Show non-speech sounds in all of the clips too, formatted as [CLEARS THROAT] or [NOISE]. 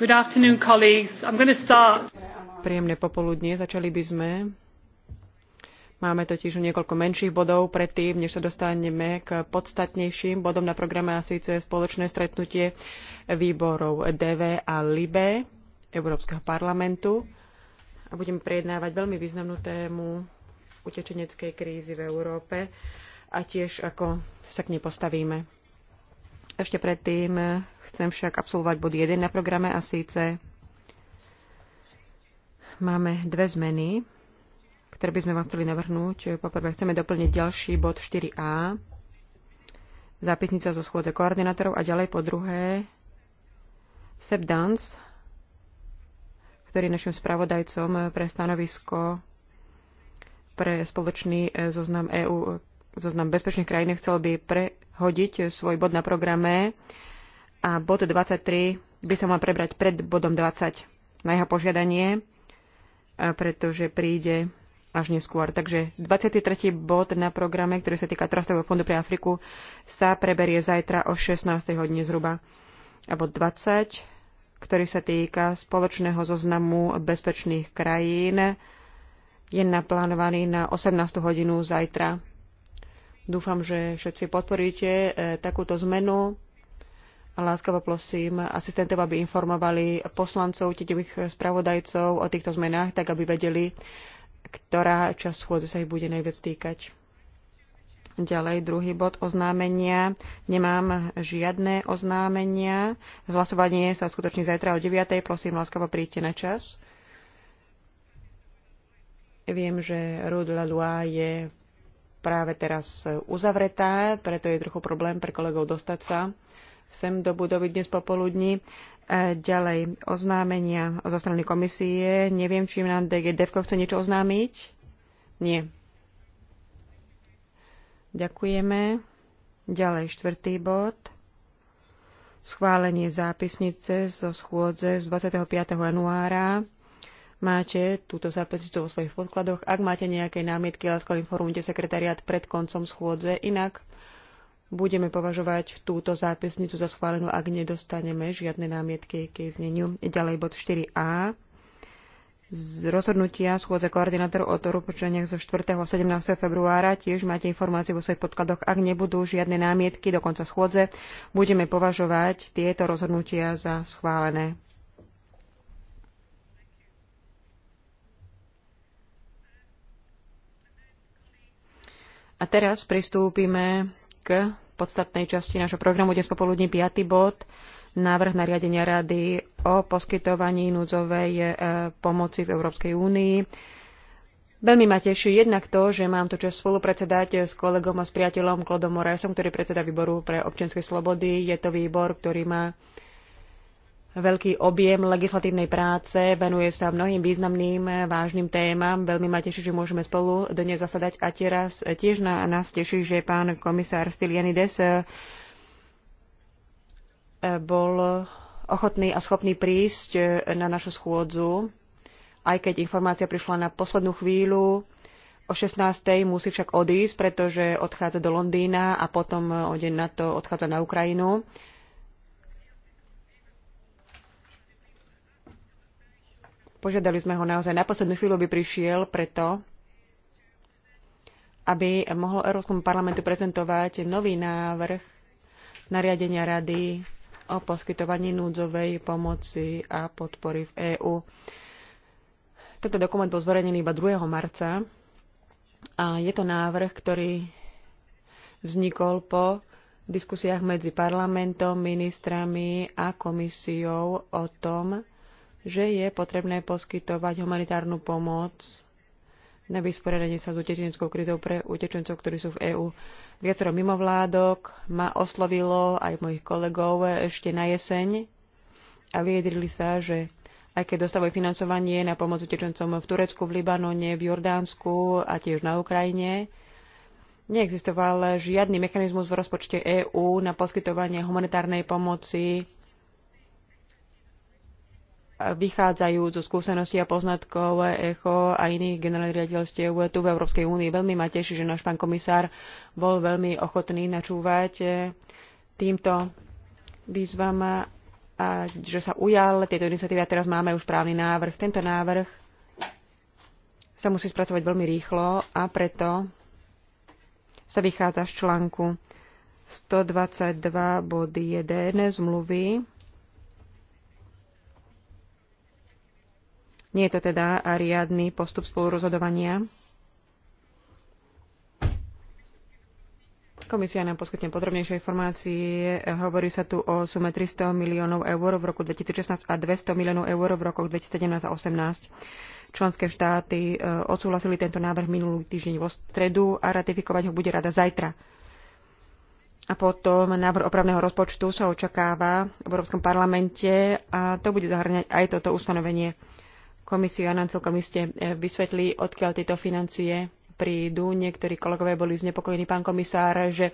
Good afternoon, colleagues. I'm going to start. Príjemné popoludnie, začali by sme. Máme totiž niekoľko menších bodov predtým, než sa dostaneme k podstatnejším bodom na programe a síce spoločné stretnutie výborov DV a LIBE Európskeho parlamentu. A budem prejednávať veľmi významnú tému utečeneckej krízy v Európe a tiež ako sa k nej postavíme ešte predtým chcem však absolvovať bod 1 na programe a síce máme dve zmeny, ktoré by sme vám chceli navrhnúť. Poprvé chceme doplniť ďalší bod 4a, zápisnica zo schôdze koordinátorov a ďalej po druhé Step Dance, ktorý je našim spravodajcom pre stanovisko pre spoločný eh, zoznam EU, zoznam bezpečných krajín, chcel by pre hodiť svoj bod na programe a bod 23 by som mal prebrať pred bodom 20 na jeho požiadanie, e, pretože príde až neskôr. Takže 23. bod na programe, ktorý sa týka Trastového fondu pre Afriku, sa preberie zajtra o 16. hodine zhruba. A bod 20, ktorý sa týka spoločného zoznamu bezpečných krajín, je naplánovaný na 18. hodinu zajtra. Dúfam, že všetci podporíte e, takúto zmenu a láskavo prosím asistentov, aby informovali poslancov, tietevých spravodajcov o týchto zmenách, tak aby vedeli, ktorá časť schôdze sa ich bude najviac týkať. Ďalej druhý bod oznámenia. Nemám žiadne oznámenia. Hlasovanie sa skutoční zajtra o 9. Prosím, láskavo príďte na čas. Viem, že Rude Lalois je v práve teraz uzavretá, preto je trochu problém pre kolegov dostať sa sem do budovy dnes popoludní. E, ďalej, oznámenia zo strany komisie. Neviem, či nám DG Devko chce niečo oznámiť. Nie. Ďakujeme. Ďalej, štvrtý bod. Schválenie zápisnice zo schôdze z 25. januára Máte túto zápisnicu vo svojich podkladoch. Ak máte nejaké námietky, lásko informujte sekretariát pred koncom schôdze. Inak budeme považovať túto zápisnicu za schválenú, ak nedostaneme žiadne námietky k jej zneniu. Ďalej bod 4a z rozhodnutia schôdze koordinátorov o doručeniach zo 4. a 17. februára. Tiež máte informácie vo svojich podkladoch. Ak nebudú žiadne námietky do konca schôdze, budeme považovať tieto rozhodnutia za schválené. A teraz pristúpime k podstatnej časti nášho programu. Dnes popoludní 5. bod, návrh nariadenia Rady o poskytovaní núdzovej e, pomoci v Európskej únii. Veľmi ma teší jednak to, že mám to čas spolupredsedať s kolegom a s priateľom Klodom Moresom, ktorý predseda výboru pre občianske slobody. Je to výbor, ktorý má veľký objem legislatívnej práce, venuje sa mnohým významným, vážnym témam. Veľmi ma teší, že môžeme spolu dnes zasadať a teraz tiež na, nás teší, že pán komisár Stylianides eh, bol ochotný a schopný prísť eh, na našu schôdzu, aj keď informácia prišla na poslednú chvíľu. O 16. musí však odísť, pretože odchádza do Londýna a potom eh, o deň na to odchádza na Ukrajinu. Požiadali sme ho naozaj na poslednú chvíľu, aby prišiel preto, aby mohol Európskom parlamentu prezentovať nový návrh nariadenia Rady o poskytovaní núdzovej pomoci a podpory v EÚ. Tento dokument bol zverejnený iba 2. marca a je to návrh, ktorý vznikol po diskusiách medzi parlamentom, ministrami a komisiou o tom, že je potrebné poskytovať humanitárnu pomoc na vysporiadanie sa s utečeneckou krizou pre utečencov, ktorí sú v EÚ. Viacero mimovládok ma oslovilo, aj mojich kolegov, ešte na jeseň a vyjedrili sa, že aj keď dostávajú financovanie na pomoc utečencom v Turecku, v Libanone, v Jordánsku a tiež na Ukrajine, neexistoval žiadny mechanizmus v rozpočte EÚ na poskytovanie humanitárnej pomoci vychádzajú zo skúseností a poznatkov ECHO a iných generálnych riaditeľstiev tu v Európskej únii. Veľmi ma teší, že náš pán komisár bol veľmi ochotný načúvať eh, týmto výzvam a že sa ujal tieto iniciatívy a teraz máme už právny návrh. Tento návrh sa musí spracovať veľmi rýchlo a preto sa vychádza z článku 122 body 1 zmluvy Nie je to teda riadny postup spolurozhodovania. Komisia nám poskytne podrobnejšie informácie. Hovorí sa tu o sume 300 miliónov eur v roku 2016 a 200 miliónov eur v rokoch 2017 a 2018. Členské štáty e, odsúhlasili tento návrh minulý týždeň vo stredu a ratifikovať ho bude rada zajtra. A potom návrh opravného rozpočtu sa očakáva v Európskom parlamente a to bude zahrňať aj toto ustanovenie. Komisia nám celkom iste e, vysvetlí, odkiaľ tieto financie prídu. Niektorí kolegovia boli znepokojení, pán komisár, že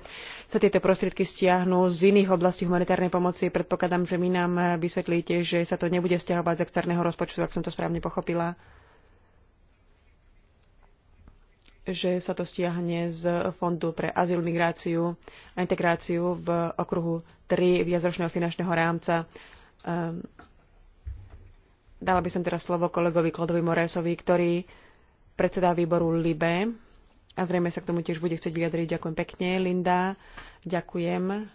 sa tieto prostriedky stiahnu z iných oblastí humanitárnej pomoci. Predpokladám, že my nám e, vysvetlíte, že sa to nebude stiahovať z externého rozpočtu, ak som to správne pochopila že sa to stiahne z Fondu pre azyl, migráciu a integráciu v okruhu 3 viacročného finančného rámca. Ehm, Dala by som teraz slovo kolegovi Klodovi Moresovi, ktorý predseda výboru LIBE a zrejme sa k tomu tiež bude chcieť vyjadriť. Ďakujem pekne, Linda. Ďakujem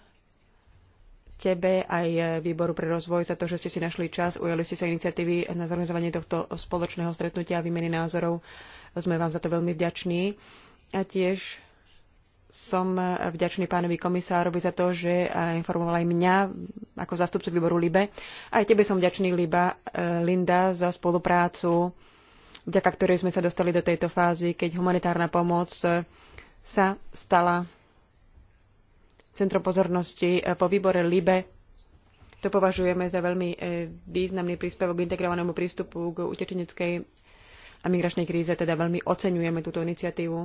tebe aj výboru pre rozvoj za to, že ste si našli čas, ujali ste sa iniciatívy na zorganizovanie tohto spoločného stretnutia a výmeny názorov. Sme vám za to veľmi vďační. A tiež som vďačný pánovi komisárovi za to, že eh, informoval aj mňa ako zastupcu výboru LIBE. Aj tebe som vďačný Liba, eh, Linda za spoluprácu, vďaka ktorej sme sa dostali do tejto fázy, keď humanitárna pomoc eh, sa stala centrom pozornosti po výbore LIBE. To považujeme za veľmi významný príspevok k integrovanému prístupu k utečeneckej a migračnej kríze, teda veľmi oceňujeme túto iniciatívu.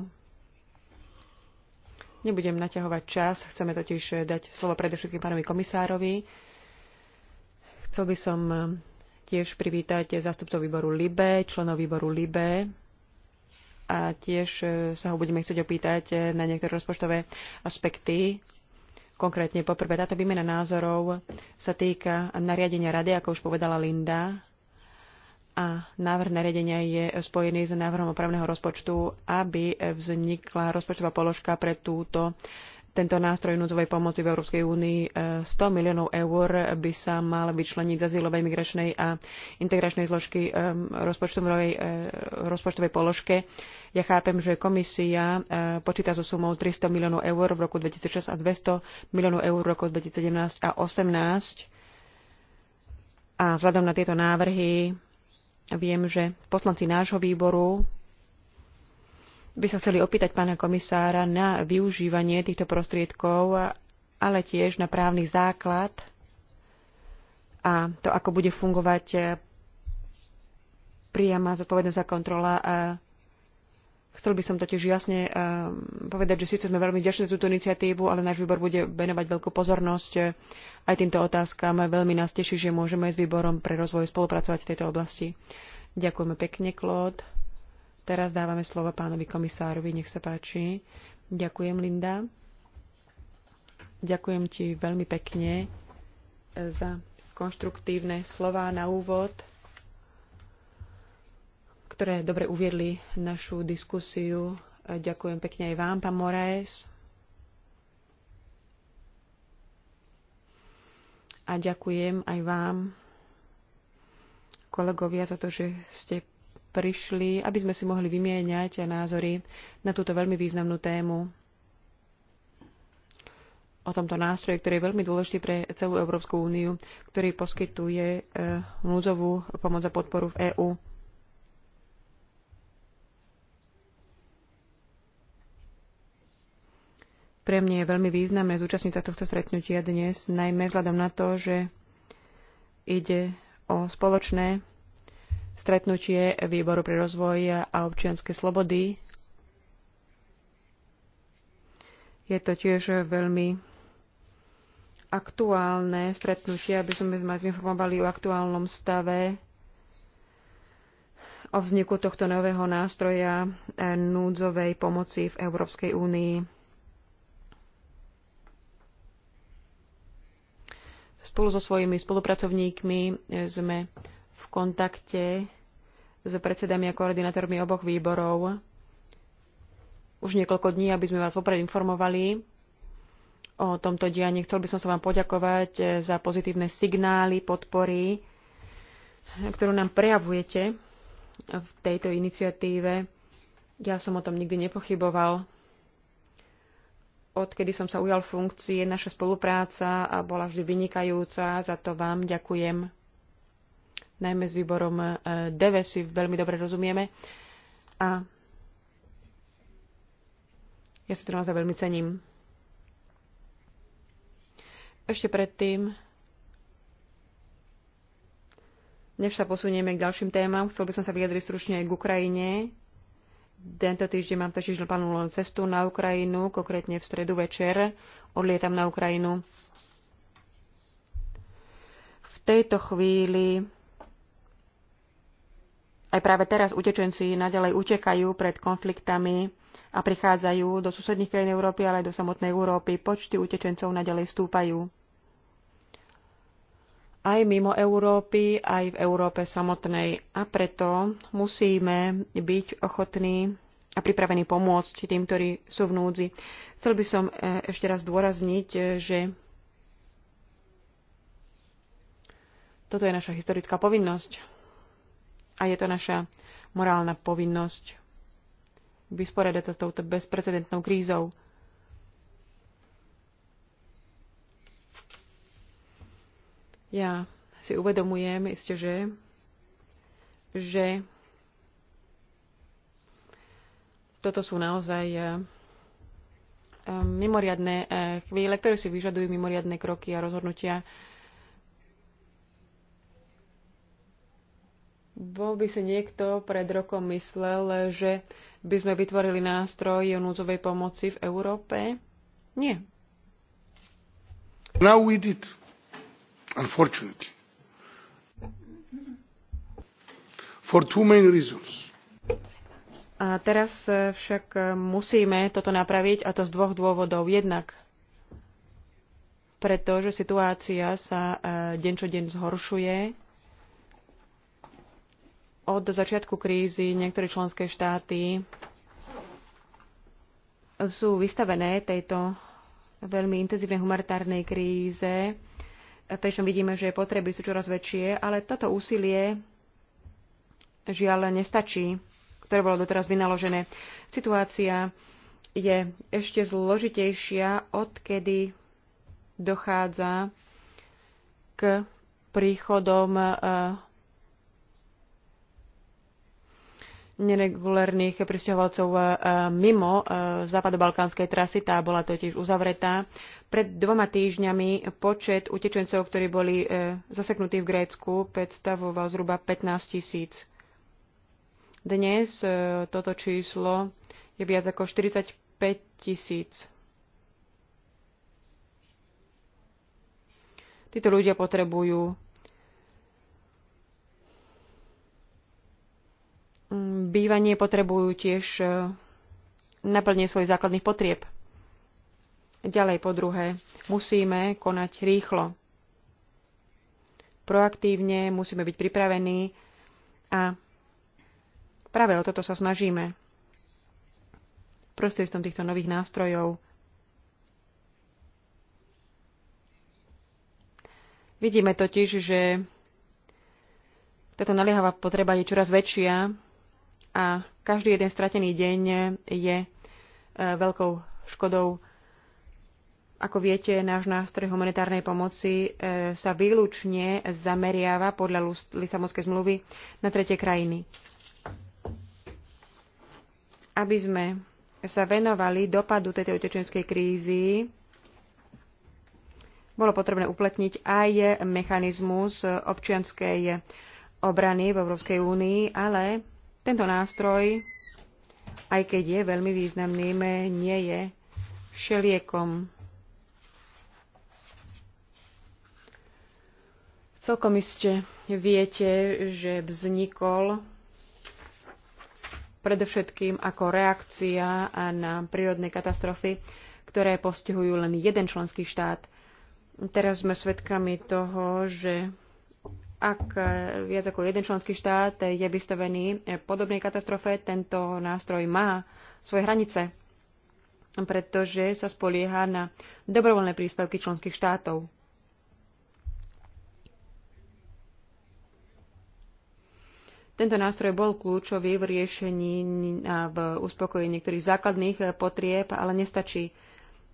Nebudem naťahovať čas, chceme totiž dať slovo predovšetkým pánovi komisárovi. Chcel by som eh, tiež privítať zástupcov výboru LIBE, členov výboru LIBE a tiež eh, sa ho budeme chcieť opýtať eh, na niektoré rozpočtové aspekty. Konkrétne poprvé, táto výmena názorov sa týka nariadenia rady, ako už povedala Linda, a návrh nariadenia je spojený s návrhom opravného rozpočtu, aby vznikla rozpočtová položka pre túto tento nástroj núdzovej pomoci v Európskej únii 100 e, miliónov eur by sa mal vyčleniť z azylovej, migračnej a integračnej zložky e, rozpočtovej, e, rozpočtovej položke. Ja chápem, že komisia počíta so sumou 300 miliónov eur v roku 2006 a 200 miliónov eur v roku 2017 a 2018. A vzhľadom na tieto návrhy Viem, že poslanci nášho výboru by sa chceli opýtať pána komisára na využívanie týchto prostriedkov, ale tiež na právny základ a to, ako bude fungovať priama zodpovednosť a kontrola Chcel by som totiž jasne eh, povedať, že síce sme veľmi vďační túto iniciatívu, ale náš výbor bude venovať veľkú pozornosť eh, aj týmto otázkam. Veľmi nás teší, že môžeme s výborom pre rozvoj spolupracovať v tejto oblasti. Ďakujeme pekne, Klód. Teraz dávame slovo pánovi komisárovi, nech sa páči. Ďakujem, Linda. Ďakujem ti veľmi pekne eh, za konštruktívne slova na úvod ktoré dobre uviedli našu diskusiu. Ďakujem pekne aj vám, pán Moraes. A ďakujem aj vám, kolegovia, za to, že ste prišli, aby sme si mohli vymieňať názory na túto veľmi významnú tému o tomto nástroje, ktorý je veľmi dôležitý pre celú Európsku úniu, ktorý poskytuje e, núdzovú pomoc a podporu v EÚ. Pre mňa je veľmi významné zúčastniť sa tohto stretnutia dnes, najmä vzhľadom na to, že ide o spoločné stretnutie Výboru pre rozvoj a občianske slobody. Je to tiež veľmi aktuálne stretnutie, aby sme vás informovali o aktuálnom stave o vzniku tohto nového nástroja núdzovej pomoci v Európskej únii. Spolu so svojimi spolupracovníkmi e, sme v kontakte s predsedami a koordinátormi oboch výborov už niekoľko dní, aby sme vás vopred informovali o tomto dianí. Chcel by som sa vám poďakovať e, za pozitívne signály, podpory, e, ktorú nám prejavujete v tejto iniciatíve. Ja som o tom nikdy nepochyboval odkedy som sa ujal funkcie, naša spolupráca a bola vždy vynikajúca, za to vám ďakujem. Najmä s výborom DEVE si veľmi dobre rozumieme. A ja si to naozaj veľmi cením. Ešte predtým, než sa posunieme k ďalším témam, chcel by som sa vyjadriť stručne aj k Ukrajine. Tento týždeň mám totiž plánovanú cestu na Ukrajinu, konkrétne v stredu večer. Odlietam na Ukrajinu. V tejto chvíli aj práve teraz utečenci naďalej utekajú pred konfliktami a prichádzajú do susedných krajín Európy, ale aj do samotnej Európy. Počty utečencov naďalej stúpajú aj mimo Európy, aj v Európe samotnej. A preto musíme byť ochotní a pripravení pomôcť tým, ktorí sú v núdzi. Chcel by som e, ešte raz dôrazniť, e, že toto je naša historická povinnosť a je to naša morálna povinnosť vysporiadať sa s touto bezprecedentnou krízou. Ja si uvedomujem isté, že, že toto sú naozaj eh, eh, mimoriadné eh, chvíle, ktoré si vyžadujú mimoriadné kroky a rozhodnutia. Bol by si niekto pred rokom myslel, že by sme vytvorili nástroj o núdzovej pomoci v Európe? Nie. Now we did unfortunately for two main reasons. A teraz eh, však eh, musíme toto napraviť a to z dvoch dôvodov. Jednak pretože situácia sa eh, deň čo deň zhoršuje. Od začiatku krízy niektoré členské štáty sú vystavené tejto veľmi intenzívnej humanitárnej kríze pričom vidíme, že potreby sú čoraz väčšie, ale toto úsilie žiaľ nestačí, ktoré bolo doteraz vynaložené. Situácia je ešte zložitejšia, odkedy dochádza k príchodom eh, neregulérnych pristahovalcov eh, mimo eh, západobalkánskej trasy. Tá bola totiž uzavretá. Pred dvoma týždňami počet utečencov, ktorí boli eh, zaseknutí v Grécku, predstavoval zhruba 15 tisíc. Dnes toto číslo je viac ako 45 tisíc. Títo ľudia potrebujú bývanie potrebujú tiež e, naplnenie svojich základných potrieb. Ďalej po druhé, musíme konať rýchlo. Proaktívne musíme byť pripravení a práve o toto sa snažíme. Prostredstvom týchto nových nástrojov Vidíme totiž, že táto naliehavá potreba je čoraz väčšia a každý jeden stratený deň je e, veľkou škodou. Ako viete, náš nástroj humanitárnej pomoci e, sa výlučne zameriava podľa Lisabonskej zmluvy na tretie krajiny. Aby sme sa venovali dopadu tejto utečenskej krízy, bolo potrebné uplatniť aj mechanizmus občianskej obrany v Európskej únii, ale tento nástroj, aj keď je veľmi významným, nie je všeliekom. Celkom iste viete, že vznikol predovšetkým ako reakcia na prírodné katastrofy, ktoré postihujú len jeden členský štát. Teraz sme svedkami toho, že ak e, viac ako jeden členský štát je vystavený e, podobnej katastrofe, tento nástroj má svoje hranice, pretože sa spolieha na dobrovoľné príspevky členských štátov. Tento nástroj bol kľúčový v riešení a v uspokojení niektorých základných e, potrieb, ale nestačí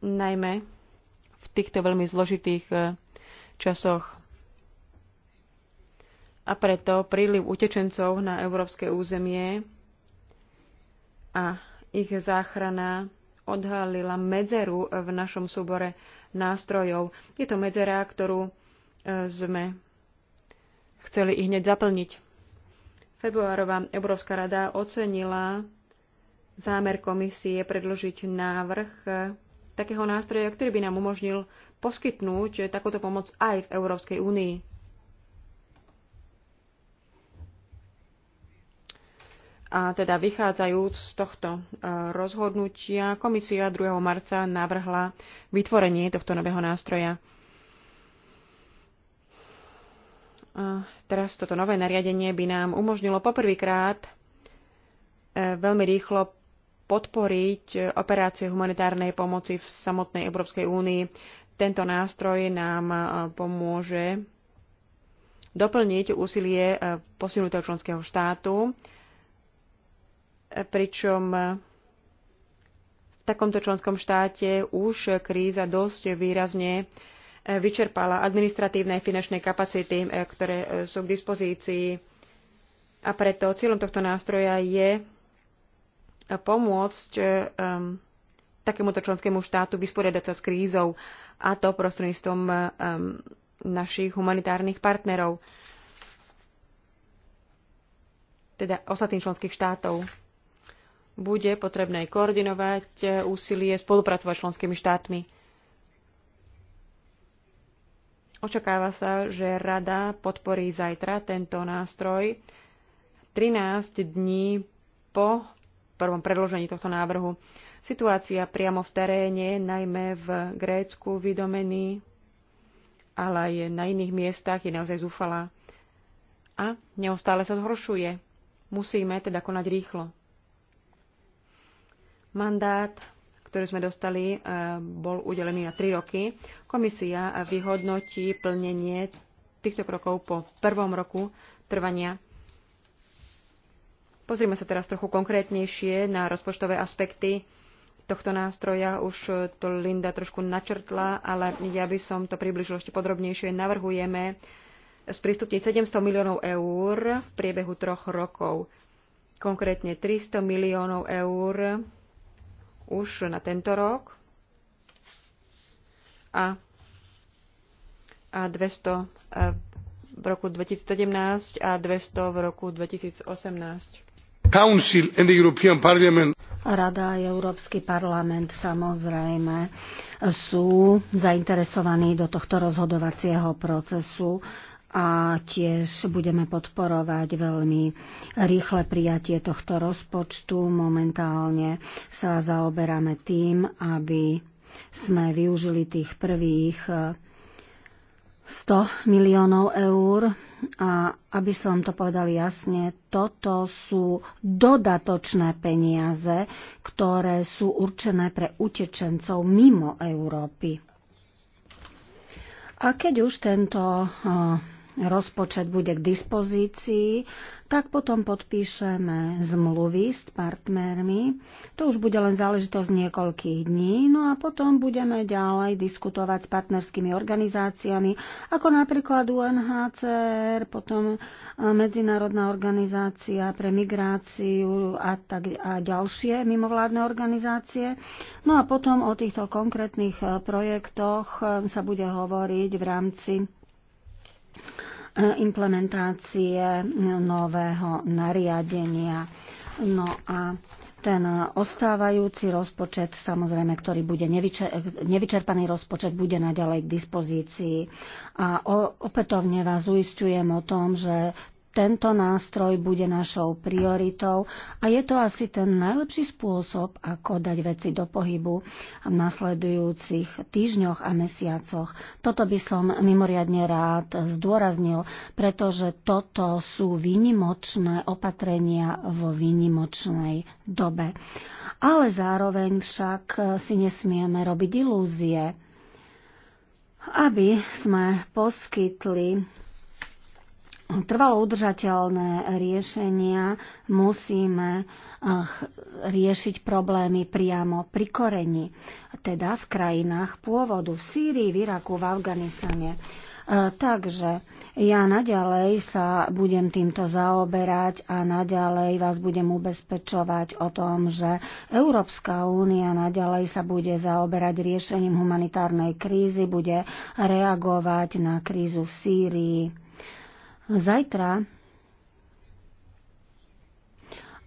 najmä v týchto veľmi zložitých časoch a preto príliv utečencov na európske územie a ich záchrana odhalila medzeru v našom súbore nástrojov. Je to medzera, ktorú e, sme chceli ich hneď zaplniť. Februárová Európska rada ocenila zámer komisie predložiť návrh e, takého nástroja, ktorý by nám umožnil poskytnúť takúto pomoc aj v Európskej únii. A teda vychádzajúc z tohto e, rozhodnutia, komisia 2. marca navrhla vytvorenie tohto nového nástroja. A teraz toto nové nariadenie by nám umožnilo poprvýkrát e, veľmi rýchlo podporiť operácie humanitárnej pomoci v samotnej Európskej únii. Tento nástroj nám e, pomôže doplniť úsilie posilnutého členského štátu pričom v takomto členskom štáte už kríza dosť výrazne vyčerpala administratívne finančné kapacity, e, ktoré e, sú k dispozícii. A preto cieľom tohto nástroja je pomôcť um, takémuto členskému štátu vysporiadať sa s krízou a to prostredníctvom um, našich humanitárnych partnerov, teda ostatných členských štátov bude potrebné koordinovať e, úsilie, spolupracovať s členskými štátmi. Očakáva sa, že Rada podporí zajtra tento nástroj 13 dní po prvom predložení tohto návrhu. Situácia priamo v teréne, najmä v Grécku, vydomení, ale aj na iných miestach je naozaj zúfalá. A neustále sa zhoršuje. Musíme teda konať rýchlo. Mandát, ktorý sme dostali, e, bol udelený na 3 roky. Komisia vyhodnotí plnenie týchto krokov po prvom roku trvania. Pozrime sa teraz trochu konkrétnejšie na rozpočtové aspekty tohto nástroja. Už to Linda trošku načrtla, ale ja by som to približil ešte podrobnejšie. Navrhujeme sprístupniť 700 miliónov eur v priebehu troch rokov. Konkrétne 300 miliónov eur už na tento rok a, a 200 e, v roku 2017 a 200 v roku 2018. Council and the European Parliament Rada a Európsky parlament samozrejme sú zainteresovaní do tohto rozhodovacieho procesu a tiež budeme podporovať veľmi rýchle prijatie tohto rozpočtu. Momentálne sa zaoberáme tým, aby sme využili tých prvých 100 eh, miliónov eur a aby som to povedal jasne, toto sú dodatočné peniaze, ktoré sú určené pre utečencov mimo Európy. A keď už tento eh, rozpočet bude k dispozícii, tak potom podpíšeme zmluvy s partnermi. To už bude len záležitosť niekoľkých dní. No a potom budeme ďalej diskutovať s partnerskými organizáciami, ako napríklad UNHCR, potom e, Medzinárodná organizácia pre migráciu a, tak, a ďalšie mimovládne organizácie. No a potom o týchto konkrétnych e, projektoch e, sa bude hovoriť v rámci implementácie nového nariadenia. No a ten ostávajúci rozpočet, samozrejme, ktorý bude nevyčer, nevyčerpaný rozpočet, bude naďalej k dispozícii. A opätovne vás uistujem o tom, že tento nástroj bude našou prioritou a je to asi ten najlepší spôsob, ako dať veci do pohybu v nasledujúcich týždňoch a mesiacoch. Toto by som mimoriadne rád zdôraznil, pretože toto sú výnimočné opatrenia vo výnimočnej dobe. Ale zároveň však si nesmieme robiť ilúzie aby sme poskytli trvalo udržateľné riešenia musíme eh, riešiť problémy priamo pri koreni, teda v krajinách pôvodu, v Sýrii, v Iraku, v Afganistane. Eh, takže ja naďalej sa budem týmto zaoberať a naďalej vás budem ubezpečovať o tom, že Európska únia naďalej sa bude zaoberať riešením humanitárnej krízy, bude reagovať na krízu v Sýrii Zajtra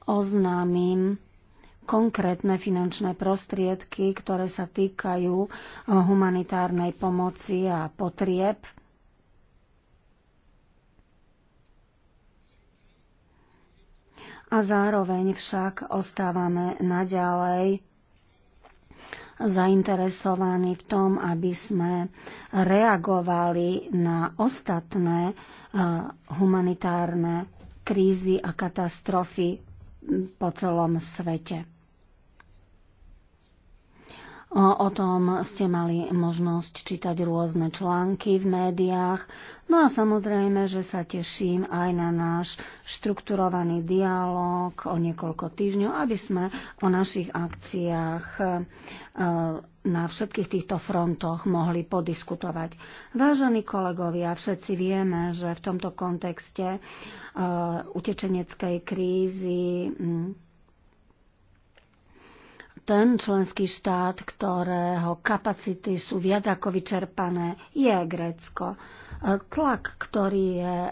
oznámim konkrétne finančné prostriedky, ktoré sa týkajú eh, humanitárnej pomoci a potrieb. A zároveň však ostávame naďalej zainteresovaní v tom, aby sme reagovali na ostatné eh, humanitárne krízy a katastrofy po celom svete. O tom ste mali možnosť čítať rôzne články v médiách. No a samozrejme, že sa teším aj na náš štrukturovaný dialog o niekoľko týždňov, aby sme o našich akciách e, na všetkých týchto frontoch mohli podiskutovať. Vážení kolegovia, všetci vieme, že v tomto kontexte e, utečeneckej krízy ten členský štát, ktorého kapacity sú viac ako vyčerpané, je Grécko. E, tlak, ktorý je e,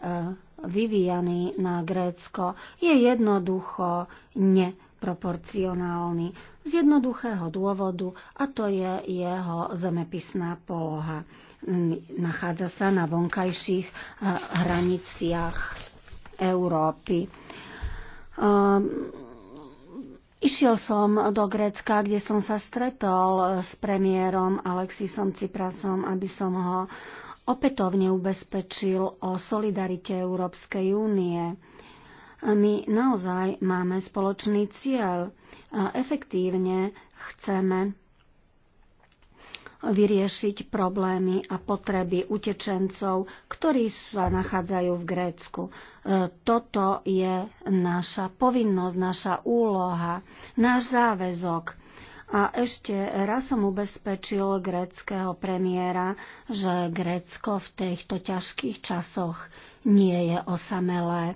vyvíjaný na Grécko, je jednoducho neproporcionálny z jednoduchého dôvodu a to je jeho zemepisná poloha. Nachádza sa na vonkajších e, hraniciach Európy. Um, Išiel som do Grécka, kde som sa stretol s premiérom Alexisom Ciprasom, aby som ho opätovne ubezpečil o solidarite Európskej únie. My naozaj máme spoločný cieľ. Efektívne chceme vyriešiť problémy a potreby utečencov, ktorí sa nachádzajú v Grécku. E, toto je naša povinnosť, naša úloha, náš záväzok. A ešte raz som ubezpečil gréckého premiéra, že Grécko v týchto ťažkých časoch nie je osamelé.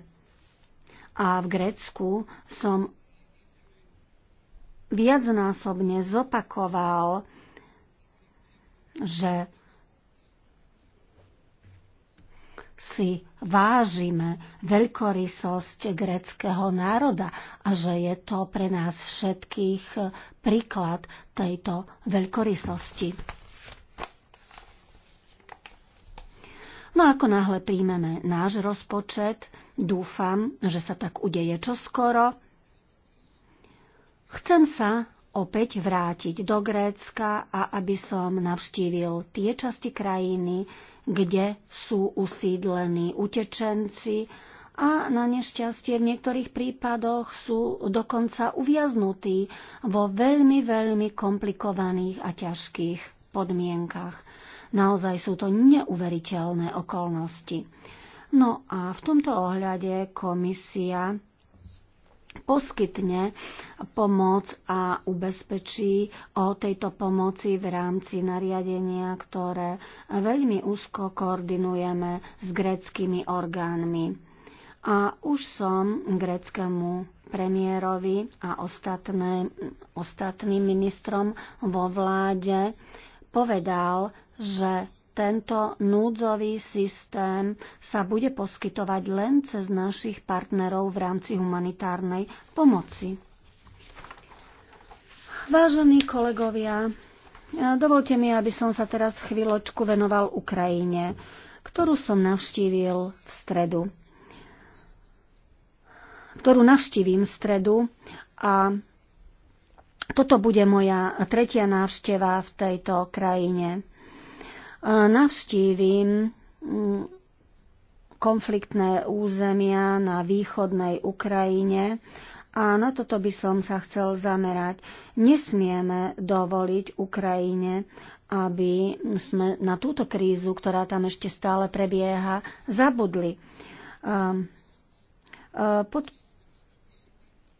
A v Grécku som viacnásobne zopakoval, že si vážime veľkorysosť greckého národa a že je to pre nás všetkých príklad tejto veľkorysosti. No ako náhle príjmeme náš rozpočet, dúfam, že sa tak udeje čoskoro. Chcem sa opäť vrátiť do Grécka a aby som navštívil tie časti krajiny, kde sú usídlení utečenci a na nešťastie v niektorých prípadoch sú dokonca uviaznutí vo veľmi, veľmi komplikovaných a ťažkých podmienkach. Naozaj sú to neuveriteľné okolnosti. No a v tomto ohľade komisia poskytne pomoc a ubezpečí o tejto pomoci v rámci nariadenia, ktoré veľmi úzko koordinujeme s greckými orgánmi. A už som greckému premiérovi a ostatné, ostatným ministrom vo vláde povedal, že tento núdzový systém sa bude poskytovať len cez našich partnerov v rámci humanitárnej pomoci. Vážení kolegovia, dovolte mi, aby som sa teraz chvíľočku venoval Ukrajine, ktorú som navštívil v stredu. Ktorú navštívim v stredu a toto bude moja tretia návšteva v tejto krajine navštívim mm, konfliktné územia na východnej Ukrajine a na toto by som sa chcel zamerať. Nesmieme dovoliť Ukrajine, aby sme na túto krízu, ktorá tam ešte stále prebieha, zabudli. Ehm, e, pod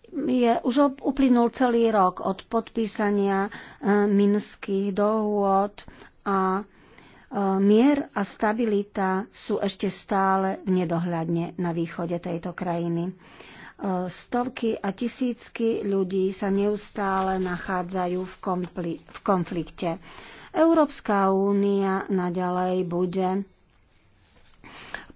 je, už uplynul celý rok od podpísania e, minských dohôd a E, mier a stabilita sú ešte stále nedohľadne na východe tejto krajiny. E, stovky a tisícky ľudí sa neustále nachádzajú v, kompli- v konflikte. Európska únia naďalej bude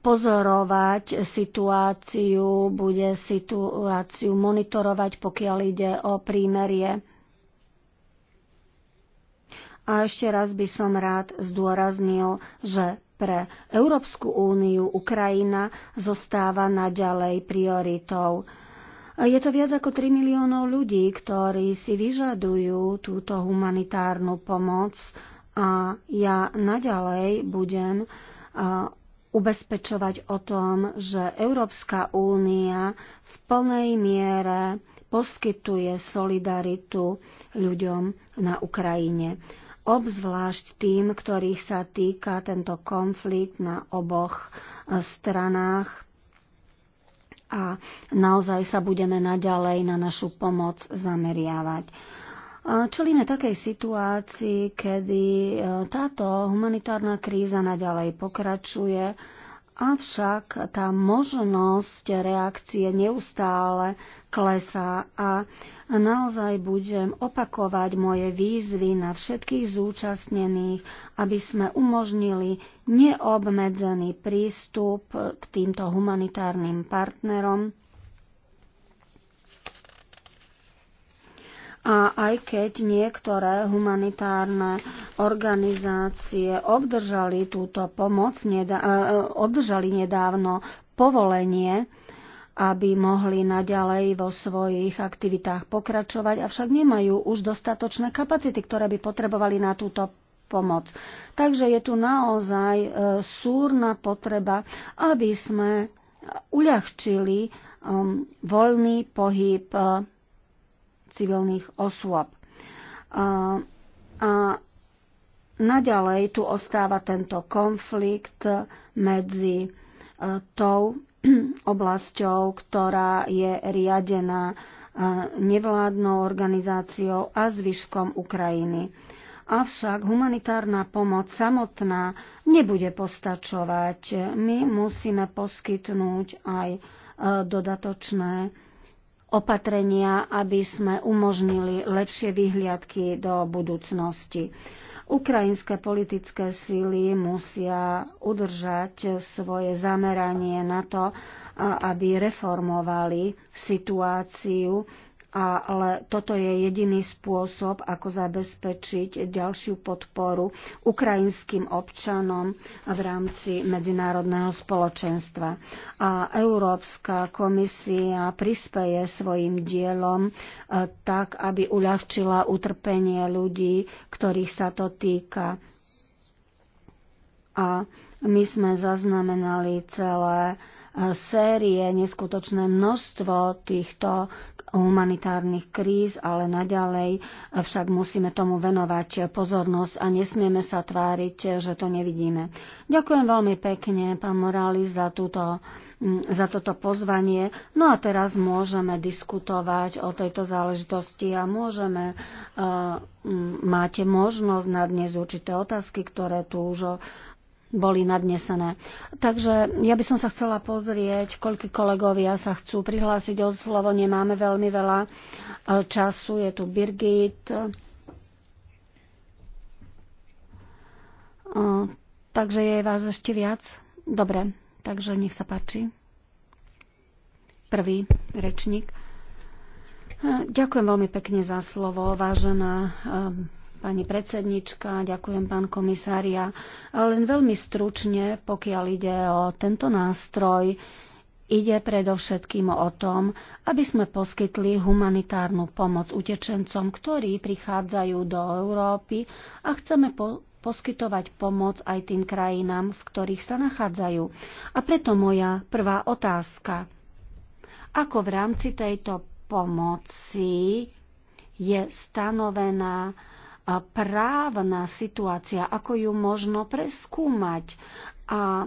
pozorovať situáciu, bude situáciu monitorovať, pokiaľ ide o prímerie a ešte raz by som rád zdôraznil, že pre Európsku úniu Ukrajina zostáva naďalej prioritou. Je to viac ako 3 miliónov ľudí, ktorí si vyžadujú túto humanitárnu pomoc a ja naďalej budem ubezpečovať o tom, že Európska únia v plnej miere poskytuje solidaritu ľuďom na Ukrajine obzvlášť tým, ktorých sa týka tento konflikt na oboch eh, stranách. A naozaj sa budeme naďalej na našu pomoc zameriavať. Eh, čelíme takej situácii, kedy eh, táto humanitárna kríza naďalej pokračuje Avšak tá možnosť reakcie neustále klesá a naozaj budem opakovať moje výzvy na všetkých zúčastnených, aby sme umožnili neobmedzený prístup k týmto humanitárnym partnerom A aj keď niektoré humanitárne organizácie obdržali túto pomoc, e, e, obdržali nedávno povolenie, aby mohli naďalej vo svojich aktivitách pokračovať, avšak nemajú už dostatočné kapacity, ktoré by potrebovali na túto pomoc. Takže je tu naozaj e, súrna potreba, aby sme uľahčili um, voľný pohyb civilných osôb. A, a naďalej tu ostáva tento konflikt medzi e, tou [CLEARS THROAT] oblasťou, ktorá je riadená e, nevládnou organizáciou a zvyškom Ukrajiny. Avšak humanitárna pomoc samotná nebude postačovať. My musíme poskytnúť aj e, dodatočné opatrenia, aby sme umožnili lepšie vyhliadky do budúcnosti. Ukrajinské politické síly musia udržať svoje zameranie na to, aby reformovali situáciu ale toto je jediný spôsob, ako zabezpečiť ďalšiu podporu ukrajinským občanom v rámci medzinárodného spoločenstva. A Európska komisia prispeje svojim dielom e, tak, aby uľahčila utrpenie ľudí, ktorých sa to týka. A my sme zaznamenali celé e, série, neskutočné množstvo týchto humanitárnych kríz, ale naďalej však musíme tomu venovať pozornosť a nesmieme sa tváriť, že to nevidíme. Ďakujem veľmi pekne, pán Morali, za, túto, za toto pozvanie. No a teraz môžeme diskutovať o tejto záležitosti a môžeme, e, máte možnosť na dnes určité otázky, ktoré tu už boli nadnesené. Takže ja by som sa chcela pozrieť, koľko kolegovia sa chcú prihlásiť o slovo. Nemáme veľmi veľa e, času. Je tu Birgit. E, takže je vás ešte viac? Dobre, takže nech sa páči. Prvý rečník. E, ďakujem veľmi pekne za slovo, vážená pani predsednička, ďakujem pán komisária. Len veľmi stručne, pokiaľ ide o tento nástroj, Ide predovšetkým o tom, aby sme poskytli humanitárnu pomoc utečencom, ktorí prichádzajú do Európy a chceme po- poskytovať pomoc aj tým krajinám, v ktorých sa nachádzajú. A preto moja prvá otázka. Ako v rámci tejto pomoci je stanovená právna situácia, ako ju možno preskúmať a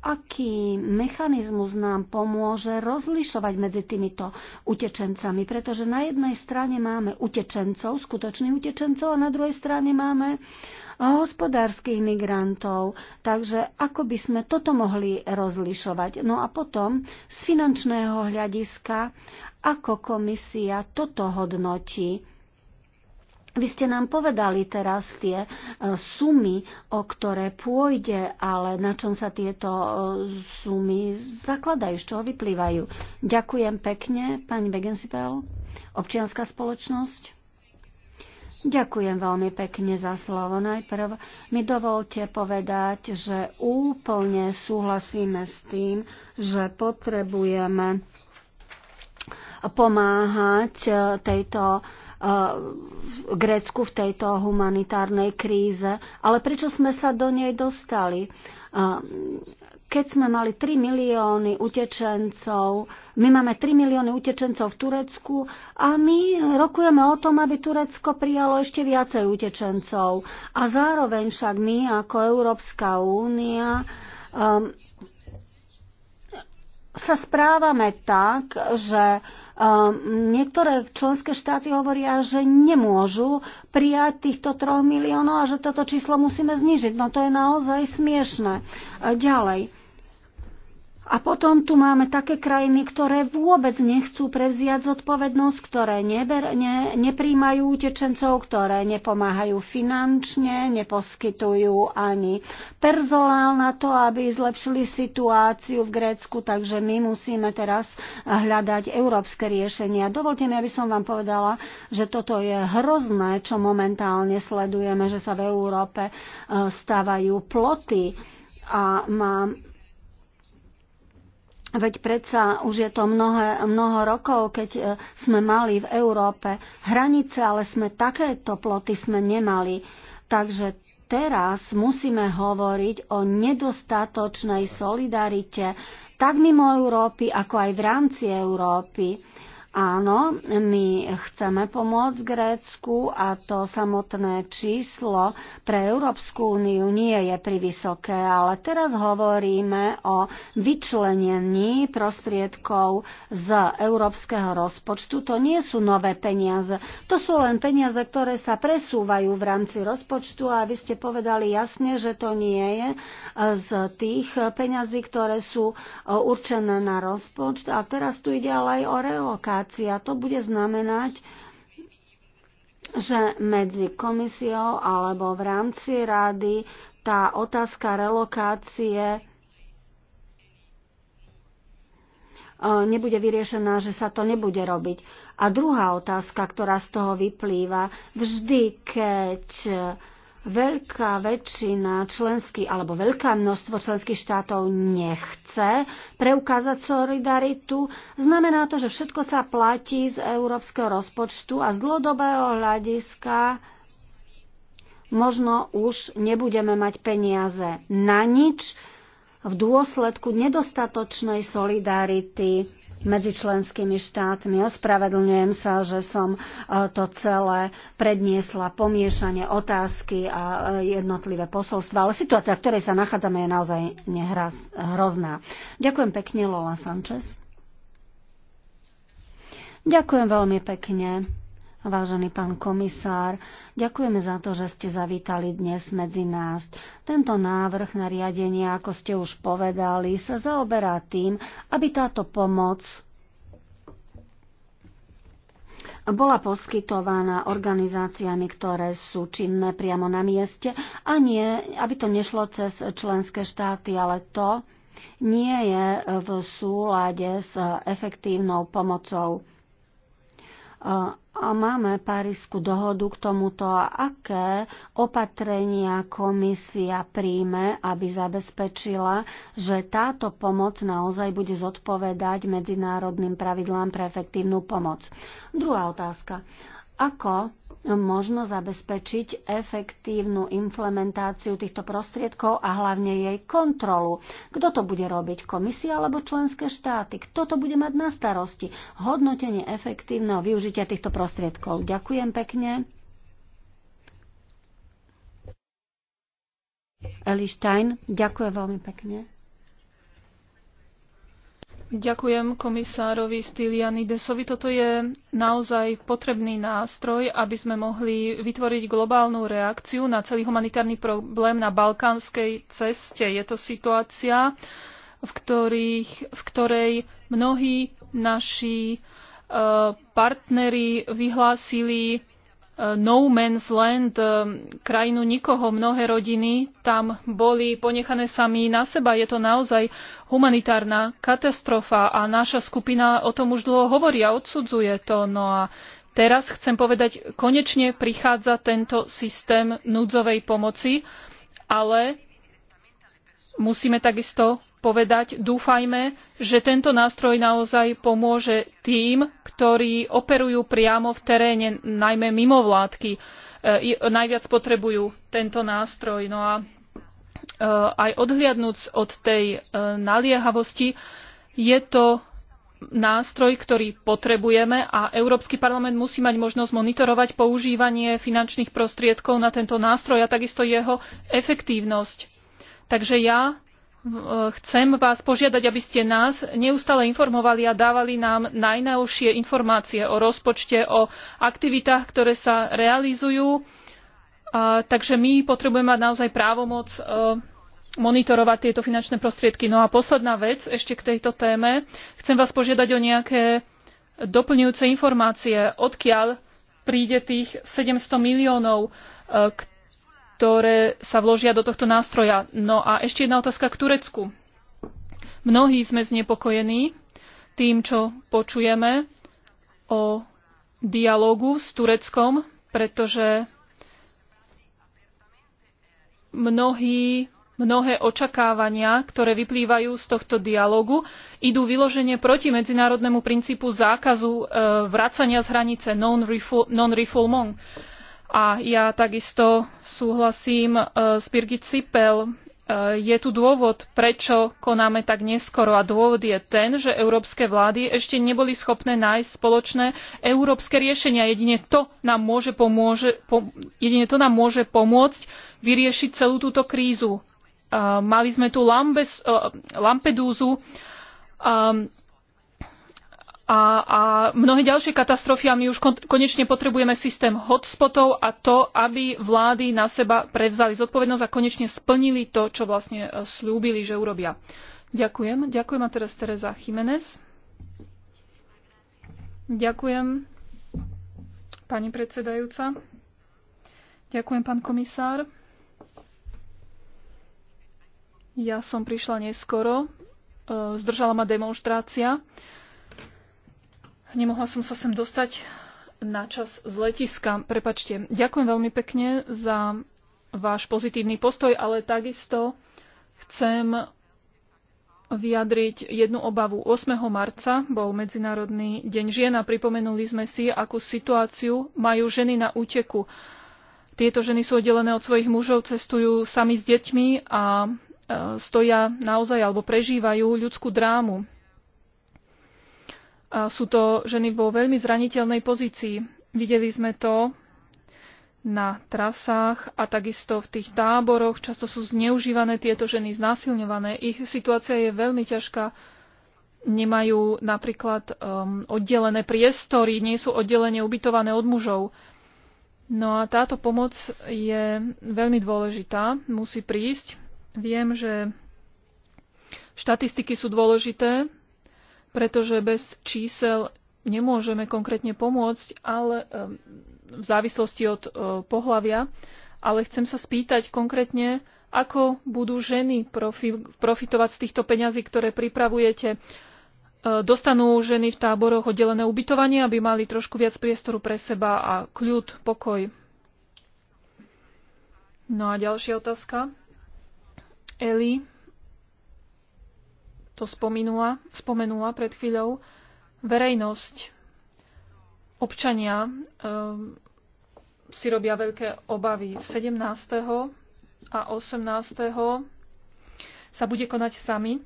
aký mechanizmus nám pomôže rozlišovať medzi týmito utečencami. Pretože na jednej strane máme utečencov, skutočných utečencov, a na druhej strane máme eh, hospodárskych migrantov. Takže ako by sme toto mohli rozlišovať? No a potom z finančného hľadiska, ako komisia toto hodnotí? Vy ste nám povedali teraz tie e, sumy, o ktoré pôjde, ale na čom sa tieto e, sumy zakladajú, z čoho vyplývajú. Ďakujem pekne, pani Begensipel, občianská spoločnosť. Ďakujem veľmi pekne za slovo. Najprv mi dovolte povedať, že úplne súhlasíme s tým, že potrebujeme pomáhať e, tejto v Grécku v tejto humanitárnej kríze. Ale prečo sme sa do nej dostali? keď sme mali 3 milióny utečencov, my máme 3 milióny utečencov v Turecku a my rokujeme o tom, aby Turecko prijalo ešte viacej utečencov. A zároveň však my ako Európska únia um, sa správame tak, že um, niektoré členské štáty hovoria, že nemôžu prijať týchto 3 miliónov a že toto číslo musíme znižiť. No to je naozaj smiešne. Ďalej a potom tu máme také krajiny, ktoré vôbec nechcú prevziať zodpovednosť, ktoré neber, ne, nepríjmajú utečencov, ktoré nepomáhajú finančne, neposkytujú ani personál na to, aby zlepšili situáciu v Grécku, takže my musíme teraz hľadať európske riešenia. Dovolte mi, aby som vám povedala, že toto je hrozné, čo momentálne sledujeme, že sa v Európe e, stávajú ploty a mám Veď predsa už je to mnohé, mnoho rokov, keď e, sme mali v Európe hranice, ale sme takéto ploty sme nemali. Takže teraz musíme hovoriť o nedostatočnej solidarite tak mimo Európy, ako aj v rámci Európy. Áno, my chceme pomôcť Grécku a to samotné číslo pre Európsku úniu nie je privysoké, ale teraz hovoríme o vyčlenení prostriedkov z európskeho rozpočtu. To nie sú nové peniaze, to sú len peniaze, ktoré sa presúvajú v rámci rozpočtu a vy ste povedali jasne, že to nie je z tých peňazí, ktoré sú určené na rozpočt. A teraz tu ide ale aj o relokáciu regulácia. To bude znamenať, že medzi komisiou alebo v rámci rady tá otázka relokácie e, nebude vyriešená, že sa to nebude robiť. A druhá otázka, ktorá z toho vyplýva, vždy keď veľká väčšina členských, alebo veľká množstvo členských štátov nechce preukázať solidaritu. Znamená to, že všetko sa platí z európskeho rozpočtu a z dlhodobého hľadiska možno už nebudeme mať peniaze na nič, v dôsledku nedostatočnej solidarity medzi členskými štátmi. Ospravedlňujem sa, že som e, to celé predniesla pomiešanie otázky a e, jednotlivé posolstva, ale situácia, v ktorej sa nachádzame, je naozaj hrozná. Ďakujem pekne, Lola Sanchez. Ďakujem veľmi pekne. Vážený pán komisár, ďakujeme za to, že ste zavítali dnes medzi nás. Tento návrh na riadenie, ako ste už povedali, sa zaoberá tým, aby táto pomoc bola poskytovaná organizáciami, ktoré sú činné priamo na mieste a nie, aby to nešlo cez členské štáty, ale to nie je v súlade s efektívnou pomocou a máme Parísku dohodu k tomuto, aké opatrenia komisia príjme, aby zabezpečila, že táto pomoc naozaj bude zodpovedať medzinárodným pravidlám pre efektívnu pomoc. Druhá otázka. Ako možno zabezpečiť efektívnu implementáciu týchto prostriedkov a hlavne jej kontrolu. Kto to bude robiť? Komisia alebo členské štáty? Kto to bude mať na starosti? Hodnotenie efektívneho využitia týchto prostriedkov. Ďakujem pekne. Eli Stein, ďakujem veľmi pekne. Ďakujem komisárovi Stylianidesovi. Toto je naozaj potrebný nástroj, aby sme mohli vytvoriť globálnu reakciu na celý humanitárny problém na balkánskej ceste. Je to situácia, v, ktorých, v ktorej mnohí naši eh, partneri vyhlásili no man's land, e, krajinu nikoho, mnohé rodiny tam boli ponechané sami na seba. Je to naozaj humanitárna katastrofa a naša skupina o tom už dlho hovorí a odsudzuje to. No a teraz chcem povedať, konečne prichádza tento systém núdzovej pomoci, ale musíme takisto povedať, dúfajme, že tento nástroj naozaj pomôže tým, ktorí operujú priamo v teréne, najmä mimovládky. E, najviac potrebujú tento nástroj. No a e, aj odhliadnúc od tej e, naliehavosti, je to nástroj, ktorý potrebujeme a Európsky parlament musí mať možnosť monitorovať používanie finančných prostriedkov na tento nástroj a takisto jeho efektívnosť. Takže ja E, chcem vás požiadať, aby ste nás neustále informovali a dávali nám najnovšie informácie o rozpočte, o aktivitách, ktoré sa realizujú. A, e, takže my potrebujeme mať naozaj právomoc e, monitorovať tieto finančné prostriedky. No a posledná vec ešte k tejto téme. Chcem vás požiadať o nejaké doplňujúce informácie, odkiaľ príde tých 700 miliónov, e, ktoré sa vložia do tohto nástroja. No a ešte jedna otázka k Turecku. Mnohí sme znepokojení tým, čo počujeme o dialogu s Tureckom, pretože mnohí, mnohé očakávania, ktoré vyplývajú z tohto dialogu, idú vyloženie proti medzinárodnému princípu zákazu e, vracania z hranice non-refoulement. Non a ja takisto súhlasím e, s Birgit Cipel. E, je tu dôvod, prečo konáme tak neskoro. A dôvod je ten, že európske vlády ešte neboli schopné nájsť spoločné európske riešenia. Jedine to nám môže, pomôže, po, jedine to nám môže pomôcť vyriešiť celú túto krízu. E, mali sme tu Lambes, Lampedúzu, a, a mnohé ďalšie katastrofy a my už konečne potrebujeme systém hotspotov a to, aby vlády na seba prevzali zodpovednosť a konečne splnili to, čo vlastne e, slúbili, že urobia. Ďakujem. Ďakujem a teraz Teresa Jiménez. Ďakujem, pani predsedajúca. Ďakujem, pán komisár. Ja som prišla neskoro. E, zdržala ma demonstrácia Nemohla som sa sem dostať na čas z letiska. Prepačte. Ďakujem veľmi pekne za váš pozitívny postoj, ale takisto chcem vyjadriť jednu obavu. 8. marca bol Medzinárodný deň žien a pripomenuli sme si, akú situáciu majú ženy na úteku. Tieto ženy sú oddelené od svojich mužov, cestujú sami s deťmi a e, stoja naozaj alebo prežívajú ľudskú drámu. A sú to ženy vo veľmi zraniteľnej pozícii. Videli sme to na trasách a takisto v tých táboroch. Často sú zneužívané tieto ženy, znásilňované. Ich situácia je veľmi ťažká. Nemajú napríklad um, oddelené priestory, nie sú oddelenie ubytované od mužov. No a táto pomoc je veľmi dôležitá, musí prísť. Viem, že štatistiky sú dôležité, pretože bez čísel nemôžeme konkrétne pomôcť, ale v závislosti od e, pohlavia. Ale chcem sa spýtať konkrétne, ako budú ženy profi- profitovať z týchto peňazí, ktoré pripravujete. E, dostanú ženy v táboroch oddelené ubytovanie, aby mali trošku viac priestoru pre seba a kľud, pokoj. No a ďalšia otázka. Eli, to spomenula, spomenula pred chvíľou, verejnosť, občania um, si robia veľké obavy. 17. a 18. sa bude konať summit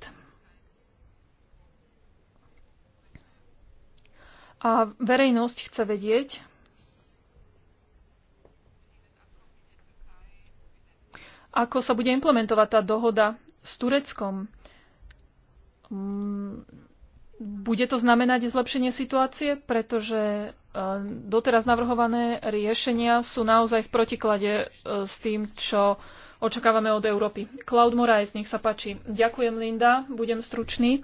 a verejnosť chce vedieť, ako sa bude implementovať tá dohoda s Tureckom. Mm, bude to znamenať zlepšenie situácie, pretože e, doteraz navrhované riešenia sú naozaj v protiklade e, s tým, čo očakávame od Európy. Cloud Moraes, nech sa páči. Ďakujem, Linda, budem stručný.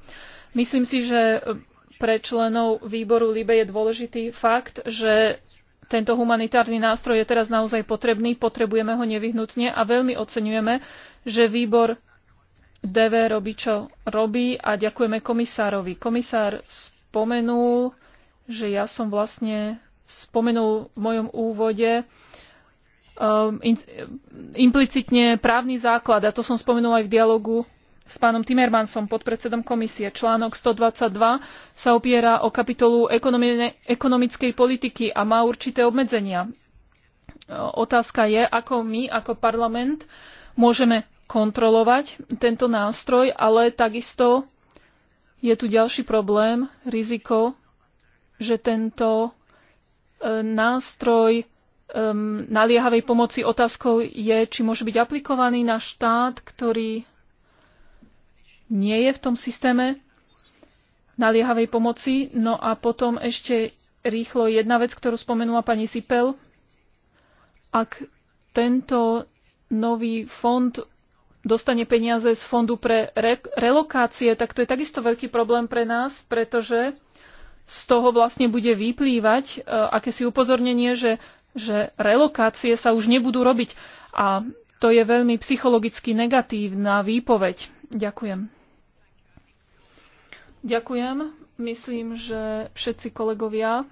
Myslím si, že e, pre členov výboru LIBE je dôležitý fakt, že tento humanitárny nástroj je teraz naozaj potrebný, potrebujeme ho nevyhnutne a veľmi oceňujeme, že výbor DV robí, čo robí a ďakujeme komisárovi. Komisár spomenul, že ja som vlastne spomenul v mojom úvode um, in, implicitne právny základ, a to som spomenul aj v dialogu s pánom Timmermansom, podpredsedom komisie. Článok 122 sa opiera o kapitolu ekonomickej politiky a má určité obmedzenia. Otázka je, ako my, ako parlament, môžeme kontrolovať tento nástroj, ale takisto je tu ďalší problém, riziko, že tento e, nástroj e, naliehavej pomoci otázkou je, či môže byť aplikovaný na štát, ktorý nie je v tom systéme naliehavej pomoci. No a potom ešte rýchlo jedna vec, ktorú spomenula pani Sipel. Ak tento nový fond dostane peniaze z fondu pre re- relokácie, tak to je takisto veľký problém pre nás, pretože z toho vlastne bude vyplývať uh, akési upozornenie, že, že relokácie sa už nebudú robiť. A to je veľmi psychologicky negatívna výpoveď. Ďakujem. Ďakujem. Myslím, že všetci kolegovia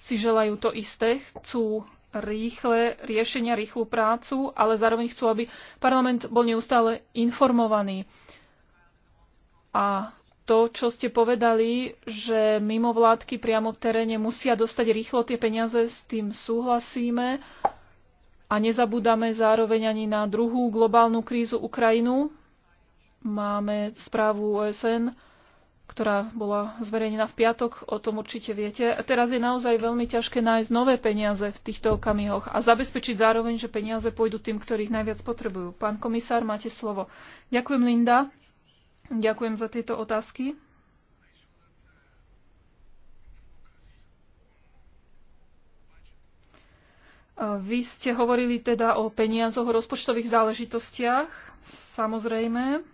si želajú to isté, chcú rýchle riešenia, rýchlu prácu, ale zároveň chcú, aby parlament bol neustále informovaný. A to, čo ste povedali, že mimovládky priamo v teréne musia dostať rýchlo tie peniaze, s tým súhlasíme a nezabúdame zároveň ani na druhú globálnu krízu Ukrajinu. Máme správu OSN ktorá bola zverejnená v piatok, o tom určite viete. A teraz je naozaj veľmi ťažké nájsť nové peniaze v týchto okamihoch a zabezpečiť zároveň, že peniaze pôjdu tým, ktorých najviac potrebujú. Pán komisár, máte slovo. Ďakujem, Linda. Ďakujem za tieto otázky. Vy ste hovorili teda o peniazoch, o rozpočtových záležitostiach, samozrejme.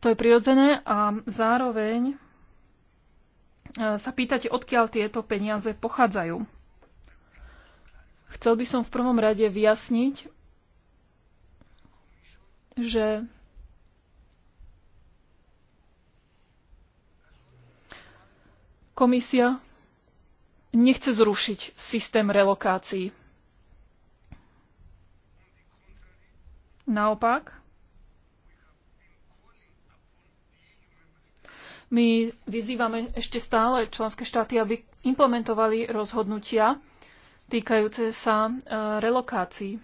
To je prirodzené a zároveň e, sa pýtate, odkiaľ tieto peniaze pochádzajú. Chcel by som v prvom rade vyjasniť, že komisia nechce zrušiť systém relokácií. Naopak, My vyzývame ešte stále členské štáty, aby implementovali rozhodnutia týkajúce sa e, relokácií.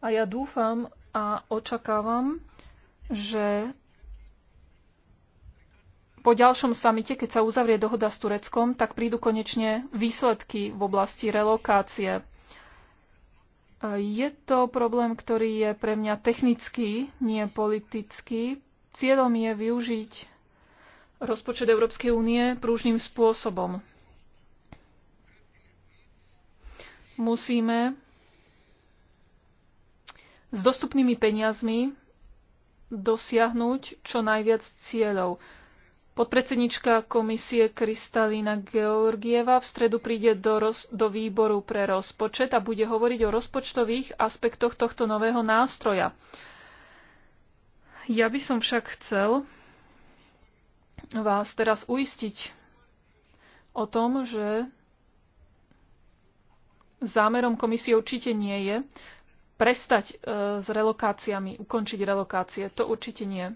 A ja dúfam a očakávam, že po ďalšom samite, keď sa uzavrie dohoda s Tureckom, tak prídu konečne výsledky v oblasti relokácie. Je to problém, ktorý je pre mňa technický, nie politický. Cieľom je využiť rozpočet Európskej únie prúžným spôsobom. Musíme s dostupnými peniazmi dosiahnuť čo najviac cieľov. Podpredsednička komisie Kristalína Georgieva v stredu príde do, roz, do výboru pre rozpočet a bude hovoriť o rozpočtových aspektoch tohto nového nástroja. Ja by som však chcel vás teraz uistiť o tom, že zámerom komisie určite nie je prestať e, s relokáciami, ukončiť relokácie. To určite nie.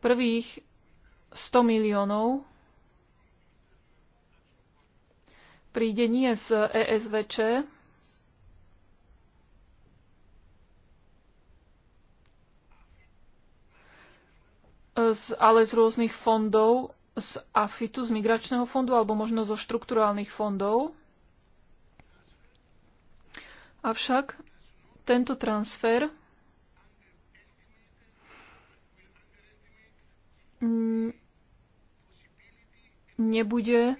Prvých 100 miliónov príde nie z ESVČ, ale z rôznych fondov, z AFITu, z migračného fondu alebo možno zo štrukturálnych fondov. Avšak tento transfer Mm, nebude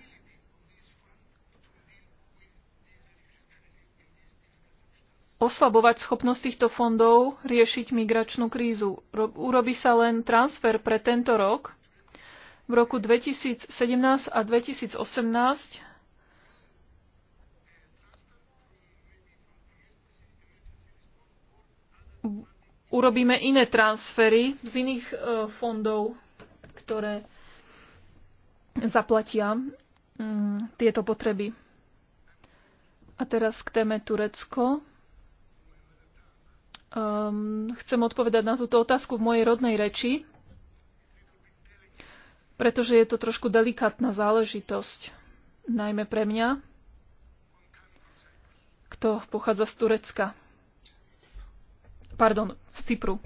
oslabovať schopnosť týchto fondov riešiť migračnú krízu. Urobí sa len transfer pre tento rok. V roku 2017 a 2018 urobíme iné transfery z iných e, fondov ktoré zaplatia mm, tieto potreby. A teraz k téme Turecko. Um, chcem odpovedať na túto otázku v mojej rodnej reči, pretože je to trošku delikátna záležitosť, najmä pre mňa, kto pochádza z Turecka. Pardon, z Cypru.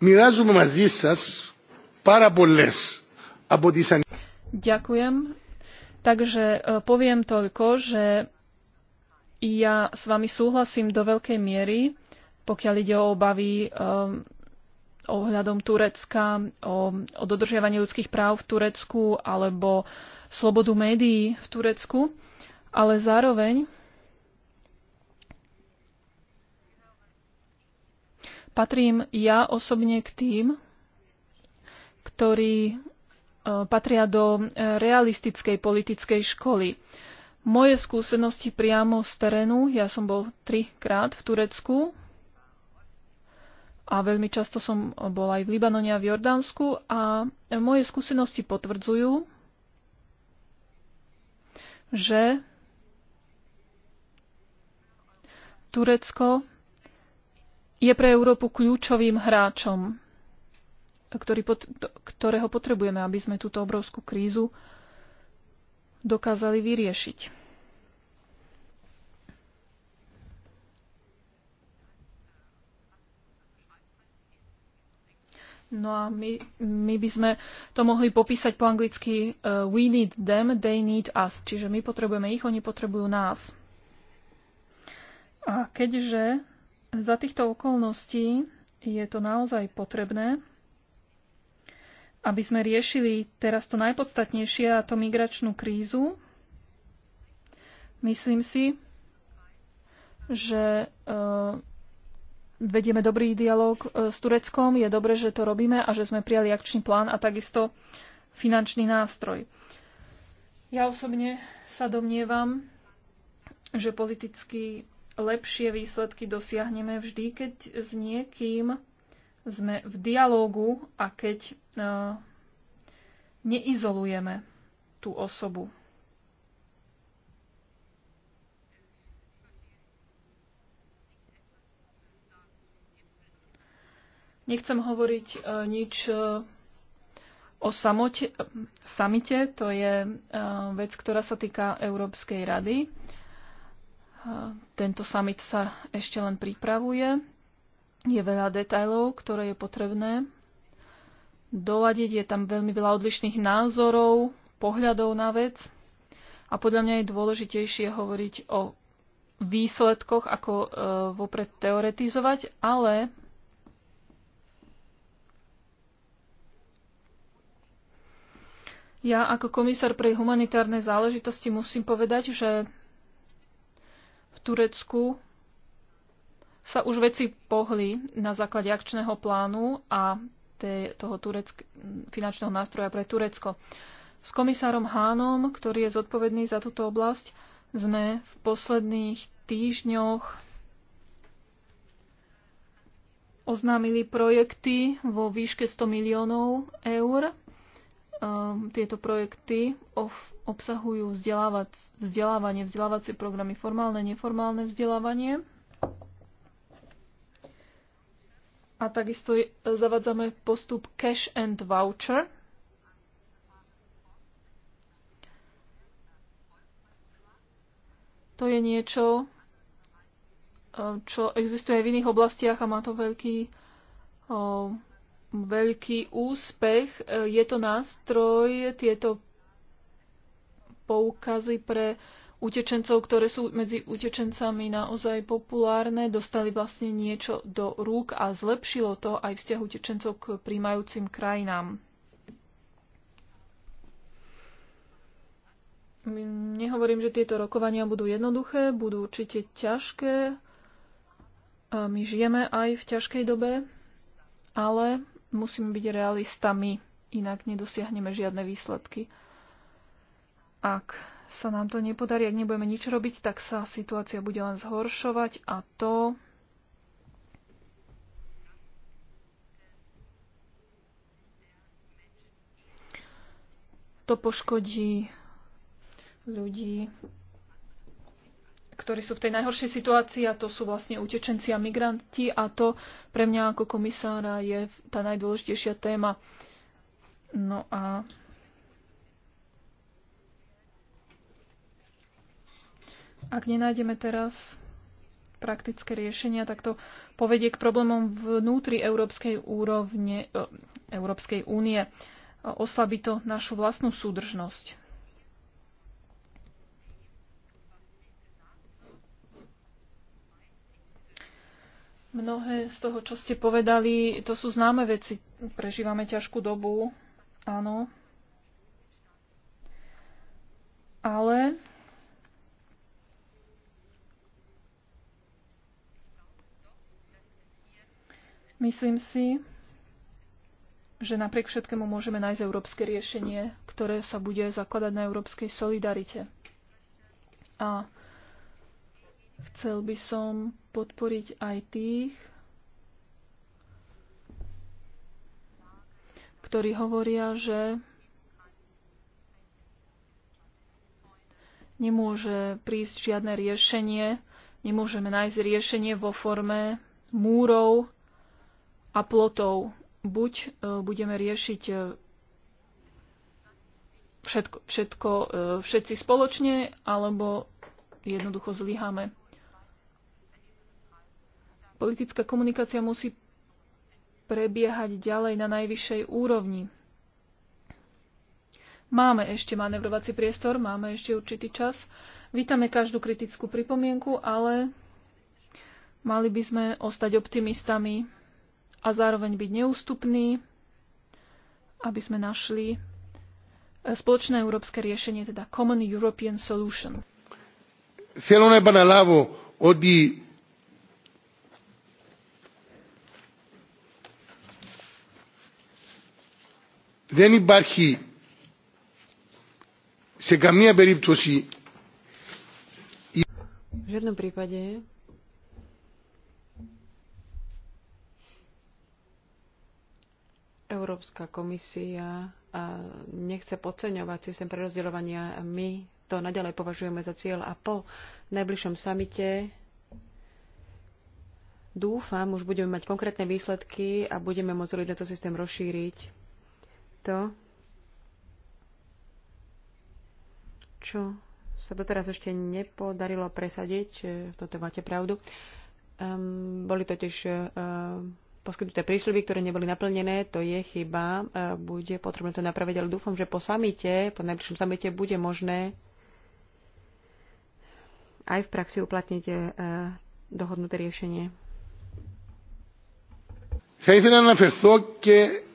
Μοιράζομαι μαζί σας πάρα πολλές από τις Ďakujem. Takže e, poviem toľko, že ja s vami súhlasím do veľkej miery, pokiaľ ide o obavy um, ohľadom Turecka, o, o dodržiavaní ľudských práv v Turecku alebo slobodu médií v Turecku, ale zároveň Patrím ja osobne k tým, ktorí e, patria do e, realistickej politickej školy. Moje skúsenosti priamo z terénu, ja som bol trikrát v Turecku a veľmi často som bol aj v Libanone a v Jordánsku a moje skúsenosti potvrdzujú, že Turecko je pre Európu kľúčovým hráčom, ktorý pot- ktorého potrebujeme, aby sme túto obrovskú krízu dokázali vyriešiť. No a my, my by sme to mohli popísať po anglicky uh, we need them, they need us. Čiže my potrebujeme ich, oni potrebujú nás. A keďže za týchto okolností je to naozaj potrebné, aby sme riešili teraz to najpodstatnejšie, a to migračnú krízu. Myslím si, že e, vedieme dobrý dialog e, s Tureckom, je dobre, že to robíme a že sme prijali akčný plán a takisto finančný nástroj. Ja osobne sa domnievam, že politický lepšie výsledky dosiahneme vždy, keď s niekým sme v dialógu a keď e, neizolujeme tú osobu. Nechcem hovoriť e, nič e, o samote, samite, to je vec, ktorá sa týka Európskej rady. Tento summit sa ešte len pripravuje. Je veľa detajlov, ktoré je potrebné doladiť. Je tam veľmi veľa odlišných názorov, pohľadov na vec. A podľa mňa je dôležitejšie hovoriť o výsledkoch, ako e, vopred teoretizovať, ale ja ako komisár pre humanitárne záležitosti musím povedať, že v Turecku sa už veci pohli na základe akčného plánu a toho turecké, finančného nástroja pre Turecko. S komisárom Hánom, ktorý je zodpovedný za túto oblasť, sme v posledných týždňoch oznámili projekty vo výške 100 miliónov eur um, tieto projekty of, obsahujú vzdelávac, vzdelávanie, vzdelávacie programy, formálne, neformálne vzdelávanie. A takisto zavadzame postup cash and voucher. To je niečo, ehm, čo existuje aj v iných oblastiach a má to veľký ehm, veľký úspech. E, je to nástroj, tieto poukazy pre utečencov, ktoré sú medzi utečencami naozaj populárne, dostali vlastne niečo do rúk a zlepšilo to aj vzťah utečencov k príjmajúcim krajinám. Nehovorím, že tieto rokovania budú jednoduché, budú určite ťažké. E, my žijeme aj v ťažkej dobe, ale musíme byť realistami, inak nedosiahneme žiadne výsledky. Ak sa nám to nepodarí, ak nebudeme nič robiť, tak sa situácia bude len zhoršovať a to to poškodí ľudí ktorí sú v tej najhoršej situácii a to sú vlastne utečenci a migranti a to pre mňa ako komisára je tá najdôležitejšia téma. No a ak nenájdeme teraz praktické riešenia, tak to povedie k problémom vnútri európskej, úrovne, e, európskej únie. Oslabí to našu vlastnú súdržnosť. Mnohé z toho, čo ste povedali, to sú známe veci. Prežívame ťažkú dobu, áno. Ale myslím si, že napriek všetkému môžeme nájsť európske riešenie, ktoré sa bude zakladať na európskej solidarite. A Chcel by som podporiť aj tých, ktorí hovoria, že nemôže prísť žiadne riešenie, nemôžeme nájsť riešenie vo forme múrov a plotov. Buď e, budeme riešiť e, všetko, všetko e, všetci spoločne, alebo jednoducho zlyhame. Politická komunikácia musí prebiehať ďalej na najvyššej úrovni. Máme ešte manevrovací priestor, máme ešte určitý čas. Vítame každú kritickú pripomienku, ale mali by sme ostať optimistami a zároveň byť neústupní, aby sme našli e, spoločné európske riešenie, teda Common European Solution. Θέλω να επαναλάβω ότι δεν υπάρχει σε καμία περίπτωση v žiadnom prípade Európska komisia nechce podceňovať systém prerozdeľovania. My to naďalej považujeme za cieľ a po najbližšom samite dúfam, už budeme mať konkrétne výsledky a budeme môcť tento systém rozšíriť to, čo sa doteraz ešte nepodarilo presadiť, e, v toto máte pravdu, um, boli totiž uh, poskytnuté prísľuby, ktoré neboli naplnené, to je chyba, e, bude potrebné to napraviť, ale dúfam, že po samite, po najbližšom samite bude možné aj v praxi uplatniť dohodnuté riešenie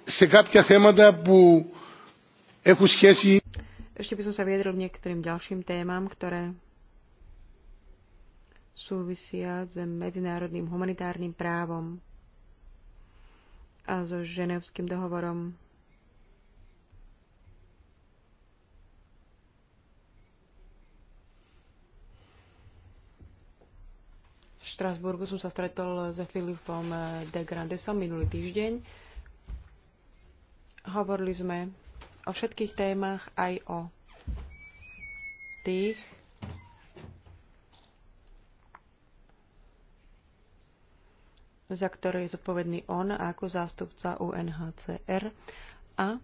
σε κάποια θέματα που έχουν σχέση... Ešte by som sa viedril k niektorým ďalším témam, ktoré súvisia s medzinárodným humanitárnym právom a so ženevským dohovorom. V Štrasburgu som sa stretol s Filipom de Grandesom minulý týždeň Hovorili sme o všetkých témach, aj o tých, za ktoré je zodpovedný on ako zástupca UNHCR a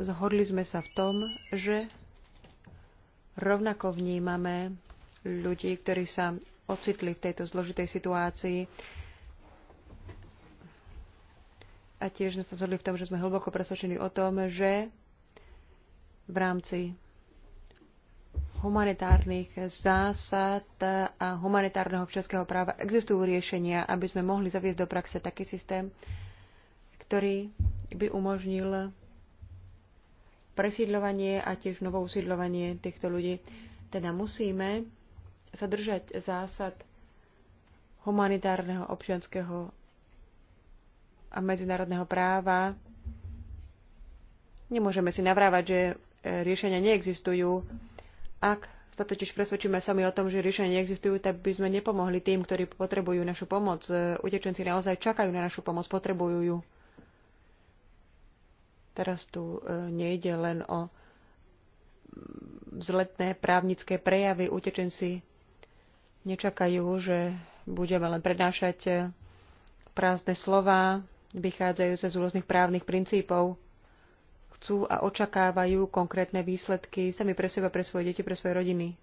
zhodli sme sa v tom, že rovnako vnímame ľudí, ktorí sa ocitli v tejto zložitej situácii, a tiež sme sa zhodli v tom, že sme hlboko presvedčení o tom, že v rámci humanitárnych zásad a humanitárneho občianského práva existujú riešenia, aby sme mohli zaviesť do praxe taký systém, ktorý by umožnil presídľovanie a tiež novo usídľovanie týchto ľudí. Teda musíme sa držať zásad humanitárneho občianského a medzinárodného práva. Nemôžeme si navrávať, že e, riešenia neexistujú. Ak sa totiž presvedčíme sami o tom, že riešenia neexistujú, tak by sme nepomohli tým, ktorí potrebujú našu pomoc. E, utečenci naozaj čakajú na našu pomoc, potrebujú ju. Teraz tu e, nejde len o vzletné právnické prejavy. Utečenci nečakajú, že budeme len prednášať prázdne slova, vychádzajú z rôznych právnych princípov, chcú a očakávajú konkrétne výsledky sami pre seba, pre svoje deti, pre svoje rodiny.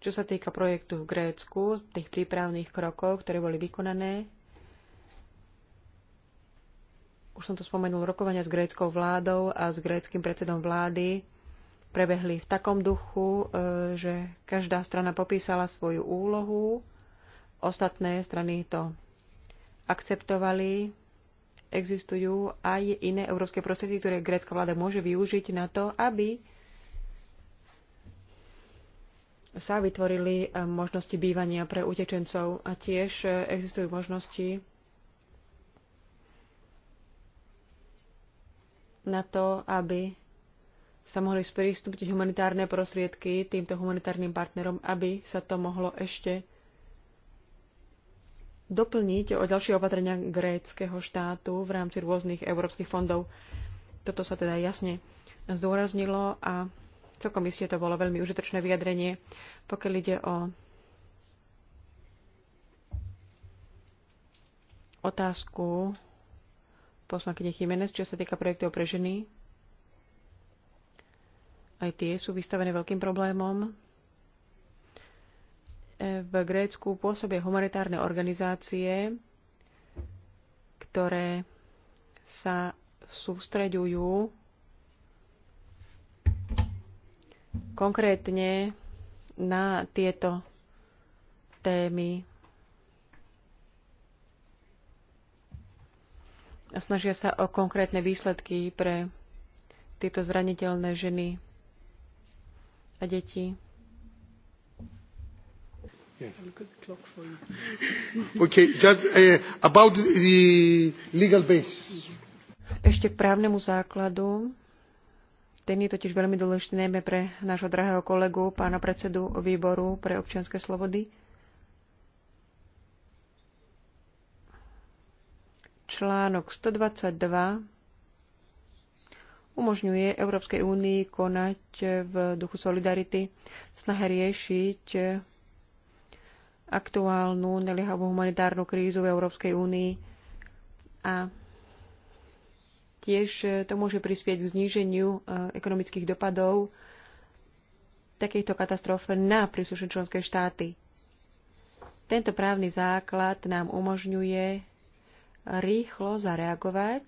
Čo sa týka projektu v Grécku, tých prípravných krokov, ktoré boli vykonané, už som to spomenul, rokovania s gréckou vládou a s gréckým predsedom vlády prebehli v takom duchu, e, že každá strana popísala svoju úlohu, ostatné strany to akceptovali. Existujú aj iné európske prostriedky, ktoré grécka vláda môže využiť na to, aby sa vytvorili e, možnosti bývania pre utečencov a tiež e, existujú možnosti na to, aby sa mohli sprístupniť humanitárne prostriedky týmto humanitárnym partnerom, aby sa to mohlo ešte doplniť o ďalšie opatrenia gréckého štátu v rámci rôznych európskych fondov. Toto sa teda jasne zdôraznilo a celkom isté to bolo veľmi užitočné vyjadrenie, pokiaľ ide o otázku poslankyne Chimenez, čo sa týka projektov pre ženy. Aj tie sú vystavené veľkým problémom. E, v Grécku pôsobia humanitárne organizácie, ktoré sa sústreďujú konkrétne na tieto témy a snažia sa o konkrétne výsledky pre tieto zraniteľné ženy a deti. [LAUGHS] Uh, Ešte k právnemu základu. Ten je totiž veľmi dôležitý najmä pre nášho drahého kolegu, pána predsedu výboru pre občianske slobody. Článok 122 umožňuje Európskej únii konať v duchu solidarity, v snahe riešiť aktuálnu neliehavú humanitárnu krízu v Európskej únii a tiež to môže prispieť k zníženiu e, ekonomických dopadov takejto katastrofe na príslušné členské štáty. Tento právny základ nám umožňuje rýchlo zareagovať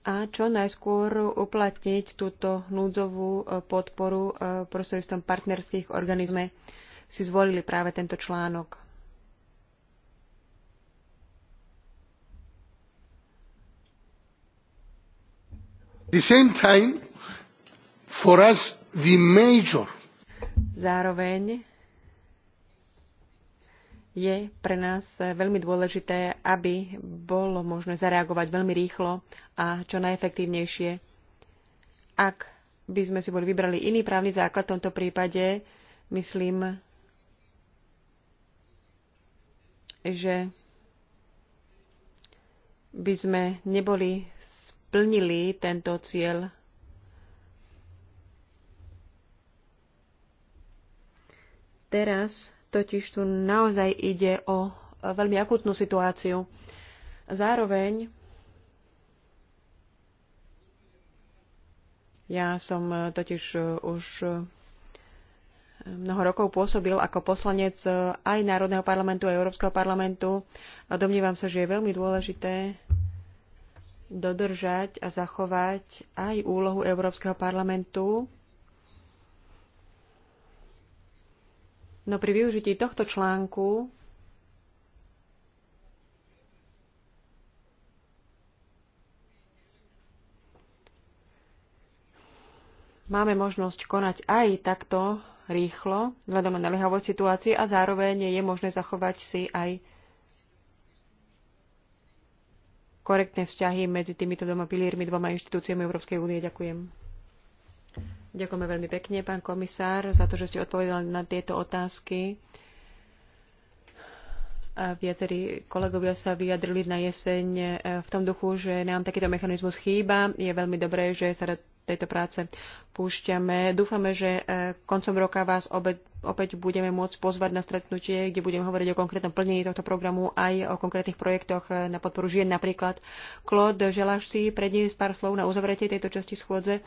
a čo najskôr uplatniť túto núdzovú e, podporu e, prostredníctvom partnerských organizme si zvolili práve tento článok. The same time, for us, the major. Zároveň je pre nás veľmi dôležité, aby bolo možné zareagovať veľmi rýchlo a čo najefektívnejšie. Ak by sme si boli vybrali iný právny základ v tomto prípade, myslím, že by sme neboli splnili tento cieľ. Teraz Totiž tu naozaj ide o veľmi akutnú situáciu. Zároveň ja som eh, totiž eh, už eh, mnoho rokov pôsobil ako poslanec aj Národného parlamentu, aj Európskeho parlamentu a domnívam sa, že je veľmi dôležité dodržať a zachovať aj úlohu Európskeho parlamentu No pri využití tohto článku máme možnosť konať aj takto rýchlo, vzhľadom na naliehavosť situácii a zároveň je možné zachovať si aj korektné vzťahy medzi týmito dvoma piliermi, dvoma inštitúciami Európskej únie. Ďakujem. Ďakujeme veľmi pekne, pán komisár, za to, že ste odpovedali na tieto otázky. A viacerí kolegovia sa vyjadrili na jeseň e, v tom duchu, že nám takýto mechanizmus chýba. Je veľmi dobré, že sa do tejto práce púšťame. Dúfame, že e, koncom roka vás opäť budeme môcť pozvať na stretnutie, kde budeme hovoriť o konkrétnom plnení tohto programu aj o konkrétnych projektoch e, na podporu žien napríklad. Klod, želáš si predniesť pár slov na uzavretie tejto časti schôdze?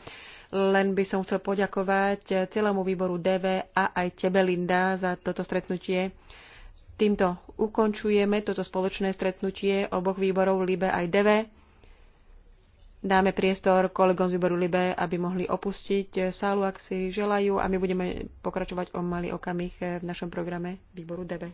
Len by som chcel poďakovať eh, celému výboru DV a aj tebe, Linda, za toto stretnutie. Týmto ukončujeme toto spoločné stretnutie oboch výborov LIBE aj DV. Dáme priestor kolegom z výboru LIBE, aby mohli opustiť eh, sálu, ak si želajú, a my budeme pokračovať o malý okamih eh, v našom programe výboru DV.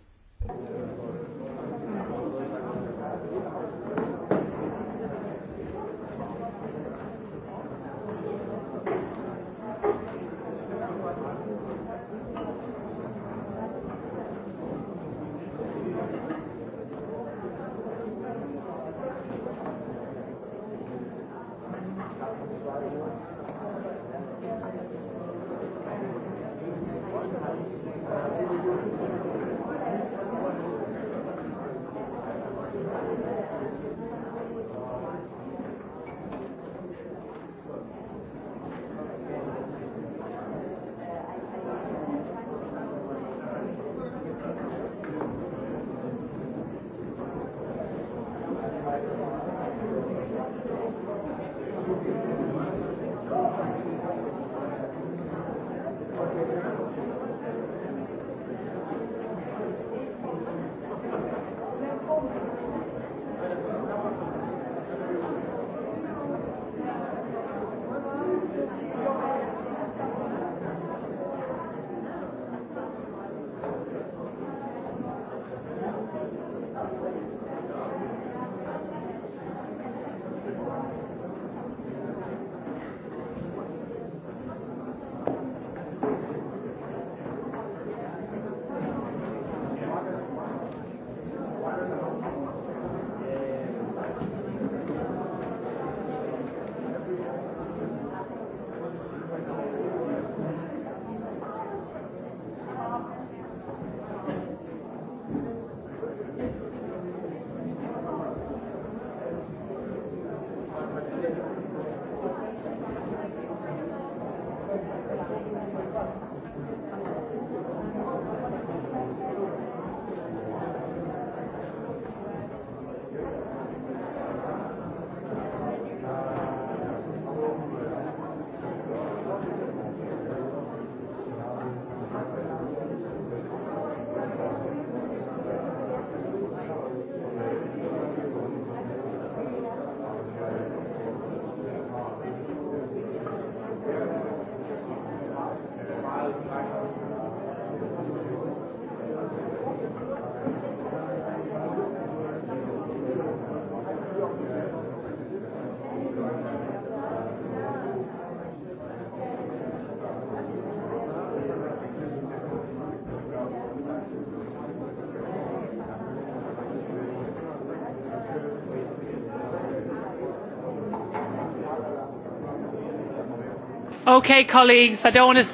Okay, colleagues, I don't want to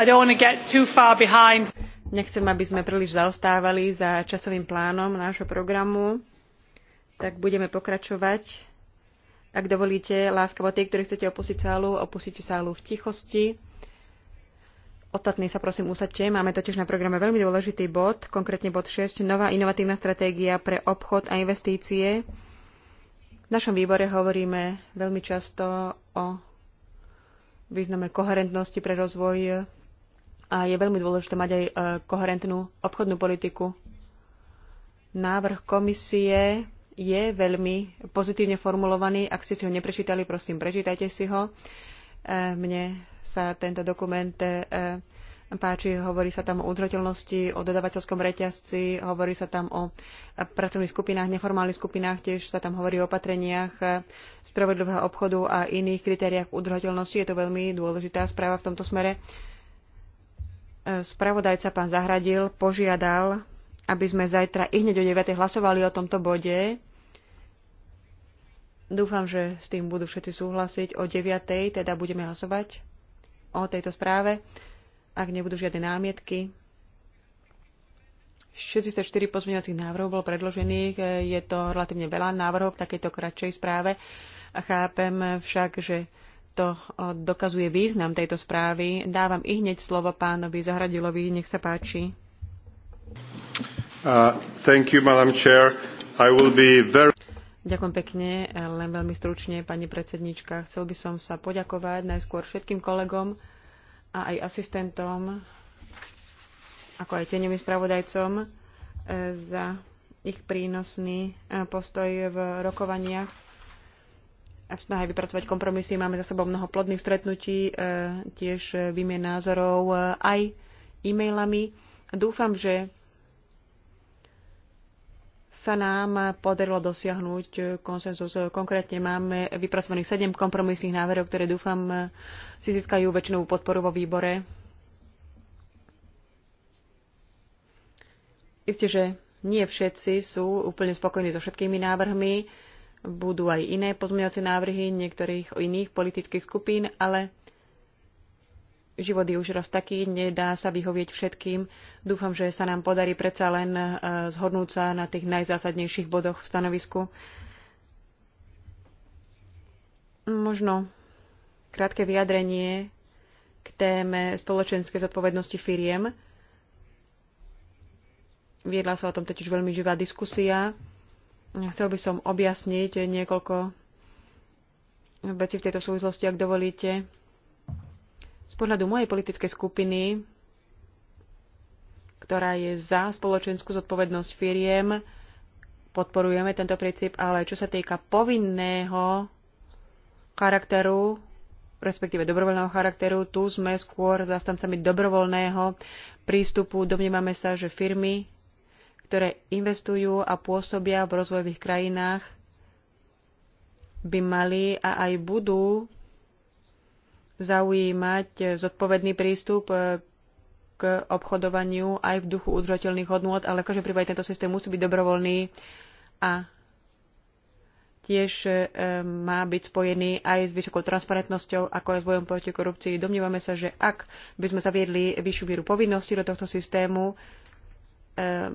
i don't want to get too far behind. Nechcem, aby sme príliš zaostávali za časovým plánom nášho programu, tak budeme pokračovať. Ak dovolíte, láskavo tie, ktorí chcete opustiť sálu, opustite sálu v tichosti. Ostatní sa prosím usadte, máme totiž na programe veľmi dôležitý bod, konkrétne bod 6, nová inovatívna stratégia pre obchod a investície. V našom výbore hovoríme veľmi často o význame koherentnosti pre rozvoj a je veľmi dôležité mať aj e, koherentnú obchodnú politiku. Návrh komisie je veľmi pozitívne formulovaný. Ak ste si ho neprečítali, prosím, prečítajte si ho. E, mne sa tento dokument e, páči, hovorí sa tam o udržateľnosti, o dodavateľskom reťazci, hovorí sa tam o pracovných skupinách, neformálnych skupinách, tiež sa tam hovorí o opatreniach e, spravodlivého obchodu a iných kritériách udržateľnosti. Je to veľmi dôležitá správa v tomto smere. E, spravodajca pán Zahradil požiadal, aby sme zajtra i hneď o 9. hlasovali o tomto bode. Dúfam, že s tým budú všetci súhlasiť. O 9. teda budeme hlasovať o tejto správe. Ak nebudú žiadne námietky, 64 pozmeňovacích návrhov bolo predložených. Je to relatívne veľa návrhov k takejto kratšej správe. A chápem však, že to dokazuje význam tejto správy. Dávam i hneď slovo pánovi Zahradilovi. Nech sa páči. Uh, you, very... Ďakujem pekne, len veľmi stručne, pani predsedníčka. Chcel by som sa poďakovať najskôr všetkým kolegom, a aj asistentom, ako aj tenevým spravodajcom e, za ich prínosný e, postoj v rokovaniach a v snahe vypracovať kompromisy. Máme za sebou mnoho plodných stretnutí, e, tiež výmien názorov aj e-mailami. Dúfam, že sa nám podarilo dosiahnuť konsenzus. Konkrétne máme vypracovaných sedem kompromisných návrhov, ktoré dúfam si získajú väčšinovú podporu vo výbore. Isté, že nie všetci sú úplne spokojní so všetkými návrhmi. Budú aj iné pozmeňovacie návrhy niektorých iných politických skupín, ale život je už raz taký, nedá sa vyhovieť všetkým. Dúfam, že sa nám podarí predsa len e, zhodnúť sa na tých najzásadnejších bodoch v stanovisku. Možno krátke vyjadrenie k téme spoločenskej zodpovednosti firiem. Viedla sa o tom totiž veľmi živá diskusia. Chcel by som objasniť niekoľko vecí v tejto súvislosti, ak dovolíte pohľadu mojej politickej skupiny, ktorá je za spoločenskú zodpovednosť firiem, podporujeme tento princíp, ale čo sa týka povinného charakteru, respektíve dobrovoľného charakteru, tu sme skôr zastancami dobrovoľného prístupu. Domnievame sa, že firmy, ktoré investujú a pôsobia v rozvojových krajinách, by mali a aj budú zaujímať e, zodpovedný prístup e, k obchodovaniu aj v duchu udržateľných hodnôt, ale v každom akože prípade tento systém musí byť dobrovoľný a tiež e, má byť spojený aj s vysokou transparentnosťou, ako aj s bojom proti korupcii. Domnívame sa, že ak by sme zaviedli vyššiu víru povinností do tohto systému,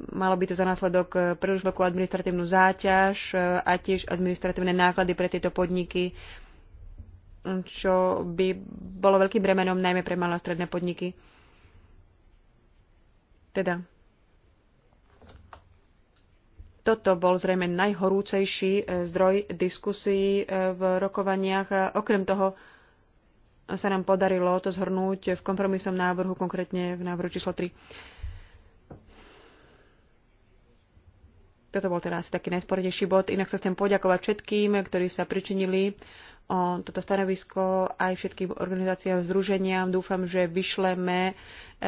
malo by to za následok príliš veľkú administratívnu záťaž a tiež administratívne náklady pre tieto podniky čo by bolo veľkým bremenom najmä pre malé a stredné podniky. Teda, toto bol zrejme najhorúcejší e, zdroj diskusí e, v rokovaniach. Okrem toho sa nám podarilo to zhrnúť v kompromisom návrhu, konkrétne v návrhu číslo 3. Toto bol teraz taký najsporedejší bod. Inak sa chcem poďakovať všetkým, ktorí sa pričinili o toto stanovisko aj všetkým organizáciám, združeniam. Dúfam, že vyšleme e,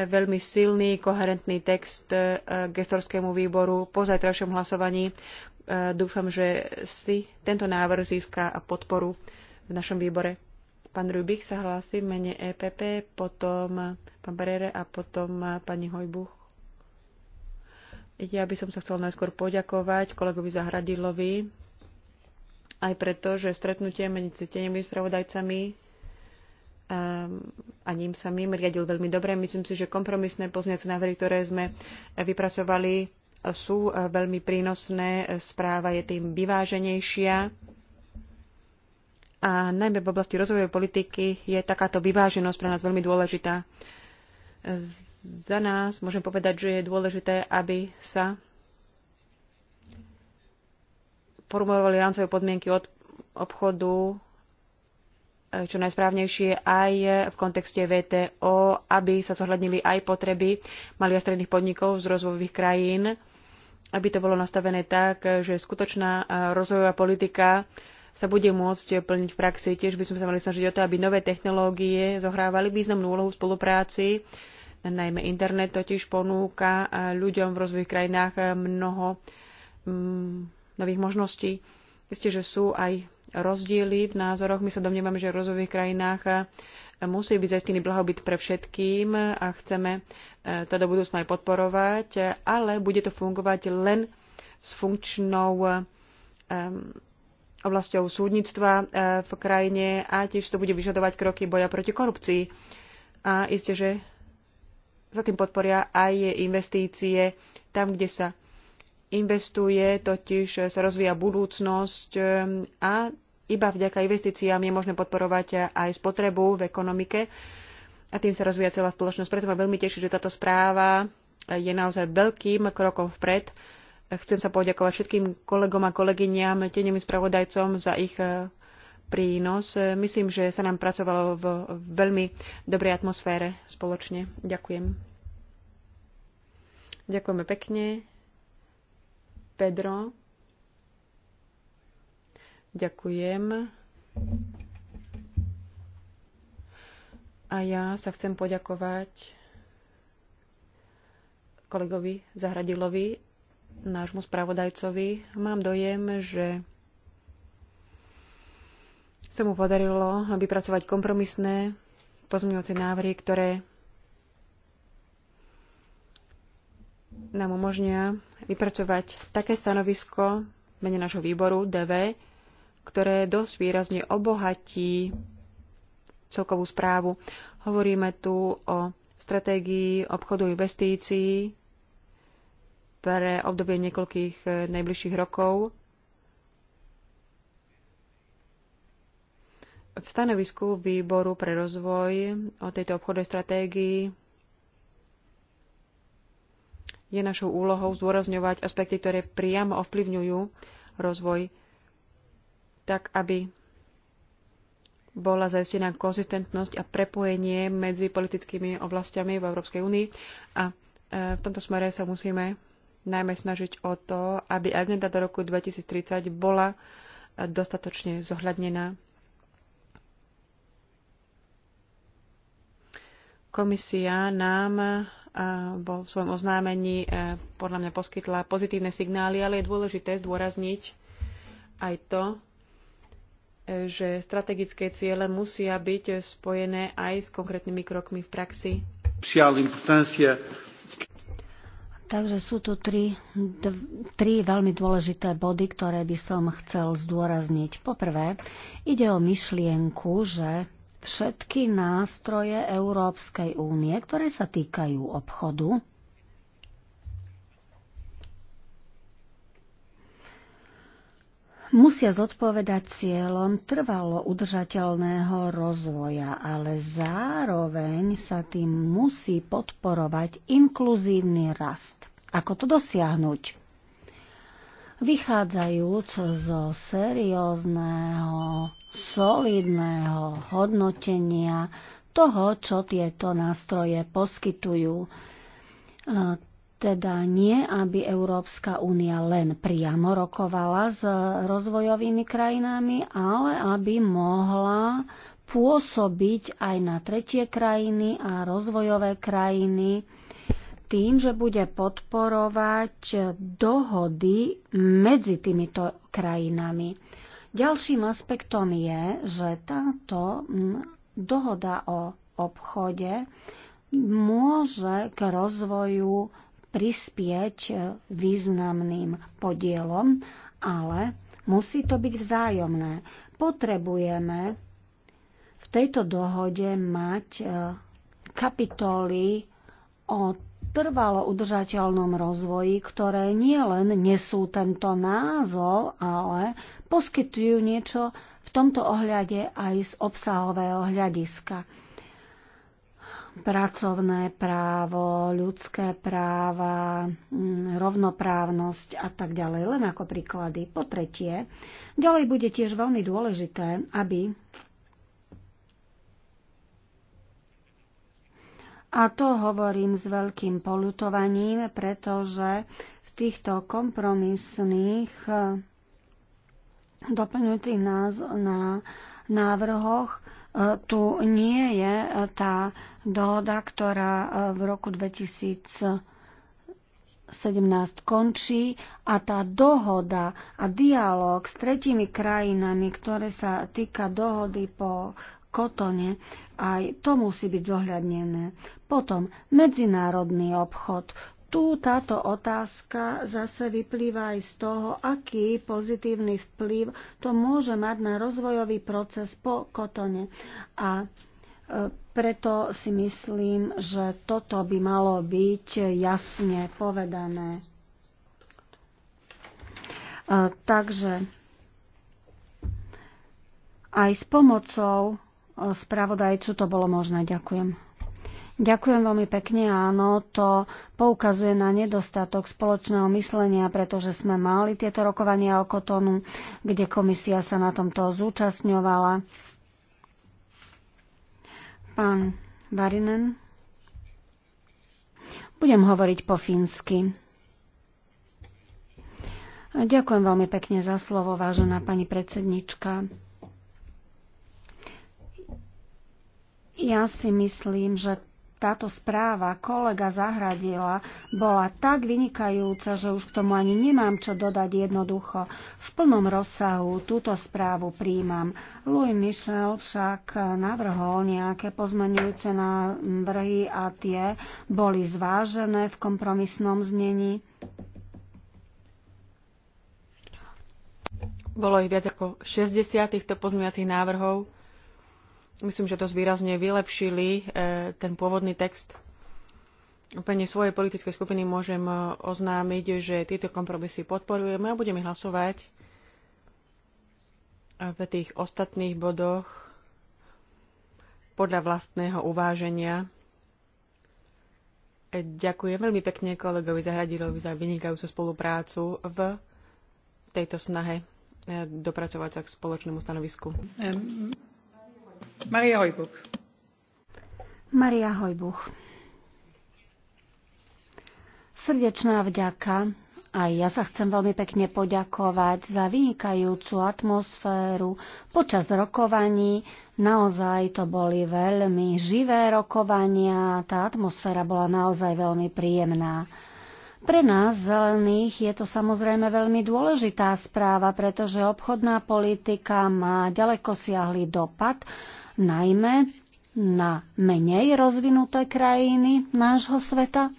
veľmi silný, koherentný text e, gestorskému výboru po zajtrajšom hlasovaní. E, dúfam, že si tento návrh získa podporu v našom výbore. Pán Rubik sa hlási v mene EPP, potom pán Barere a potom pani Hojbuch. Ja by som sa chcel najskôr poďakovať kolegovi Zahradilovi aj preto, že stretnutie medzi cítenými spravodajcami ehm, a ním sa mým riadil veľmi dobre. Myslím si, že kompromisné pozmiace návrhy, ktoré sme vypracovali, sú e, veľmi prínosné. Správa je tým vyváženejšia. A najmä v oblasti rozvojovej politiky je takáto vyváženosť pre nás veľmi dôležitá. Za nás môžem povedať, že je dôležité, aby sa formulovali rámcové podmienky od obchodu e, čo najsprávnejšie aj v kontexte VTO, aby sa zohľadnili aj potreby malých a stredných podnikov z rozvojových krajín, aby to bolo nastavené tak, že skutočná e, rozvojová politika sa bude môcť plniť v praxi. Tiež by sme sa mali snažiť o to, aby nové technológie zohrávali významnú úlohu v spolupráci. Najmä internet totiž ponúka e, ľuďom v rozvojových krajinách mnoho mm, nových možností. Isté, že sú aj rozdiely v názoroch. My sa domnievame, že v rozvojových krajinách musí byť zaistený blahobyt pre všetkým a chceme e, to do budúcna aj podporovať, ale bude to fungovať len s funkčnou e, oblasťou súdnictva e, v krajine a tiež to bude vyžadovať kroky boja proti korupcii. A isté, že za tým podporia aj investície tam, kde sa investuje, totiž sa rozvíja budúcnosť e, a iba vďaka investíciám je možné podporovať aj spotrebu v ekonomike a tým sa rozvíja celá spoločnosť. Preto ma veľmi teší, že táto správa je naozaj veľkým krokom vpred. Chcem sa poďakovať všetkým kolegom a kolegyňam, tenemi spravodajcom za ich e, prínos. Myslím, že sa nám pracovalo v veľmi dobrej atmosfére spoločne. Ďakujem. Ďakujeme pekne. Pedro. Ďakujem. A ja sa chcem poďakovať kolegovi Zahradilovi, nášmu spravodajcovi. Mám dojem, že sa mu podarilo vypracovať kompromisné pozmeňovacie návrhy, ktoré nám umožnia vypracovať také stanovisko mene nášho výboru DV, ktoré dosť výrazne obohatí celkovú správu. Hovoríme tu o stratégii obchodu investícií pre obdobie niekoľkých eh, najbližších rokov. V stanovisku výboru pre rozvoj o tejto obchodnej stratégii je našou úlohou zdôrazňovať aspekty, ktoré priamo ovplyvňujú rozvoj, tak aby bola zajistená konzistentnosť a prepojenie medzi politickými oblastiami v Európskej únii. A e, v tomto smere sa musíme najmä snažiť o to, aby agenda do roku 2030 bola e, dostatočne zohľadnená. Komisia nám vo svojom oznámení e, podľa mňa poskytla pozitívne signály, ale je dôležité zdôrazniť aj to, e, že strategické ciele musia byť spojené aj s konkrétnymi krokmi v praxi. Takže sú tu tri, tri veľmi dôležité body, ktoré by som chcel zdôrazniť. Poprvé, ide o myšlienku, že všetky nástroje Európskej únie, ktoré sa týkajú obchodu. musia zodpovedať cieľom trvalo udržateľného rozvoja, ale zároveň sa tým musí podporovať inkluzívny rast. Ako to dosiahnuť? Vychádzajúc zo seriózneho solidného hodnotenia toho, čo tieto nástroje poskytujú. E, teda nie, aby Európska únia len priamo rokovala s rozvojovými krajinami, ale aby mohla pôsobiť aj na tretie krajiny a rozvojové krajiny tým, že bude podporovať dohody medzi týmito krajinami. Ďalším aspektom je, že táto mm, dohoda o obchode môže k rozvoju prispieť e, významným podielom, ale musí to byť vzájomné. Potrebujeme v tejto dohode mať e, kapitoly od trvalo udržateľnom rozvoji, ktoré nielen nesú tento názov, ale poskytujú niečo v tomto ohľade aj z obsahového hľadiska. Pracovné právo, ľudské práva, mm, rovnoprávnosť a tak ďalej, len ako príklady. Po tretie, ďalej bude tiež veľmi dôležité, aby A to hovorím s veľkým polutovaním, pretože v týchto kompromisných eh, doplňujúcich nás na návrhoch eh, tu nie je eh, tá dohoda, ktorá v roku 2000 17 končí a tá dohoda a dialog s tretimi krajinami, ktoré sa týka dohody po kotone, aj to musí byť zohľadnené. Potom medzinárodný obchod. Tu táto otázka zase vyplýva aj z toho, aký pozitívny vplyv to môže mať na rozvojový proces po kotone. A e, preto si myslím, že toto by malo byť jasne povedané. E, takže aj s pomocou spravodajcu to bolo možné. Ďakujem. Ďakujem veľmi pekne. Áno, to poukazuje na nedostatok spoločného myslenia, pretože sme mali tieto rokovania o kotonu, kde komisia sa na tomto zúčastňovala. Pán Varinen. Budem hovoriť po fínsky. Ďakujem veľmi pekne za slovo, vážená pani predsednička. Ja si myslím, že táto správa kolega Zahradila bola tak vynikajúca, že už k tomu ani nemám čo dodať jednoducho. V plnom rozsahu túto správu príjmam. Louis Michel však navrhol nejaké pozmenujúce návrhy a tie boli zvážené v kompromisnom znení. Bolo ich viac ako 60 týchto pozmeňovacích návrhov myslím, že dosť výrazne vylepšili e, ten pôvodný text. Úplne svojej politickej skupiny môžem e, oznámiť, že tieto kompromisy podporujeme a budeme hlasovať v tých ostatných bodoch podľa vlastného uváženia. E, ďakujem veľmi pekne kolegovi Zahradilovi za vynikajúcu spoluprácu v tejto snahe dopracovať sa k spoločnému stanovisku. Um. Maria Hojbuch. Maria Hojbuch. Srdečná vďaka. Aj ja sa chcem veľmi pekne poďakovať za vynikajúcu atmosféru počas rokovaní. Naozaj to boli veľmi živé rokovania, tá atmosféra bola naozaj veľmi príjemná. Pre nás zelených je to samozrejme veľmi dôležitá správa, pretože obchodná politika má ďaleko siahly dopad najmä na menej rozvinuté krajiny nášho sveta.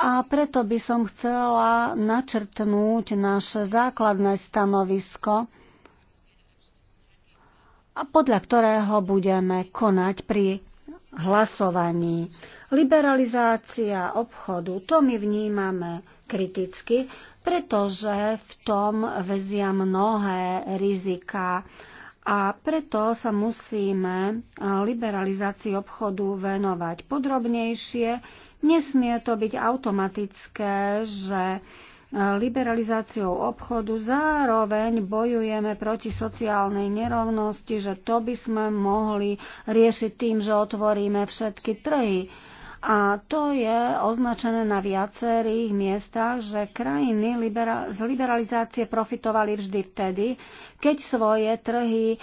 A preto by som chcela načrtnúť naše základné stanovisko, podľa ktorého budeme konať pri hlasovaní. Liberalizácia obchodu, to my vnímame kriticky, pretože v tom vezia mnohé rizika a preto sa musíme liberalizácii obchodu venovať podrobnejšie. Nesmie to byť automatické, že liberalizáciou obchodu zároveň bojujeme proti sociálnej nerovnosti, že to by sme mohli riešiť tým, že otvoríme všetky trhy. A to je označené na viacerých miestach, že krajiny libera- z liberalizácie profitovali vždy vtedy, keď svoje trhy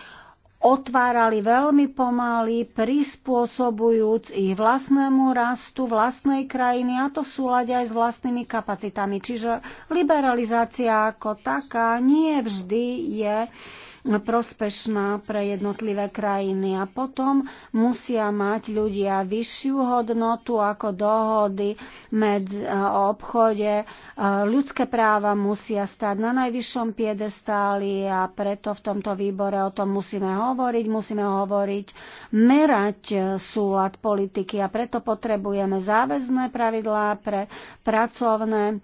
otvárali veľmi pomaly, prispôsobujúc ich vlastnému rastu vlastnej krajiny a to v súlade aj s vlastnými kapacitami. Čiže liberalizácia ako taká nie vždy je uh, prospešná pre jednotlivé krajiny. A potom musia mať ľudia vyššiu hodnotu ako dohody medzi, eh, o obchode. Eh, ľudské práva musia stať na najvyššom piedestáli a preto v tomto výbore o tom musíme hovoriť, musíme hovoriť, merať eh, súlad politiky a preto potrebujeme záväzné pravidlá pre pracovné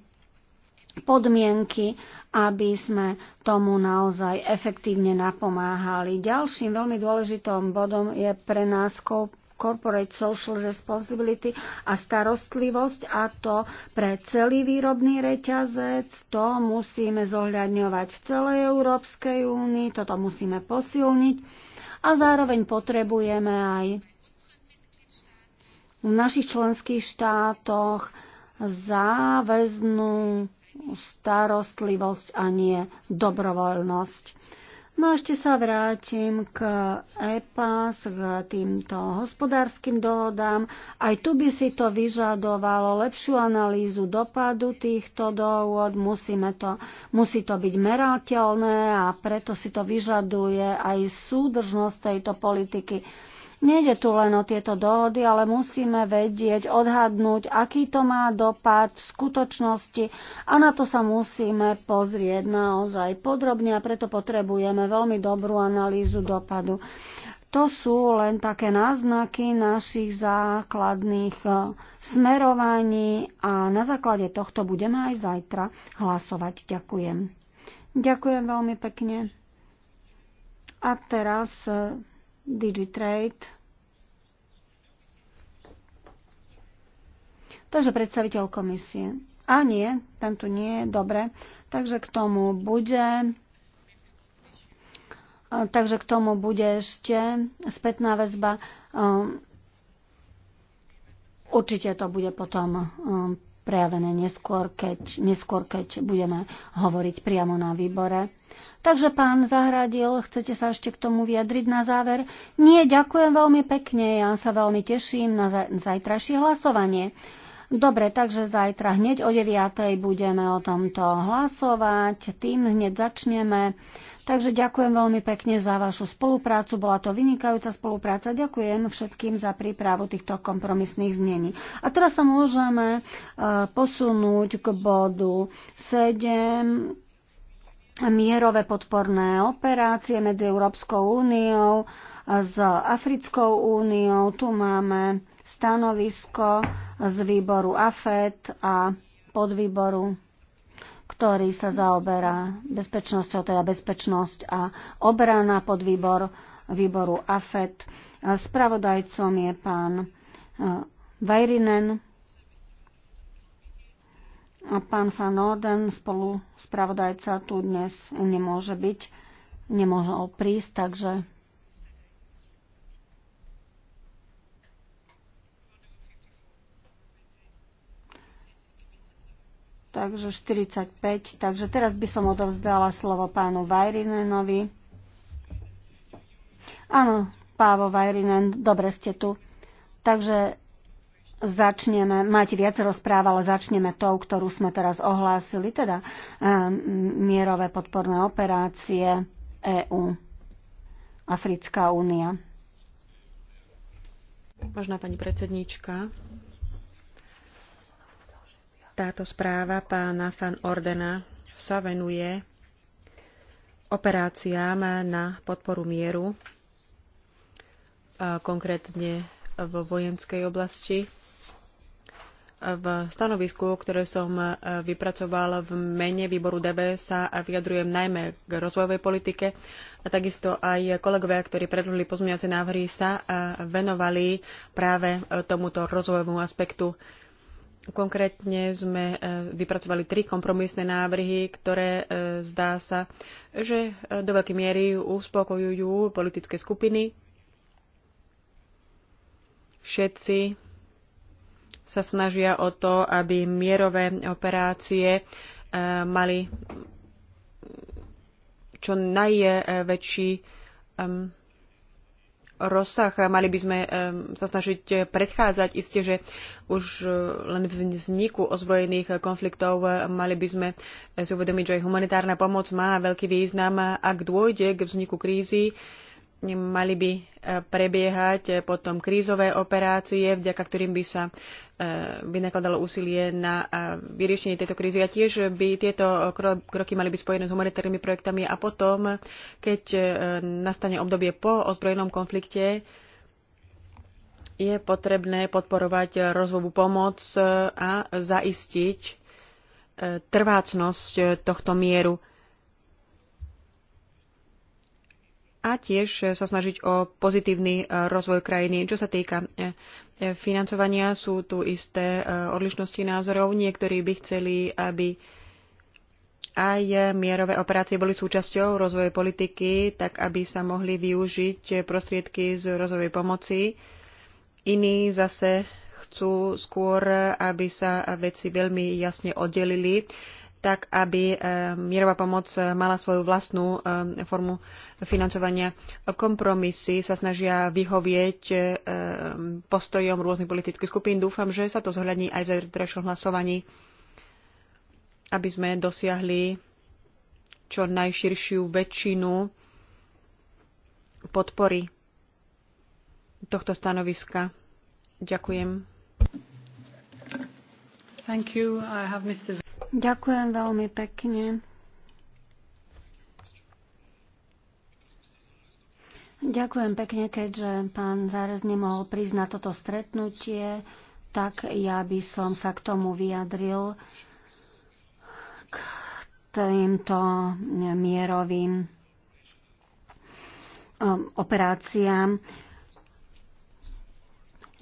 podmienky, aby sme tomu naozaj efektívne napomáhali. Ďalším veľmi dôležitým bodom je pre nás corporate social responsibility a starostlivosť a to pre celý výrobný reťazec. To musíme zohľadňovať v celej Európskej únii, toto musíme posilniť a zároveň potrebujeme aj v našich členských štátoch záväznú starostlivosť a nie dobrovoľnosť. No a ešte sa vrátim k EPAS, k týmto hospodárskym dohodám. Aj tu by si to vyžadovalo lepšiu analýzu dopadu týchto dohod. Musíme to, musí to byť merateľné a preto si to vyžaduje aj súdržnosť tejto politiky Nejde tu len o tieto dohody, ale musíme vedieť, odhadnúť, aký to má dopad v skutočnosti a na to sa musíme pozrieť naozaj podrobne a preto potrebujeme veľmi dobrú analýzu dopadu. To sú len také náznaky našich základných e, smerovaní a na základe tohto budeme aj zajtra hlasovať. Ďakujem. Ďakujem veľmi pekne. A teraz e, Digitrade. Takže predstaviteľ komisie. A nie, ten tu nie, je dobre. Takže k tomu bude takže k tomu bude ešte spätná väzba. Určite to bude potom prejavené neskôr keď, neskôr, keď budeme hovoriť priamo na výbore. Takže pán Zahradil, chcete sa ešte k tomu vyjadriť na záver? Nie, ďakujem veľmi pekne, ja sa veľmi teším na zajtrajšie hlasovanie. Dobre, takže zajtra hneď o 9.00 budeme o tomto hlasovať, tým hneď začneme. Takže ďakujem veľmi pekne za vašu spoluprácu. Bola to vynikajúca spolupráca. Ďakujem všetkým za prípravu týchto kompromisných znení. A teraz sa môžeme e, posunúť k bodu 7 mierové podporné operácie medzi Európskou úniou s Africkou úniou. Tu máme stanovisko z výboru AFET a podvýboru ktorý sa zaoberá bezpečnosťou, teda bezpečnosť a obrana pod výbor výboru AFET. Spravodajcom je pán e, Vajrinen a pán Van Orden, spolu spravodajca, tu dnes nemôže byť, nemôže prísť, takže takže 45. Takže teraz by som odovzdala slovo pánu Vajrinenovi. Áno, Pávo Vajrinen, dobre ste tu. Takže začneme, máte viac rozpráv, ale začneme tou, ktorú sme teraz ohlásili, teda eh, mierové podporné operácie EÚ, Africká únia. Vážna pani predsedníčka, táto správa pána Fan Ordena sa venuje operáciám na podporu mieru, konkrétne v vojenskej oblasti. V stanovisku, ktoré som e, vypracoval v mene výboru DB, sa vyjadrujem najmä k rozvojovej politike a takisto aj kolegovia, ktorí predložili pozmeňovacie návrhy, sa e, venovali práve e, tomuto rozvojovému aspektu Konkrétne sme e, vypracovali tri kompromisné návrhy, ktoré e, zdá sa, že e, do veľkej miery uspokojujú politické skupiny. Všetci sa snažia o to, aby mierové operácie mali čo najväčší rozsah. Mali by sme sa snažiť predchádzať. Isté, že už e, len v vzniku ozbrojených konfliktov e, mali by sme e, si uvedomiť, že aj humanitárna pomoc má veľký význam. Ak dôjde k vzniku krízy, mali by e, prebiehať e, potom krízové operácie, vďaka ktorým by sa e, vynakladalo úsilie na vyriešenie tejto krízy. A tiež by tieto kroky mali byť spojené s humanitárnymi projektami a potom, keď nastane obdobie po ozbrojenom konflikte, je potrebné podporovať rozvojovú pomoc a zaistiť trvácnosť tohto mieru a tiež sa snažiť o pozitívny e, rozvoj krajiny. Čo sa týka e, e, financovania, sú tu isté odlišnosti názorov. Niektorí by chceli, aby aj mierové operácie boli súčasťou rozvoje politiky, tak aby sa mohli využiť prostriedky z rozvojovej pomoci. Iní zase chcú skôr, aby sa veci veľmi jasne oddelili tak aby eh, mierová pomoc eh, mala svoju vlastnú eh, formu financovania. Kompromisy sa snažia vyhovieť postojom rôznych politických skupín. Dúfam, že sa to zohľadní aj za zajtrajšom hlasovaní, aby sme dosiahli čo najširšiu väčšinu podpory tohto stanoviska. Ďakujem. Thank you. I have Mr. Ďakujem veľmi pekne. Ďakujem pekne, keďže pán Zárez nemohol prísť na toto stretnutie, tak ja by som sa k tomu vyjadril k týmto mierovým um, operáciám.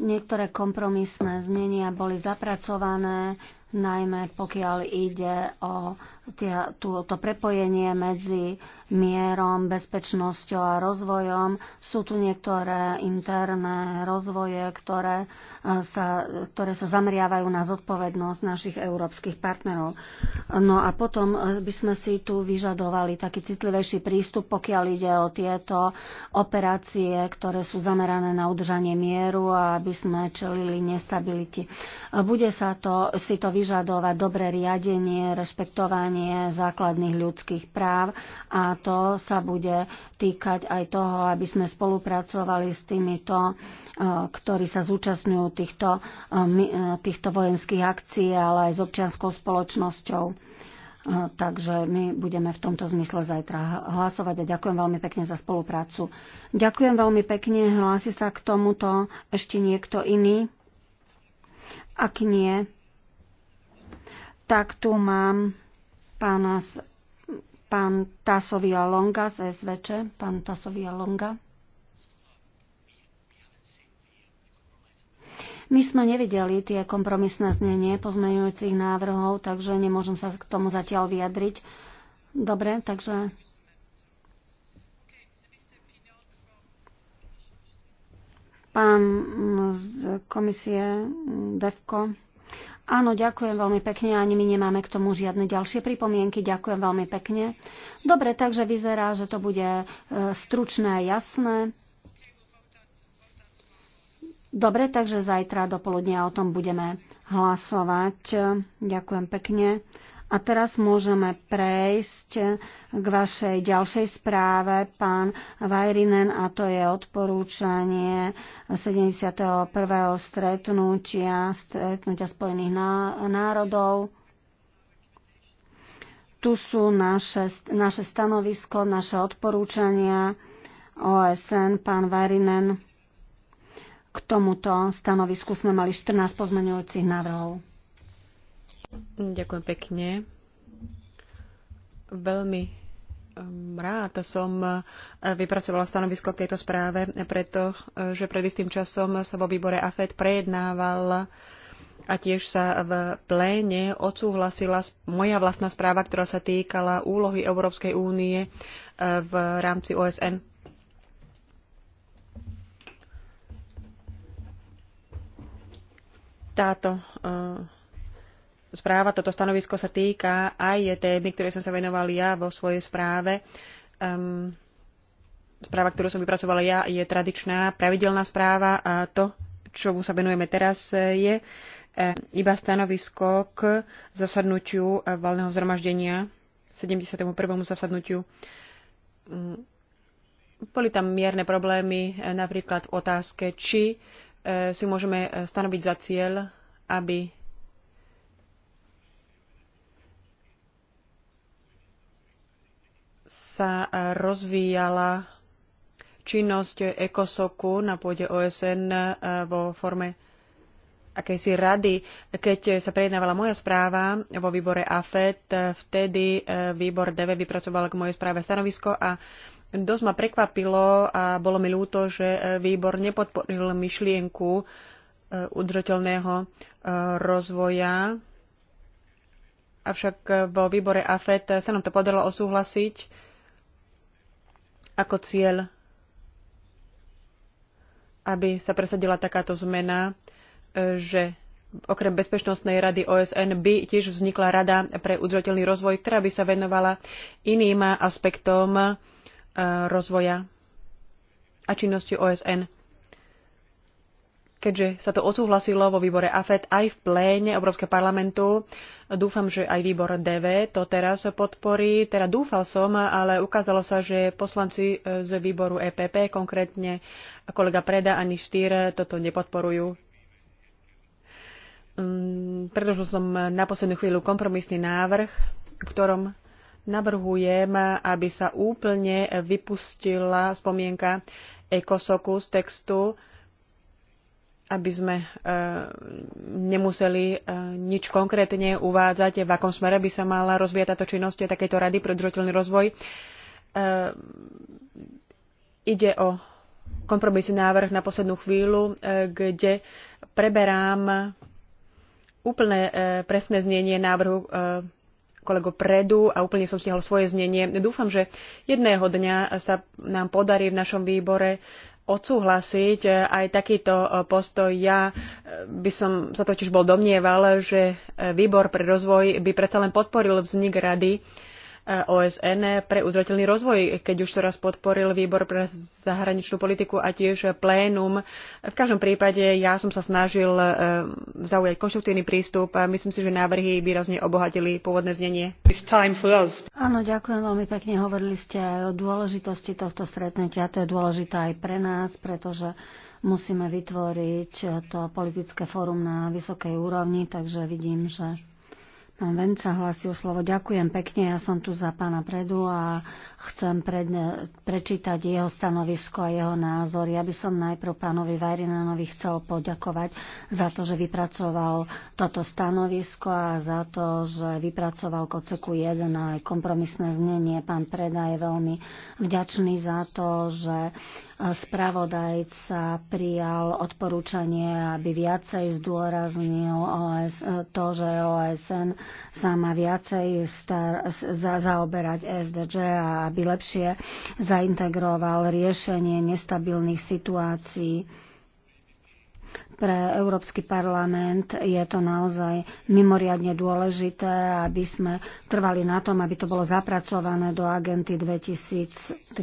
Niektoré kompromisné znenia boli zapracované, najmä pokiaľ ide o tia, tú, to prepojenie medzi mierom, bezpečnosťou a rozvojom. Sú tu niektoré interné rozvoje, ktoré e, sa, ktoré sa zameriavajú na zodpovednosť našich európskych partnerov. No a potom e, by sme si tu vyžadovali taký citlivejší prístup, pokiaľ ide o tieto operácie, ktoré sú zamerané na udržanie mieru a aby sme čelili nestabilite. E, bude sa to, si to vyžadovať dobré riadenie, rešpektovanie porušovanie základných ľudských práv a to sa bude týkať aj toho, aby sme spolupracovali s týmito, e, ktorí sa zúčastňujú týchto, e, e, týchto vojenských akcií, ale aj s občianskou spoločnosťou. Takže my budeme v tomto zmysle zajtra hlasovať a ďakujem veľmi pekne za spoluprácu. Ďakujem veľmi pekne. Hlási sa k tomuto ešte niekto iný? Ak nie, tak tu mám pána, pán Tasovia Longa z SVČ, pán Tasovia Longa. My sme nevideli tie kompromisné znenie pozmeňujúcich návrhov, takže nemôžem sa k tomu zatiaľ vyjadriť. Dobre, takže pán z komisie DEFCO. Áno, ďakujem veľmi pekne, ani my nemáme k tomu žiadne ďalšie pripomienky. Ďakujem veľmi pekne. Dobre, takže vyzerá, že to bude e, stručné a jasné. Dobre, takže zajtra do poludnia o tom budeme hlasovať. Ďakujem pekne. A teraz môžeme prejsť k vašej ďalšej správe, pán Vajrinen, a to je odporúčanie 71. stretnutia, stretnutia Spojených národov. Tu sú naše, naše stanovisko, naše odporúčania OSN, pán Vajrinen. K tomuto stanovisku sme mali 14 pozmeňujúcich návrhov. Ďakujem pekne. Veľmi um, rád som uh, vypracovala stanovisko k tejto správe, pretože uh, pred istým časom sa vo výbore AFED prejednával a tiež sa v pléne odsúhlasila moja vlastná správa, ktorá sa týkala úlohy Európskej únie uh, v rámci OSN. Táto správa, toto stanovisko sa týka aj témy, ktoré som sa venoval ja vo svojej správe. Um, správa, ktorú som vypracovala ja, je tradičná, pravidelná správa a to, mu sa venujeme teraz, e, je e, iba stanovisko k zasadnutiu valného zhromaždenia, 71. zasadnutiu. Mm, boli tam mierne problémy, e, napríklad v otázke, či si môžeme stanoviť za cieľ, aby sa rozvíjala činnosť ECOSOKu na pôde OSN e, vo forme akejsi rady. Keď sa prejednávala moja správa vo výbore AFET, vtedy e, výbor DV vypracoval k mojej správe stanovisko a dosť ma prekvapilo a bolo mi ľúto, že e, výbor nepodporil myšlienku udržateľného rozvoja. Avšak vo výbore AFET sa nám to podarilo osúhlasiť ako cieľ, aby sa presadila takáto zmena, e, že okrem Bezpečnostnej rady OSN by tiež vznikla Rada pre udržateľný rozvoj, ktorá by sa venovala iným aspektom e, rozvoja a činnosti OSN keďže sa to odsúhlasilo vo výbore AFED aj v pléne Európskeho parlamentu. Dúfam, že aj výbor DV to teraz podporí. Teda dúfal som, ale ukázalo sa, že poslanci e, z výboru EPP, konkrétne kolega Preda ani Štýr, toto nepodporujú. Mm, predložil som na poslednú chvíľu kompromisný návrh, v ktorom navrhujem, aby sa úplne vypustila spomienka ecosoku z textu, aby sme e, nemuseli e, nič konkrétne uvádzať, v akom smere by sa mala rozvíjať táto činnosť takéto rady pre udržateľný rozvoj. E, ide o kompromisný návrh na poslednú chvíľu, kde preberám úplné presné znenie návrhu kolego Predu a úplne som stihol svoje znenie. Dúfam, že jedného dňa sa nám podarí v našom výbore odsúhlasiť e, aj takýto e, postoj. Ja e, by som sa totiž bol domnieval, že výbor pre rozvoj by predsa len podporil vznik rady OSN pre udržateľný rozvoj, keď už teraz podporil výbor pre zahraničnú politiku a tiež plénum. V každom prípade ja som sa snažil e, zaujať konštruktívny prístup a myslím si, že návrhy výrazne obohatili pôvodné znenie. Áno, ďakujem veľmi pekne. Hovorili ste aj o dôležitosti tohto stretnutia. To je dôležité aj pre nás, pretože musíme vytvoriť to politické fórum na vysokej úrovni, takže vidím, že Pán Venca o slovo. Ďakujem pekne, ja som tu za pána Predu a chcem predne, prečítať jeho stanovisko a jeho názor. Ja by som najprv pánovi Vajrinanovi chcel poďakovať za to, že vypracoval toto stanovisko a za to, že vypracoval koceku 1 aj kompromisné znenie. Pán Preda je veľmi vďačný za to, že Spravodajca prijal odporúčanie, aby viacej zdôraznil OS, to, že OSN sa má viacej star, za, zaoberať SDG a aby lepšie zaintegroval riešenie nestabilných situácií pre Európsky parlament je to naozaj mimoriadne dôležité, aby sme trvali na tom, aby to bolo zapracované do agenty 2030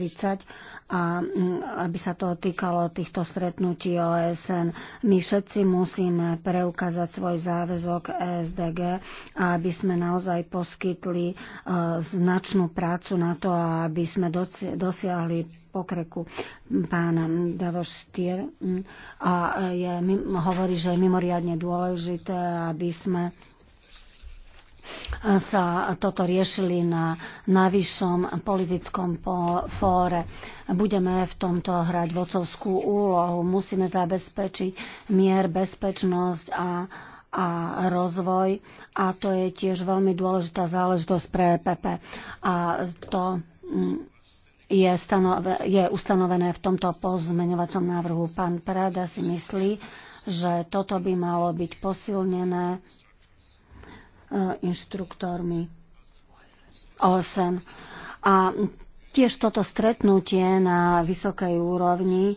a mm, aby sa to týkalo týchto stretnutí OSN. My všetci musíme preukázať svoj záväzok ESDG a aby sme naozaj poskytli e, značnú prácu na to, aby sme dosiahli pokreku pána Davoštier mm, a e, je, hovorí, že je mimoriadne dôležité, aby sme sa toto riešili na najvyššom politickom fóre. Budeme v tomto hrať vocovskú úlohu. Musíme zabezpečiť mier, bezpečnosť a a rozvoj a to je tiež veľmi dôležitá záležitosť pre EPP. A to mm, je, stanove, je ustanovené v tomto pozmeňovacom návrhu. Pán Prada si myslí, že toto by malo byť posilnené inštruktormi OSN. A tiež toto stretnutie na vysokej úrovni, e,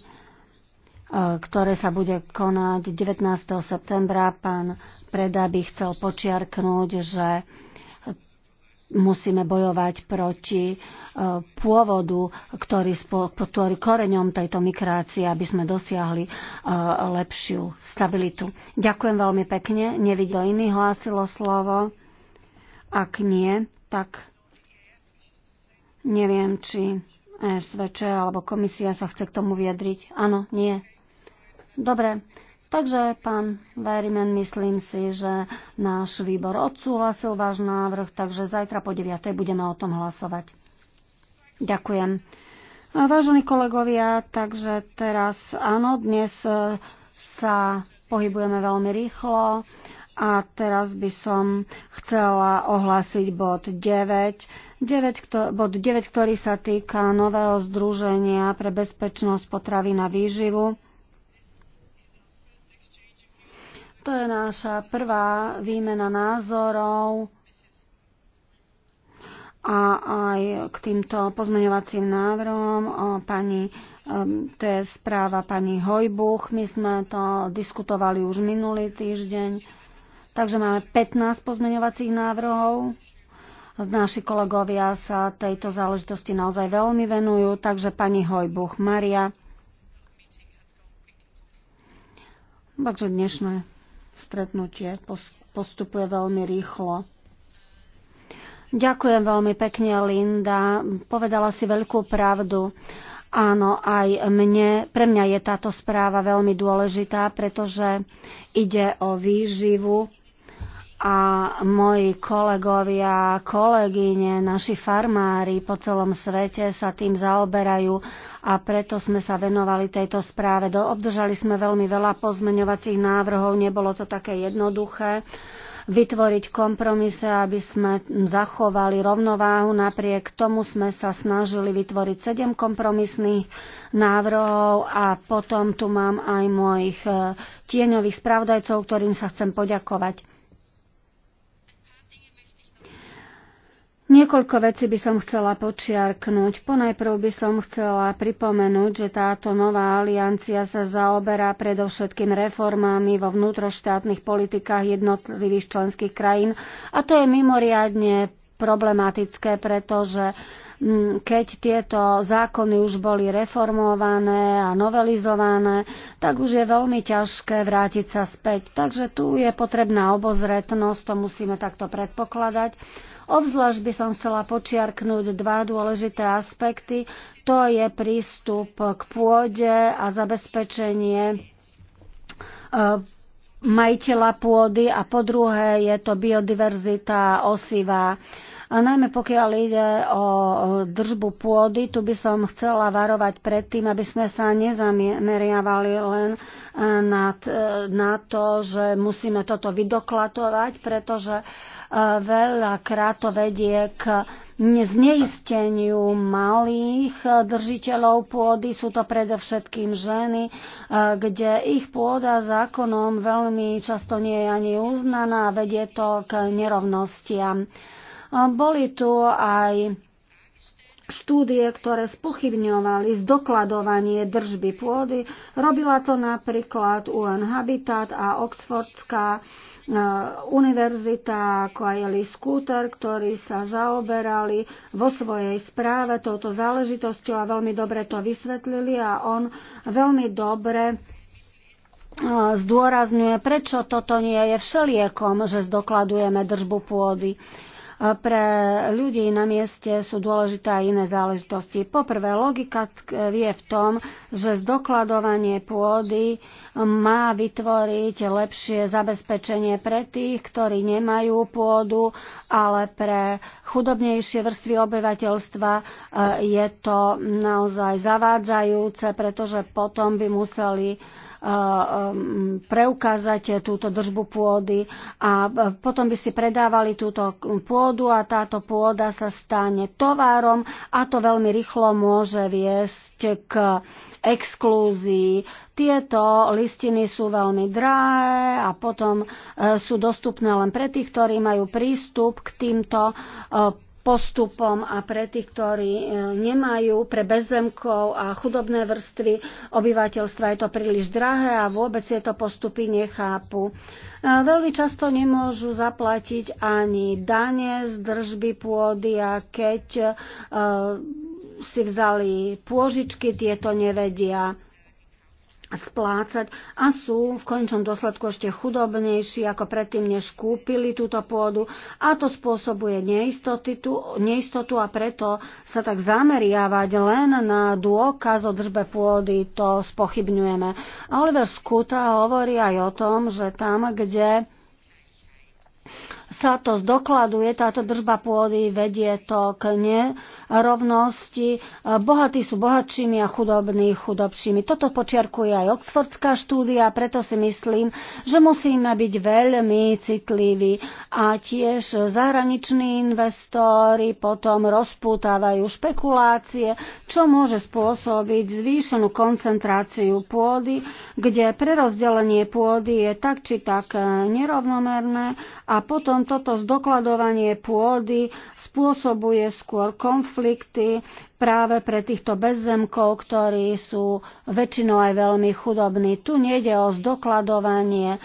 ktoré sa bude konať 19. septembra, pán Preda by chcel počiarknúť, že musíme bojovať proti e, pôvodu, ktorý, ktorý koreňom tejto migrácie, aby sme dosiahli e, lepšiu stabilitu. Ďakujem veľmi pekne. Nevidel iný hlásilo slovo. Ak nie, tak neviem, či SVČ alebo komisia sa chce k tomu vyjadriť. Áno, nie. Dobre. Takže, pán Verimen, myslím si, že náš výbor odsúhlasil váš návrh, takže zajtra po 9. budeme o tom hlasovať. Ďakujem. Vážení kolegovia, takže teraz áno, dnes e, sa pohybujeme veľmi rýchlo a teraz by som chcela ohlásiť bod 9. 9, bod 9, ktorý sa týka nového združenia pre bezpečnosť potravy na výživu. To je naša prvá výmena názorov a aj k týmto pozmeňovacím návrhom pani, to je správa pani Hojbuch, my sme to diskutovali už minulý týždeň, takže máme 15 pozmeňovacích návrhov. Naši kolegovia sa tejto záležitosti naozaj veľmi venujú, takže pani Hojbuch, Maria. Takže dnešné stretnutie postupuje veľmi rýchlo. Ďakujem veľmi pekne, Linda. Povedala si veľkú pravdu. Áno, aj mne, pre mňa je táto správa veľmi dôležitá, pretože ide o výživu a moji kolegovia, kolegyne, naši farmári po celom svete sa tým zaoberajú a preto sme sa venovali tejto správe. Obdržali sme veľmi veľa pozmeňovacích návrhov, nebolo to také jednoduché vytvoriť kompromise, aby sme zachovali rovnováhu. Napriek tomu sme sa snažili vytvoriť sedem kompromisných návrhov a potom tu mám aj mojich eh, tieňových spravdajcov, ktorým sa chcem poďakovať. Niekoľko vecí by som chcela počiarknúť. Ponajprv by som chcela pripomenúť, že táto nová aliancia sa zaoberá predovšetkým reformami vo vnútroštátnych politikách jednotlivých členských krajín a to je mimoriadne problematické, pretože mm, keď tieto zákony už boli reformované a novelizované, tak už je veľmi ťažké vrátiť sa späť. Takže tu je potrebná obozretnosť, to musíme takto predpokladať. Obzvlášť by som chcela počiarknúť dva dôležité aspekty. To je prístup k pôde a zabezpečenie e, majiteľa pôdy a po druhé je to biodiverzita osiva. A najmä pokiaľ ide o držbu pôdy, tu by som chcela varovať pred tým, aby sme sa nezameriavali len e, na, to, že musíme toto vydoklatovať, pretože Veľakrát to vedie k zneisteniu malých držiteľov pôdy, sú to predovšetkým ženy, eh, kde ich pôda zákonom veľmi často nie je ani uznaná a vedie to k nerovnostiam. Boli tu aj štúdie, ktoré spochybňovali zdokladovanie držby pôdy. Robila to napríklad UN Habitat a Oxfordská Eh, univerzita ako aj Eli Scooter, ktorí sa zaoberali vo svojej správe touto záležitosťou a veľmi dobre to vysvetlili a on veľmi dobre eh, zdôrazňuje, prečo toto nie je všeliekom, že zdokladujeme držbu pôdy. Pre ľudí na mieste sú dôležité aj iné záležitosti. Poprvé, logika je v tom, že zdokladovanie pôdy um, má vytvoriť lepšie zabezpečenie pre tých, ktorí nemajú pôdu, ale pre chudobnejšie vrstvy obyvateľstva uh, je to naozaj zavádzajúce, pretože potom by museli Eh, eh, preukázať túto držbu pôdy a eh, potom by si predávali túto pôdu a táto pôda sa stane tovarom a to veľmi rýchlo môže viesť k exklúzii. Tieto listiny sú veľmi drahé a potom sú dostupné len pre tých, ktorí majú prístup k týmto postupom a pre tých, ktorí e, nemajú, pre bezzemkov a chudobné vrstvy obyvateľstva je to príliš drahé a vôbec tieto postupy nechápu. E, veľmi často nemôžu zaplatiť ani dane z držby pôdy a keď e, si vzali pôžičky, tieto nevedia splácať a sú v končnom dôsledku ešte chudobnejší ako predtým, než kúpili túto pôdu a to spôsobuje neistotitu, neistotu a preto sa tak zameriavať len na dôkaz o držbe pôdy, to spochybňujeme. Oliver Skuta hovorí aj o tom, že tam, kde sa to zdokladuje, táto držba pôdy vedie to k nerovnosti. Bohatí sú bohatšími a chudobní chudobšími. Toto počiarkuje aj Oxfordská štúdia, preto si myslím, že musíme byť veľmi citliví a tiež zahraniční investóri potom rozpútavajú špekulácie, čo môže spôsobiť zvýšenú koncentráciu pôdy, kde prerozdelenie pôdy je tak či tak nerovnomerné a potom toto zdokladovanie pôdy spôsobuje skôr konflikty práve pre týchto bezzemkov, ktorí sú väčšinou aj veľmi chudobní. Tu nejde o zdokladovanie e,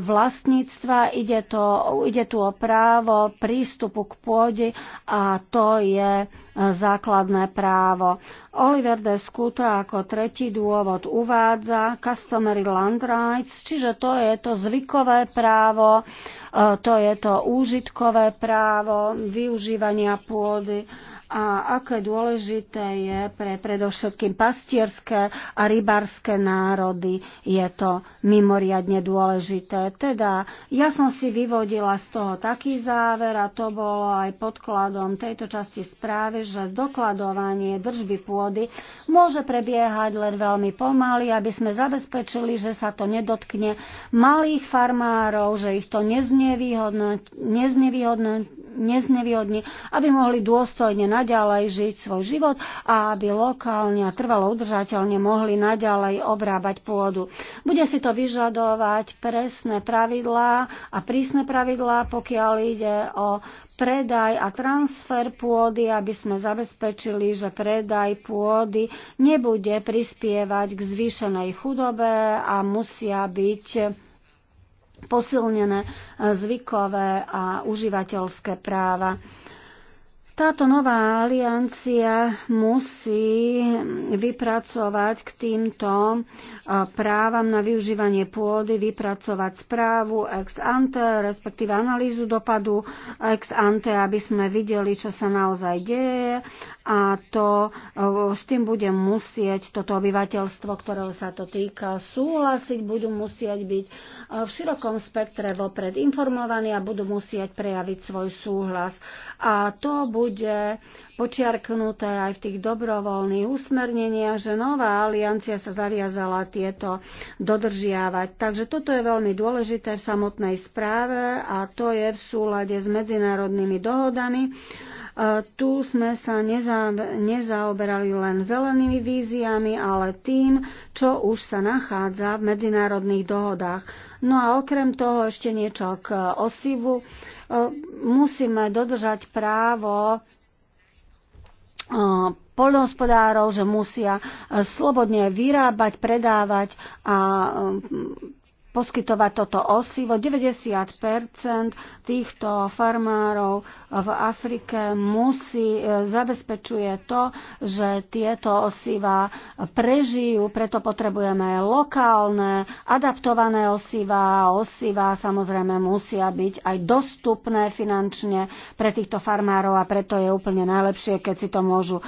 vlastníctva, ide, to, ide tu o právo prístupu k pôde a to je e, základné právo. Oliver de Scuta ako tretí dôvod uvádza customary land rights, čiže to je to zvykové právo, E, to je to úžitkové právo využívania pôdy a aké dôležité je pre predovšetkým pastierské a rybárske národy. Je to mimoriadne dôležité. Teda ja som si vyvodila z toho taký záver a to bolo aj podkladom tejto časti správy, že dokladovanie držby pôdy môže prebiehať len veľmi pomaly, aby sme zabezpečili, že sa to nedotkne malých farmárov, že ich to neznevýhodnotí, neznevýhodne neznevýhodní, aby mohli dôstojne naďalej žiť svoj život a aby lokálne a trvalo udržateľne mohli naďalej obrábať pôdu. Bude si to vyžadovať presné pravidlá a prísne pravidlá, pokiaľ ide o predaj a transfer pôdy, aby sme zabezpečili, že predaj pôdy nebude prispievať k zvýšenej chudobe a musia byť posilnené e, zvykové a užívateľské práva táto nová aliancia musí vypracovať k týmto právam na využívanie pôdy, vypracovať správu ex ante, respektíve analýzu dopadu ex ante, aby sme videli, čo sa naozaj deje a to s tým bude musieť toto obyvateľstvo, ktorého sa to týka, súhlasiť, budú musieť byť v širokom spektre vopred informovaní a budú musieť prejaviť svoj súhlas. A to bude bude počiarknuté aj v tých dobrovoľných usmerneniach, že nová aliancia sa zaviazala tieto dodržiavať. Takže toto je veľmi dôležité v samotnej správe a to je v súlade s medzinárodnými dohodami. E, tu sme sa neza, nezaoberali len zelenými víziami, ale tým, čo už sa nachádza v medzinárodných dohodách. No a okrem toho ešte niečo k osivu musíme dodržať právo eh, poľnohospodárov, že musia eh, slobodne vyrábať, predávať a eh, poskytovať toto osivo. 90 týchto farmárov v Afrike musí, e, zabezpečuje to, že tieto osiva prežijú, preto potrebujeme lokálne, adaptované osiva. Osiva samozrejme musia byť aj dostupné finančne pre týchto farmárov a preto je úplne najlepšie, keď si to môžu e,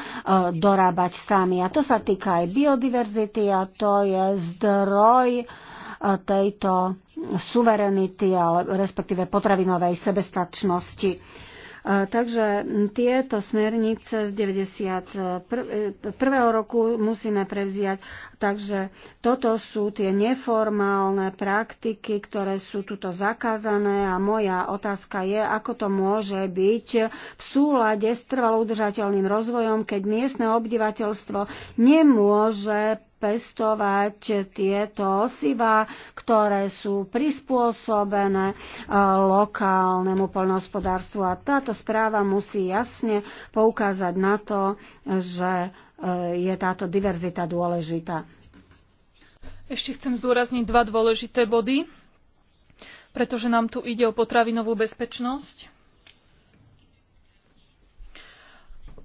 dorábať sami. A to sa týka aj biodiverzity a to je zdroj, tejto suverenity, ale respektíve potravinovej sebestačnosti. Takže tieto smernice z 91. E, roku musíme prevziať. Takže toto sú tie neformálne praktiky, ktoré sú tuto zakázané a moja otázka je, ako to môže byť v súlade s trvalo udržateľným rozvojom, keď miestne obyvateľstvo nemôže pestovať tieto osiva, ktoré sú prispôsobené e, lokálnemu poľnohospodárstvu. A táto správa musí jasne poukázať na to, že e, je táto diverzita dôležitá. Ešte chcem zdôrazniť dva dôležité body, pretože nám tu ide o potravinovú bezpečnosť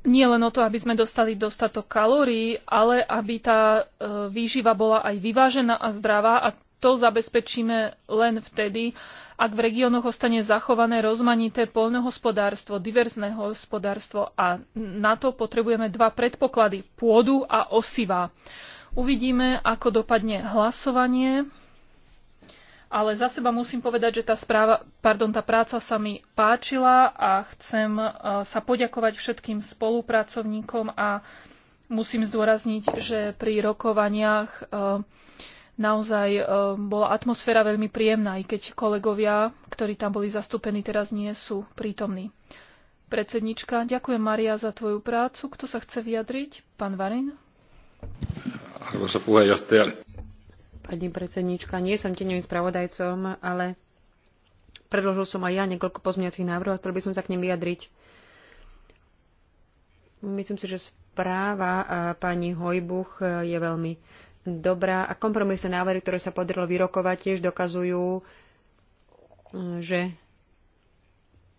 nie len o to, aby sme dostali dostatok kalórií, ale aby tá e, výživa bola aj vyvážená a zdravá a to zabezpečíme len vtedy, ak v regiónoch ostane zachované rozmanité poľnohospodárstvo, diverzné hospodárstvo a na to potrebujeme dva predpoklady, pôdu a osiva. Uvidíme, ako dopadne hlasovanie ale za seba musím povedať, že tá, správa, pardon, tá práca sa mi páčila a chcem e, sa poďakovať všetkým spolupracovníkom a musím zdôrazniť, že pri rokovaniach e, naozaj e, bola atmosféra veľmi príjemná, aj keď kolegovia, ktorí tam boli zastúpení, teraz nie sú prítomní. Predsednička, ďakujem Maria za tvoju prácu. Kto sa chce vyjadriť? Pán Varin? Arvoisa puheenjohtaja, pani predsedníčka. Nie som tieňovým spravodajcom, ale predložil som aj ja niekoľko pozmeňacích návrhov a chcel by som sa k nim vyjadriť. Myslím si, že správa pani Hojbuch e, je veľmi dobrá a kompromisné návrhy, ktoré sa podarilo vyrokovať, tiež dokazujú, že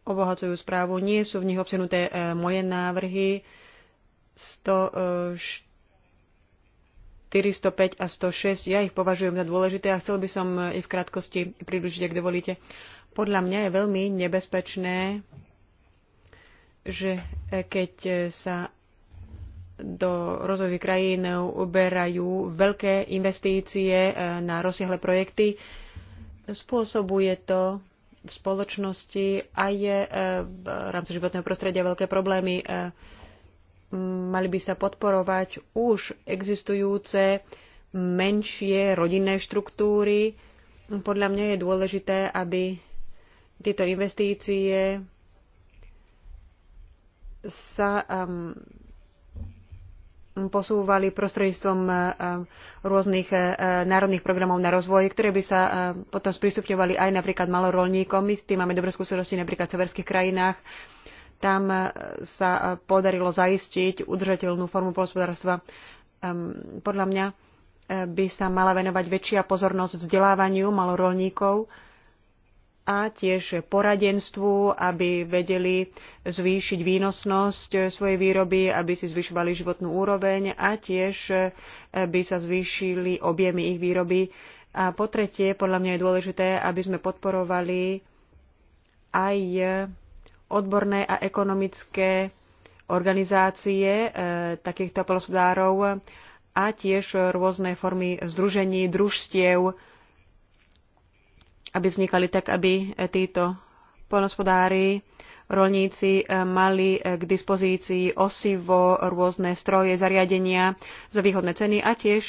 obohacujú správu. Nie sú v nich obsenuté e, moje návrhy. 104 405 a 106. Ja ich považujem za dôležité a chcel by som ich v krátkosti približiť, ak dovolíte. Podľa mňa je veľmi nebezpečné, že e, keď e, sa do rozvojových krajín uberajú veľké investície e, na rozsiahle projekty, spôsobuje to v spoločnosti aj v rámci životného prostredia veľké problémy mali by sa podporovať už existujúce menšie rodinné štruktúry. Podľa mňa je dôležité, aby tieto investície sa um, posúvali prostredníctvom um, rôznych uh, národných programov na rozvoj, ktoré by sa uh, potom sprístupňovali aj napríklad malorolníkom. My s tým máme dobré skúsenosti napríklad v severských krajinách. Tam e, sa e, podarilo zaistiť udržateľnú formu polospodárstva. Podľa mňa e, by sa mala venovať väčšia pozornosť vzdelávaniu malorolníkov a tiež poradenstvu, aby vedeli zvýšiť výnosnosť svojej výroby, aby si zvyšovali životnú úroveň a tiež by sa zvýšili objemy ich výroby. A po tretie, podľa mňa je dôležité, aby sme podporovali aj odborné a ekonomické organizácie e, takýchto polospodárov a tiež rôzne formy združení, družstiev, aby vznikali tak, aby títo polnospodári, rolníci e, mali k dispozícii osivo, rôzne stroje, zariadenia za výhodné ceny a tiež,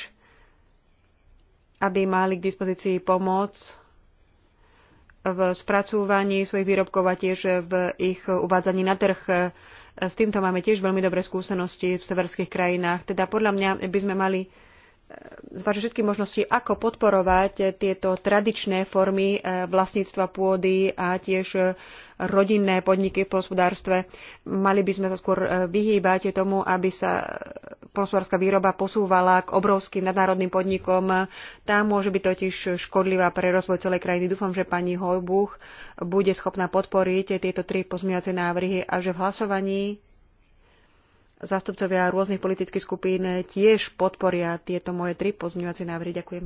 aby mali k dispozícii pomoc v spracúvaní svojich výrobkov a tiež v ich uvádzaní na trh. S týmto máme tiež veľmi dobré skúsenosti v severských krajinách. Teda podľa mňa by sme mali zváži všetky možnosti, ako podporovať tieto tradičné formy e, vlastníctva pôdy a tiež e, rodinné podniky v polospodárstve. Mali by sme sa skôr e, vyhýbať tomu, aby sa polospodárska výroba posúvala k obrovským nadnárodným podnikom. Tá môže byť totiž škodlivá pre rozvoj celej krajiny. Dúfam, že pani Hojbuch bude schopná podporiť tieto tri pozmeňovacie návrhy a že v hlasovaní zástupcovia rôznych politických skupín tiež podporia tieto moje tri pozmeňovacie návrhy. Ďakujem.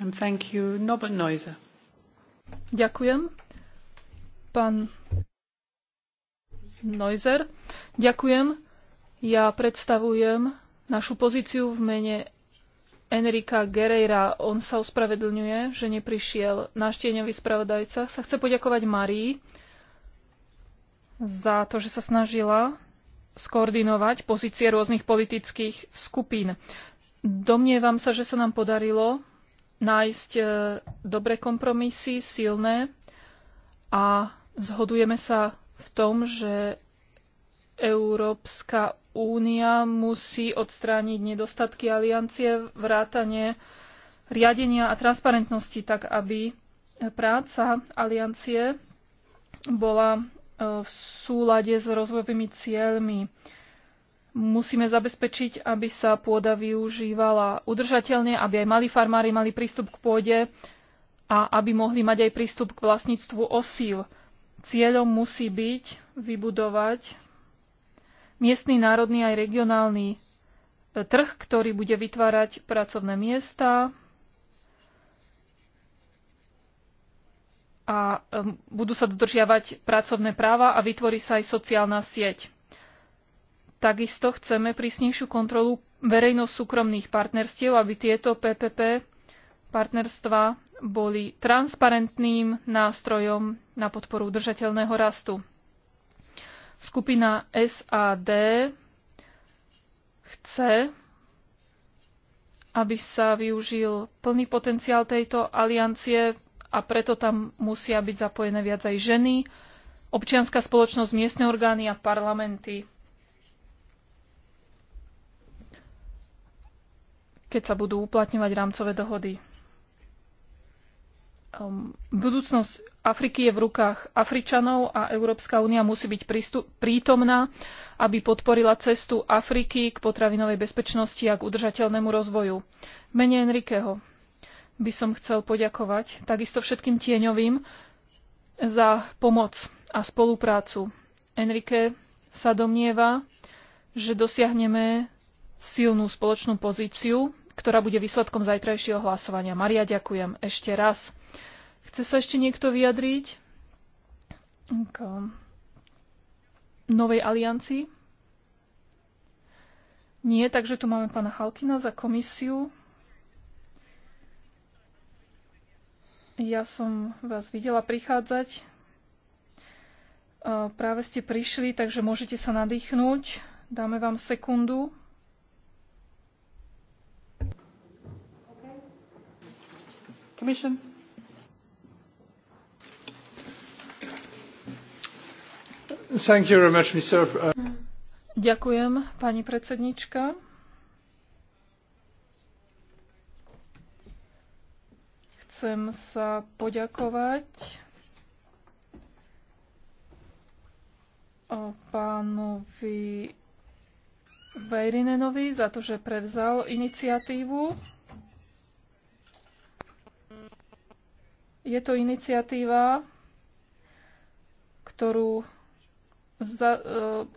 And thank you. Norbert Neuser. Ďakujem. Pán Neuser, ďakujem. Ja predstavujem našu pozíciu v mene Enrika Gereira. on sa ospravedlňuje, že neprišiel. na štieňový spravodajca sa chce poďakovať Marii, za to, že sa snažila skoordinovať pozície rôznych politických skupín. Domnievam sa, že sa nám podarilo nájsť e, dobré kompromisy, silné a zhodujeme sa v tom, že Európska únia musí odstrániť nedostatky aliancie, vrátanie riadenia a transparentnosti, tak aby práca aliancie bola E, v súlade s rozvojovými cieľmi. Musíme zabezpečiť, aby sa pôda využívala udržateľne, aby aj mali farmári mali prístup k pôde a aby mohli mať aj prístup k vlastníctvu osív. Cieľom musí byť vybudovať miestny, národný aj regionálny e, trh, ktorý bude vytvárať pracovné miesta, a budú sa dodržiavať pracovné práva a vytvorí sa aj sociálna sieť. Takisto chceme prísnejšiu kontrolu verejno-súkromných partnerstiev, aby tieto PPP partnerstva boli transparentným nástrojom na podporu udržateľného rastu. Skupina SAD chce, aby sa využil plný potenciál tejto aliancie a preto tam musia byť zapojené viac aj ženy, občianská spoločnosť, miestne orgány a parlamenty. keď sa budú uplatňovať rámcové dohody. Um, budúcnosť Afriky je v rukách Afričanov a Európska únia musí byť prítomná, aby podporila cestu Afriky k potravinovej bezpečnosti a k udržateľnému rozvoju. Mene Enrikeho by som chcel poďakovať takisto všetkým tieňovým za pomoc a spoluprácu. Enrique sa domnieva, že dosiahneme silnú spoločnú pozíciu, ktorá bude výsledkom zajtrajšieho hlasovania. Maria, ďakujem ešte raz. Chce sa ešte niekto vyjadriť k novej aliancii? Nie, takže tu máme pána Halkina za komisiu. Ja som vás videla prichádzať. E, práve ste prišli, takže môžete sa nadýchnuť. Dáme vám sekundu. Commission. Thank you very much, Mr. Ďakujem, pani predsednička. Chcem sa poďakovať pánovi Vejrinenovi za to, že prevzal iniciatívu. Je to iniciatíva, ktorú za,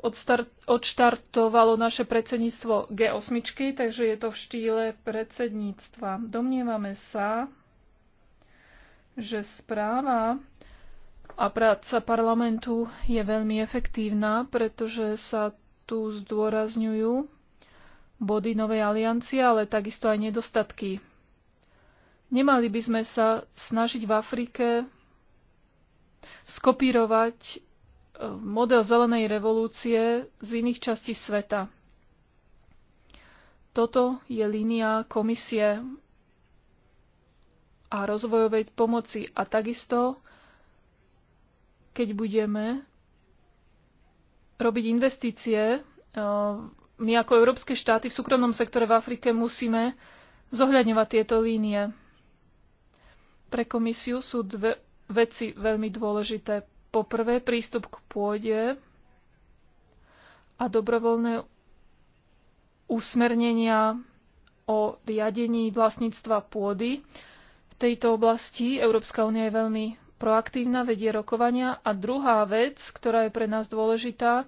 odstart, odštartovalo naše predsedníctvo G8, takže je to v štýle predsedníctva. Domnievame sa, že správa a práca parlamentu je veľmi efektívna, pretože sa tu zdôrazňujú body Novej aliancie, ale takisto aj nedostatky. Nemali by sme sa snažiť v Afrike skopírovať eh, model zelenej revolúcie z iných častí sveta. Toto je línia komisie a rozvojovej pomoci. A takisto, keď budeme robiť investície, e, my ako európske štáty v súkromnom sektore v Afrike musíme zohľadňovať tieto línie. Pre komisiu sú dve veci veľmi dôležité. Poprvé, prístup k pôde a dobrovoľné usmernenia o riadení vlastníctva pôdy tejto oblasti Európska únia je veľmi proaktívna, vedie rokovania. A druhá vec, ktorá je pre nás dôležitá,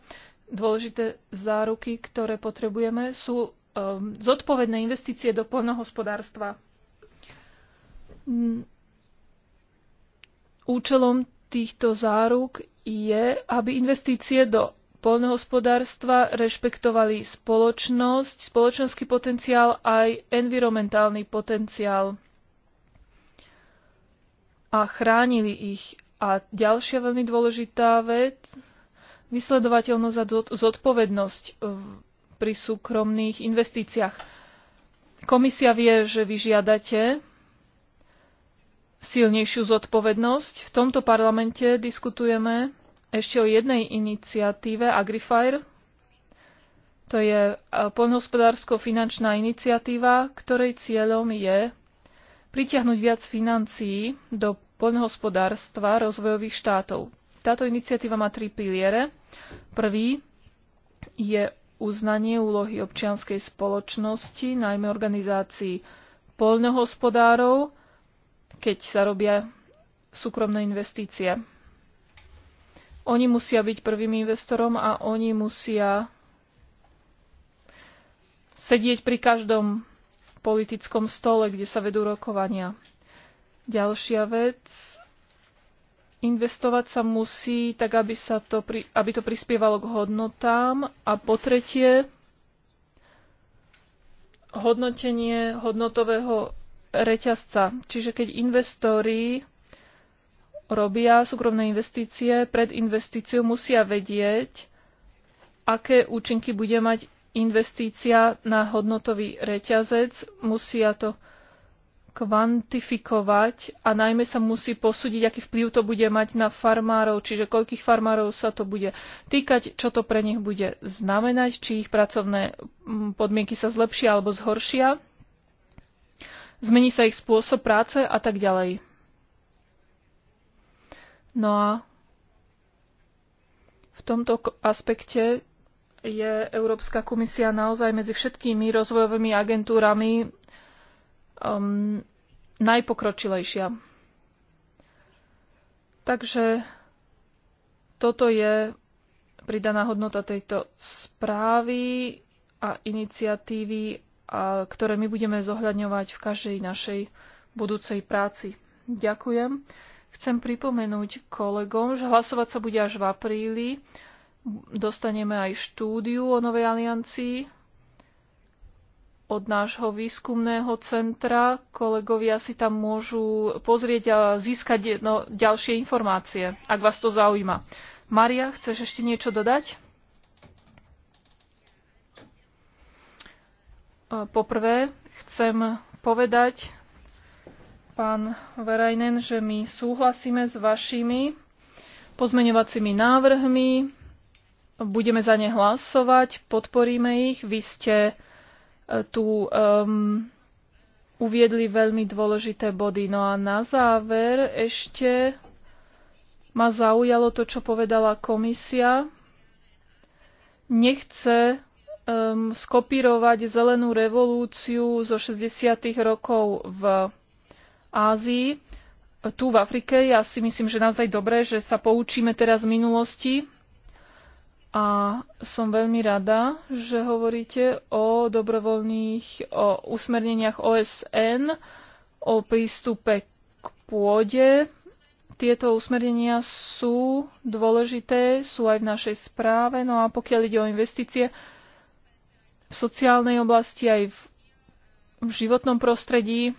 dôležité záruky, ktoré potrebujeme, sú um, zodpovedné investície do poľnohospodárstva. Mm. Účelom týchto záruk je, aby investície do poľnohospodárstva rešpektovali spoločnosť, spoločenský potenciál aj environmentálny potenciál a chránili ich. A ďalšia veľmi dôležitá vec, vysledovateľnosť a zodpovednosť pri súkromných investíciách. Komisia vie, že vyžiadate silnejšiu zodpovednosť. V tomto parlamente diskutujeme ešte o jednej iniciatíve Agrifire. To je e, poľnohospodársko-finančná iniciatíva, ktorej cieľom je pritiahnuť viac financií do poľnohospodárstva rozvojových štátov. Táto iniciatíva má tri piliere. Prvý je uznanie úlohy občianskej spoločnosti, najmä organizácií poľnohospodárov, keď sa robia súkromné investície. Oni musia byť prvým investorom a oni musia sedieť pri každom politickom stole, kde sa vedú rokovania. Ďalšia vec. Investovať sa musí tak, aby, sa to, pri, aby to prispievalo k hodnotám. A po tretie, hodnotenie hodnotového reťazca. Čiže keď investori robia súkromné investície, pred investíciou musia vedieť, aké účinky bude mať investícia na hodnotový reťazec, musia to kvantifikovať a najmä sa musí posúdiť, aký vplyv to bude mať na farmárov, čiže koľkých farmárov sa to bude týkať, čo to pre nich bude znamenať, či ich pracovné mm, podmienky sa zlepšia alebo zhoršia, zmení sa ich spôsob práce a tak ďalej. No a v tomto aspekte je Európska komisia naozaj medzi všetkými rozvojovými agentúrami um, najpokročilejšia. Takže toto je pridaná hodnota tejto správy a iniciatívy, a ktoré my budeme zohľadňovať v každej našej budúcej práci. Ďakujem. Chcem pripomenúť kolegom, že hlasovať sa bude až v apríli dostaneme aj štúdiu o Novej aliancii od nášho výskumného centra. Kolegovia si tam môžu pozrieť a získať no, ďalšie informácie, ak vás to zaujíma. Maria, chceš ešte niečo dodať? E, poprvé chcem povedať, pán Verajnen, že my súhlasíme s vašimi pozmeňovacími návrhmi, budeme za ne hlasovať, podporíme ich. Vy ste e, tu um, uviedli veľmi dôležité body. No a na záver ešte ma zaujalo to, čo povedala komisia. Nechce um, skopírovať zelenú revolúciu zo 60. rokov v Ázii. Tu v Afrike ja si myslím, že naozaj dobré, že sa poučíme teraz z minulosti a som veľmi rada, že hovoríte o dobrovoľných o usmerneniach OSN, o prístupe k pôde. Tieto usmernenia sú dôležité, sú aj v našej správe. No a pokiaľ ide o investície v sociálnej oblasti, aj v, v životnom prostredí,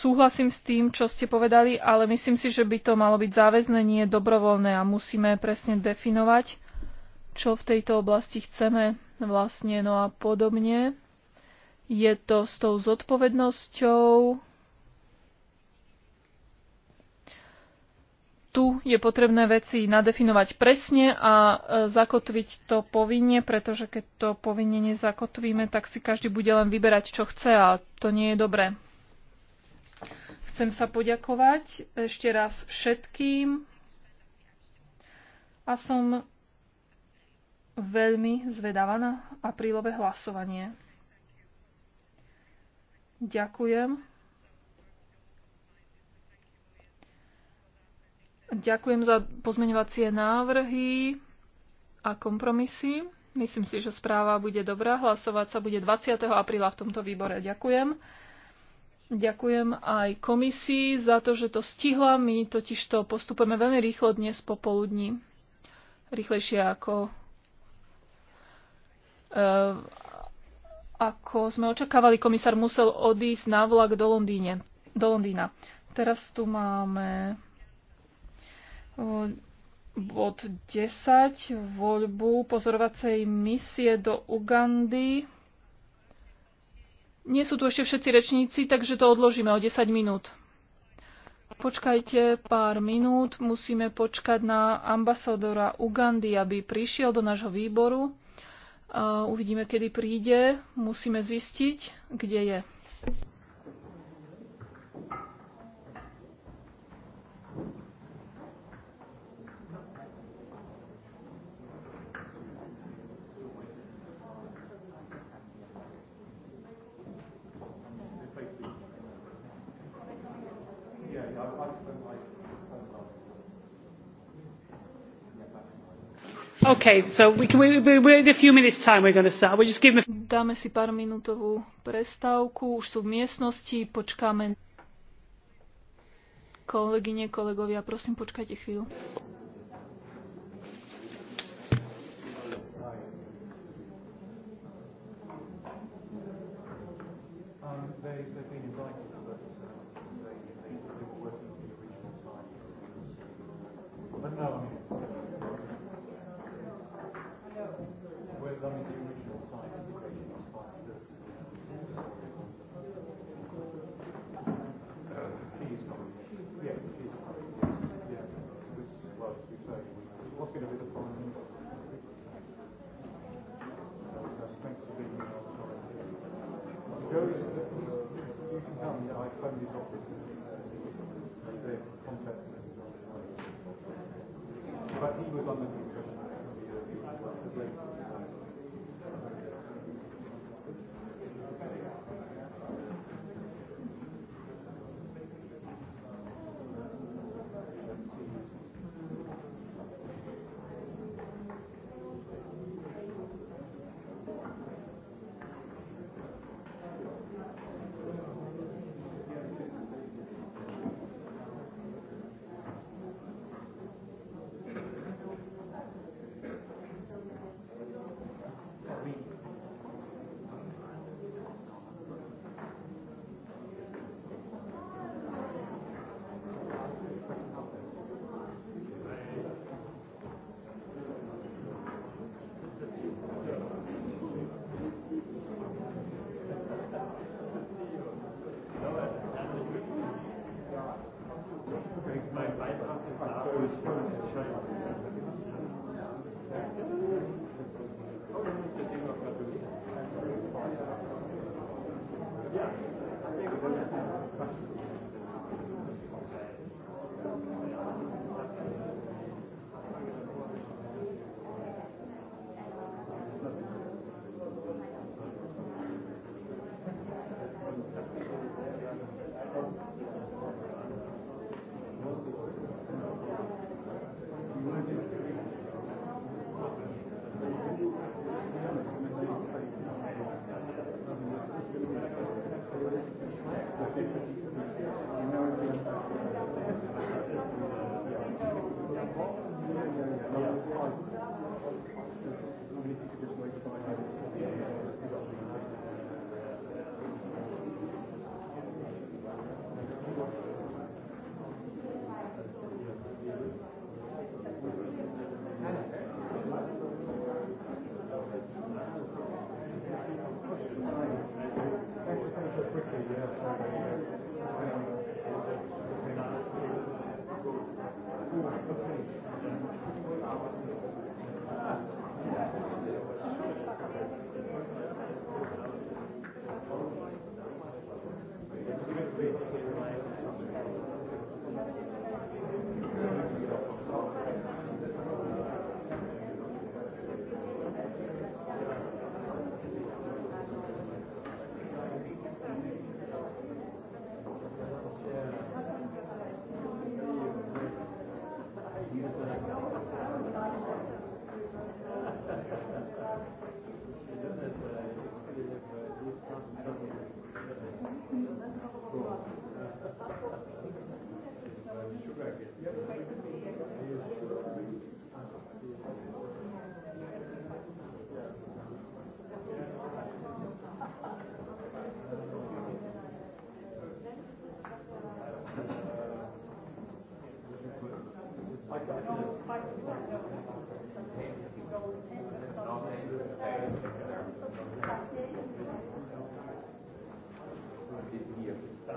súhlasím s tým, čo ste povedali, ale myslím si, že by to malo byť záväzné, nie dobrovoľné a musíme presne definovať, čo v tejto oblasti chceme vlastne, no a podobne. Je to s tou zodpovednosťou. Tu je potrebné veci nadefinovať presne a e, zakotviť to povinne, pretože keď to povinne nezakotvíme, tak si každý bude len vyberať, čo chce a to nie je dobré. Chcem sa poďakovať ešte raz všetkým a som veľmi zvedavá na aprílové hlasovanie. Ďakujem. Ďakujem za pozmeňovacie návrhy a kompromisy. Myslím si, že správa bude dobrá. Hlasovať sa bude 20. apríla v tomto výbore. Ďakujem. Ďakujem aj komisii za to, že to stihla. My totiž to postupujeme veľmi rýchlo dnes popoludní. Rýchlejšie ako, e, ako sme očakávali. Komisár musel odísť na vlak do, Londýne, do Londýna. Teraz tu máme eh, bod 10, voľbu pozorovacej misie do Ugandy nie sú tu ešte všetci rečníci, takže to odložíme o 10 minút. Počkajte pár minút, musíme počkať na ambasadora Ugandy, aby prišiel do nášho výboru. Uvidíme, kedy príde. Musíme zistiť, kde je. Okay, so we can, we, we, in a few minutes time we're going to start. We'll just give Dáme si pár minútovú prestávku, už sú v miestnosti, počkáme. Kolegyne, kolegovia, prosím, počkajte chvíľu.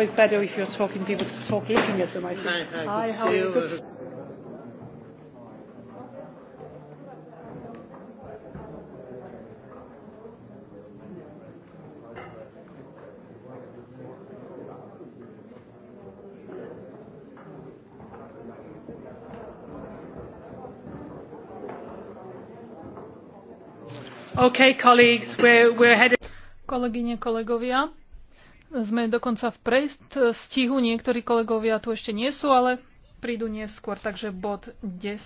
always better if you're talking people to talk looking at them, I think. Hi, hi, hi good how are you? Good. Okay, colleagues, we're, we're headed... Kolegyne, kolegovia, sme dokonca v predstihu, niektorí kolegovia tu ešte nie sú, ale prídu neskôr. Takže bod 10. E,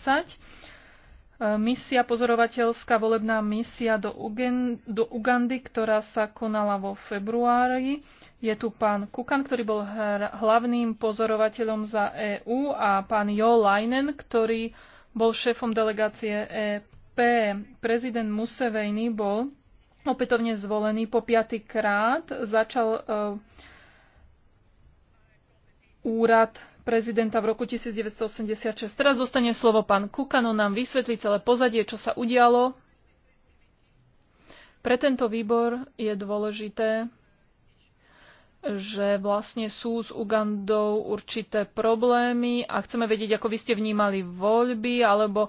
misia, pozorovateľská volebná misia do, Ugen, do Ugandy, ktorá sa konala vo februári. Je tu pán Kukan, ktorý bol hlavným pozorovateľom za EÚ a pán Jo Leinen, ktorý bol šéfom delegácie EP. Prezident Museveni bol opätovne zvolený po krát začal e, úrad prezidenta v roku 1986. Teraz dostane slovo pán Kukano, nám vysvetlí celé pozadie, čo sa udialo. Pre tento výbor je dôležité, že vlastne sú s Ugandou určité problémy a chceme vedieť, ako vy ste vnímali voľby, alebo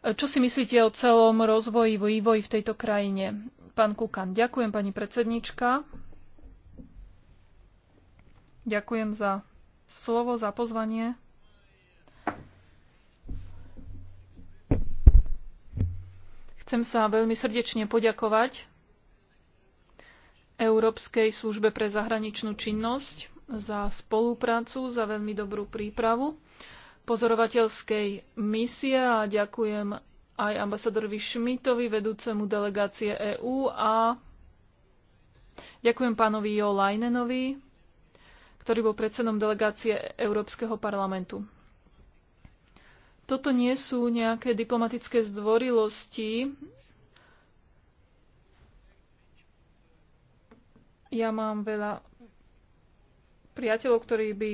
e, čo si myslíte o celom rozvoji, vývoji v tejto krajine. Pán Kukan, ďakujem pani predsednička. Ďakujem za slovo, za pozvanie. Chcem sa veľmi srdečne poďakovať Európskej službe pre zahraničnú činnosť za spoluprácu, za veľmi dobrú prípravu pozorovateľskej misie a ďakujem aj ambasadorovi Šmitovi, vedúcemu delegácie EÚ a ďakujem pánovi Jo Lajnenovi, ktorý bol predsedom delegácie Európskeho parlamentu. Toto nie sú nejaké diplomatické zdvorilosti. Ja mám veľa priateľov, ktorí by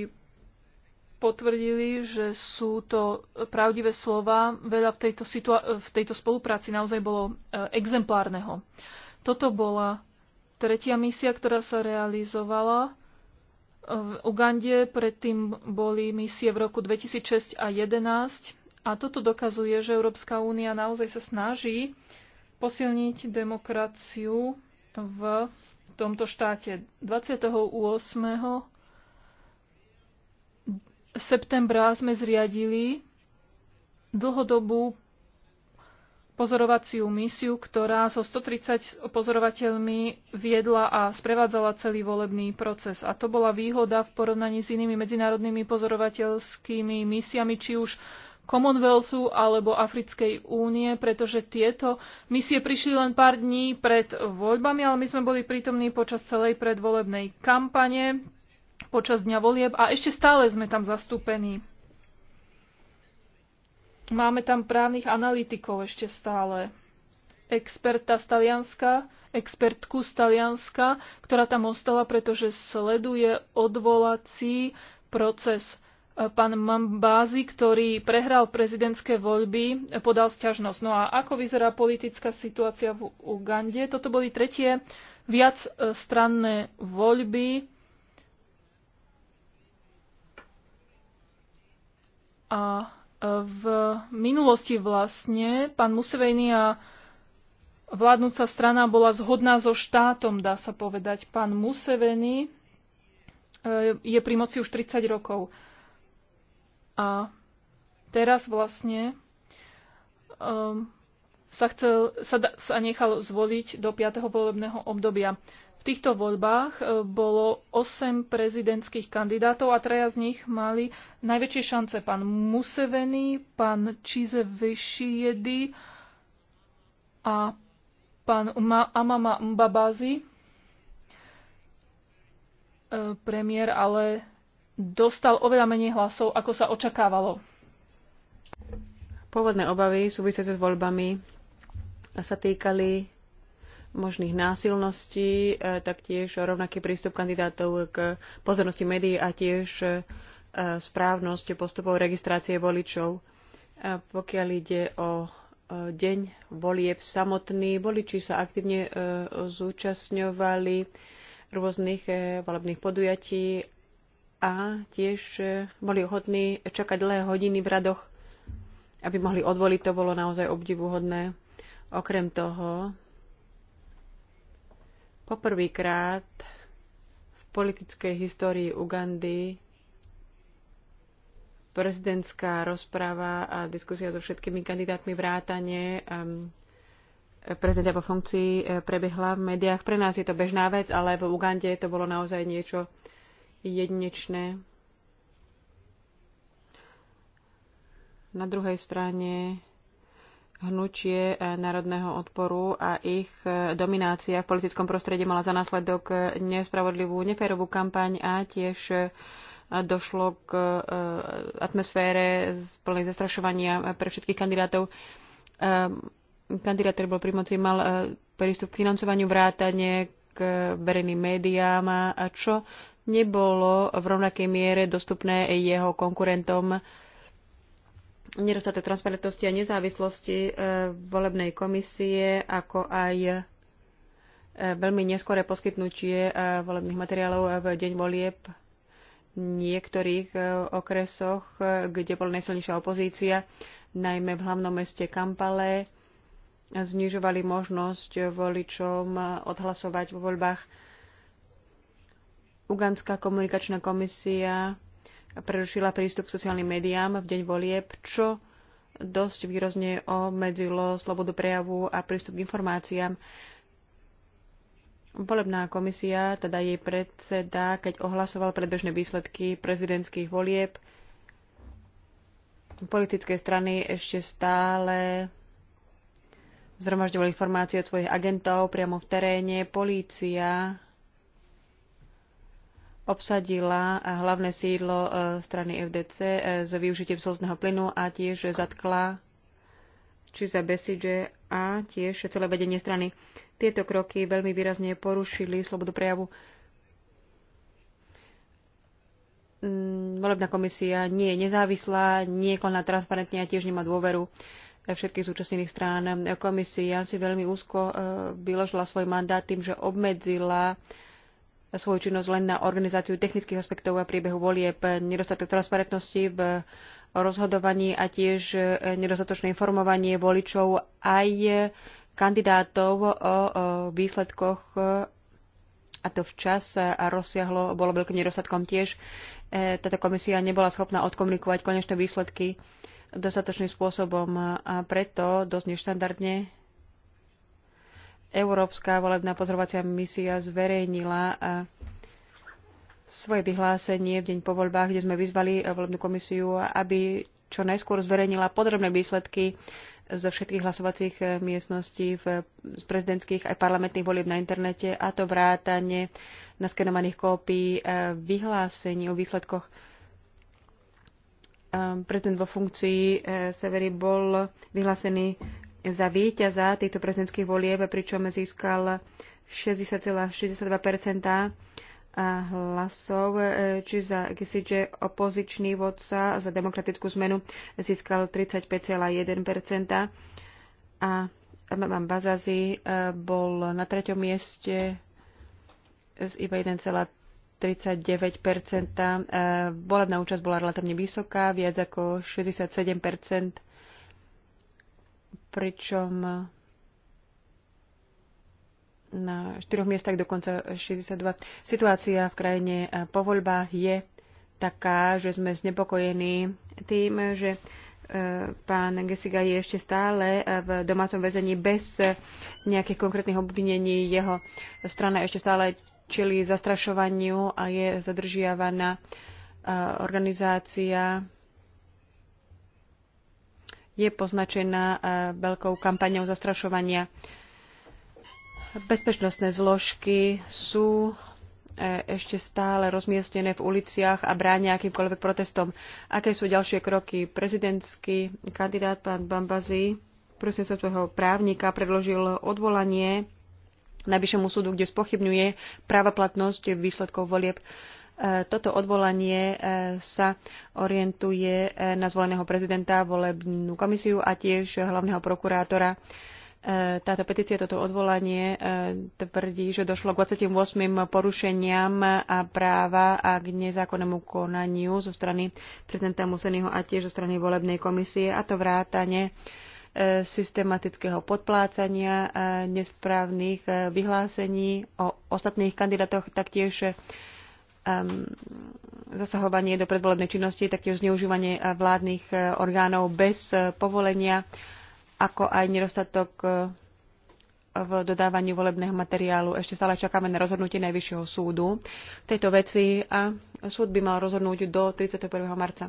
potvrdili, že sú to pravdivé slova. Veľa v tejto, v tejto spolupráci naozaj bolo e, exemplárneho. Toto bola tretia misia, ktorá sa realizovala. E, v Ugande predtým boli misie v roku 2006 a 2011 a toto dokazuje, že Európska únia naozaj sa snaží posilniť demokraciu v tomto štáte. 28 septembra sme zriadili dlhodobú pozorovaciu misiu, ktorá so 130 pozorovateľmi viedla a sprevádzala celý volebný proces. A to bola výhoda v porovnaní s inými medzinárodnými pozorovateľskými misiami, či už Commonwealthu alebo Africkej únie, pretože tieto misie prišli len pár dní pred voľbami, ale my sme boli prítomní počas celej predvolebnej kampane počas dňa volieb a ešte stále sme tam zastúpení. Máme tam právnych analytikov ešte stále. Experta z Talianska, expertku z Talianska, ktorá tam ostala, pretože sleduje odvolací proces. Pán Mambázi, ktorý prehral prezidentské voľby, podal sťažnosť. No a ako vyzerá politická situácia v Ugande? Toto boli tretie viac stranné voľby A e, v minulosti vlastne pán Museveni a vládnúca strana bola zhodná so štátom, dá sa povedať. Pán Museveni e, je pri moci už 30 rokov. A teraz vlastne e, sa, chcel, sa, sa nechal zvoliť do 5. volebného obdobia. V týchto voľbách e, bolo 8 prezidentských kandidátov a traja z nich mali najväčšie šance. Pán Museveni, pán Vešiedy a pán Amama Mbabazi. E, premiér ale dostal oveľa menej hlasov, ako sa očakávalo. Pôvodné obavy súvisiace s voľbami sa týkali možných násilností, e, taktiež rovnaký prístup kandidátov k pozornosti médií a tiež e, správnosť postupov registrácie voličov. E, pokiaľ ide o deň volieb samotný, voliči sa aktívne zúčastňovali rôznych volebných podujatí a tiež boli ochotní čakať dlhé hodiny v radoch, aby mohli odvoliť. To bolo naozaj obdivuhodné. Okrem toho, Poprvýkrát v politickej histórii Ugandy prezidentská rozpráva a diskusia so všetkými kandidátmi vrátane um, prezidenta vo funkcii eh, prebehla v médiách. Pre nás je to bežná vec, ale v Ugande to bolo naozaj niečo jedinečné. Na druhej strane hnutie eh, národného odporu a ich eh, dominácia v politickom prostredí mala za následok eh, nespravodlivú, neférovú kampaň a tiež došlo k atmosfére plnej zastrašovania pre všetkých kandidátov. Ehm, Kandidát, ktorý bol pri moci, mal prístup k financovaniu vrátane k verejným médiám a čo nebolo v rovnakej miere dostupné jeho konkurentom nedostatok transparentnosti a nezávislosti e, volebnej komisie, ako aj e, veľmi neskoré poskytnutie e, volebných materiálov v deň volieb v niektorých okresoch, kde bola najsilnejšia opozícia, najmä v hlavnom meste Kampale, znižovali možnosť voličom odhlasovať vo voľbách. Ugandská komunikačná komisia prerušila prístup k sociálnym médiám v deň volieb, čo dosť výrazne obmedzilo slobodu prejavu a prístup k informáciám. Volebná komisia, teda jej predseda, keď ohlasoval predbežné výsledky prezidentských volieb, politické strany ešte stále zhromažďovali informácie od svojich agentov priamo v teréne. Polícia obsadila hlavné sídlo e, strany FDC e, s využitím slzného plynu a tiež zatkla Čiza Besidže a tiež celé vedenie strany. Tieto kroky veľmi výrazne porušili slobodu prejavu. Mm, volebná komisia nie je nezávislá, nie koná transparentne a tiež nemá dôveru všetkých zúčastnených strán. Komisia si veľmi úzko e, vyložila svoj mandát tým, že obmedzila svoju činnosť len na organizáciu technických aspektov a priebehu volieb, nedostatok transparentnosti v rozhodovaní a tiež e, nedostatočné informovanie voličov aj kandidátov o, výsledkoch e, a to včas a rozsiahlo, bolo veľkým nedostatkom tiež. E, táto komisia nebola schopná odkomunikovať konečné výsledky dostatočným spôsobom a preto dosť neštandardne Európska volebná pozorovacia misia zverejnila svoje vyhlásenie v deň po voľbách, kde sme vyzvali e, volebnú komisiu, aby čo najskôr zverejnila podrobné výsledky zo všetkých hlasovacích e, miestností v, z prezidentských aj parlamentných volieb na internete, a to vrátane naskenovaných kópií e, vyhlásení o výsledkoch. Prezident vo funkcii Severy bol vyhlásený za víťaza týchto prezidentských volieb, pričom získal 60,62 eh, hlasov, eh, či za Kisidže opozičný vodca za demokratickú zmenu získal 35,1 a Mam Bazazi eh, bol na treťom mieste z iba 1,39 Volebná účasť bola relatívne vysoká, viac ako 67 pričom na štyroch miestach dokonca 62. Situácia v krajine po voľbách je taká, že sme znepokojení tým, že e, pán Gesiga je ešte stále v domácom väzení bez e, nejakých konkrétnych obvinení. Jeho strana ešte stále čili zastrašovaniu a je zadržiavaná e, organizácia je poznačená e, veľkou kampaňou zastrašovania. Bezpečnostné zložky sú e, ešte stále rozmiestnené v uliciach a bráňa akýmkoľvek protestom. Aké sú ďalšie kroky? Prezidentský kandidát pán Bambazi prosím sa svojho právnika predložil odvolanie Najvyššiemu súdu, kde spochybňuje právoplatnosť výsledkov volieb. E, toto odvolanie e, sa orientuje e, na zvoleného prezidenta, volebnú komisiu a tiež hlavného prokurátora. Táto petícia, toto odvolanie tvrdí, že došlo k 28 porušeniam a práva a k nezákonnému konaniu zo strany prezidenta Museniho a tiež zo strany volebnej komisie, a to vrátane systematického podplácania, nesprávnych vyhlásení o ostatných kandidátoch, taktiež Ehm, zasahovanie do predvolebnej činnosti, taktiež zneužívanie eh, vládnych eh, orgánov bez eh, povolenia, ako aj nedostatok v dodávaní volebného materiálu. Ešte stále čakáme na rozhodnutie Najvyššieho súdu v tejto veci a súd by mal rozhodnúť do 31. marca.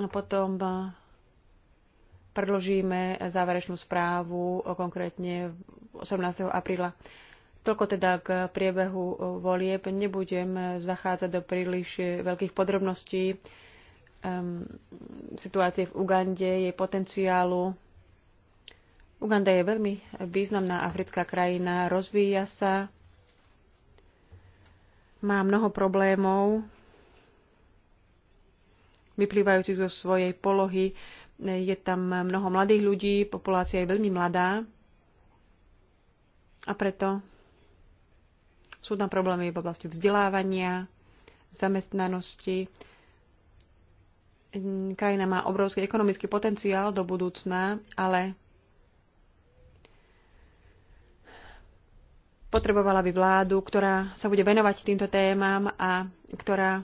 A potom predložíme záverečnú správu, konkrétne 18. apríla Toľko teda k priebehu e, volieb. Nebudem e, zachádzať do príliš e, veľkých podrobností um, situácie v Ugande, jej potenciálu. Uganda je veľmi významná africká krajina, rozvíja sa, má mnoho problémov vyplývajúcich zo svojej polohy. Je tam mnoho mladých ľudí, populácia je veľmi mladá a preto sú tam problémy v oblasti vzdelávania, zamestnanosti. Krajina má obrovský ekonomický potenciál do budúcna, ale potrebovala by vládu, ktorá sa bude venovať týmto témam a ktorá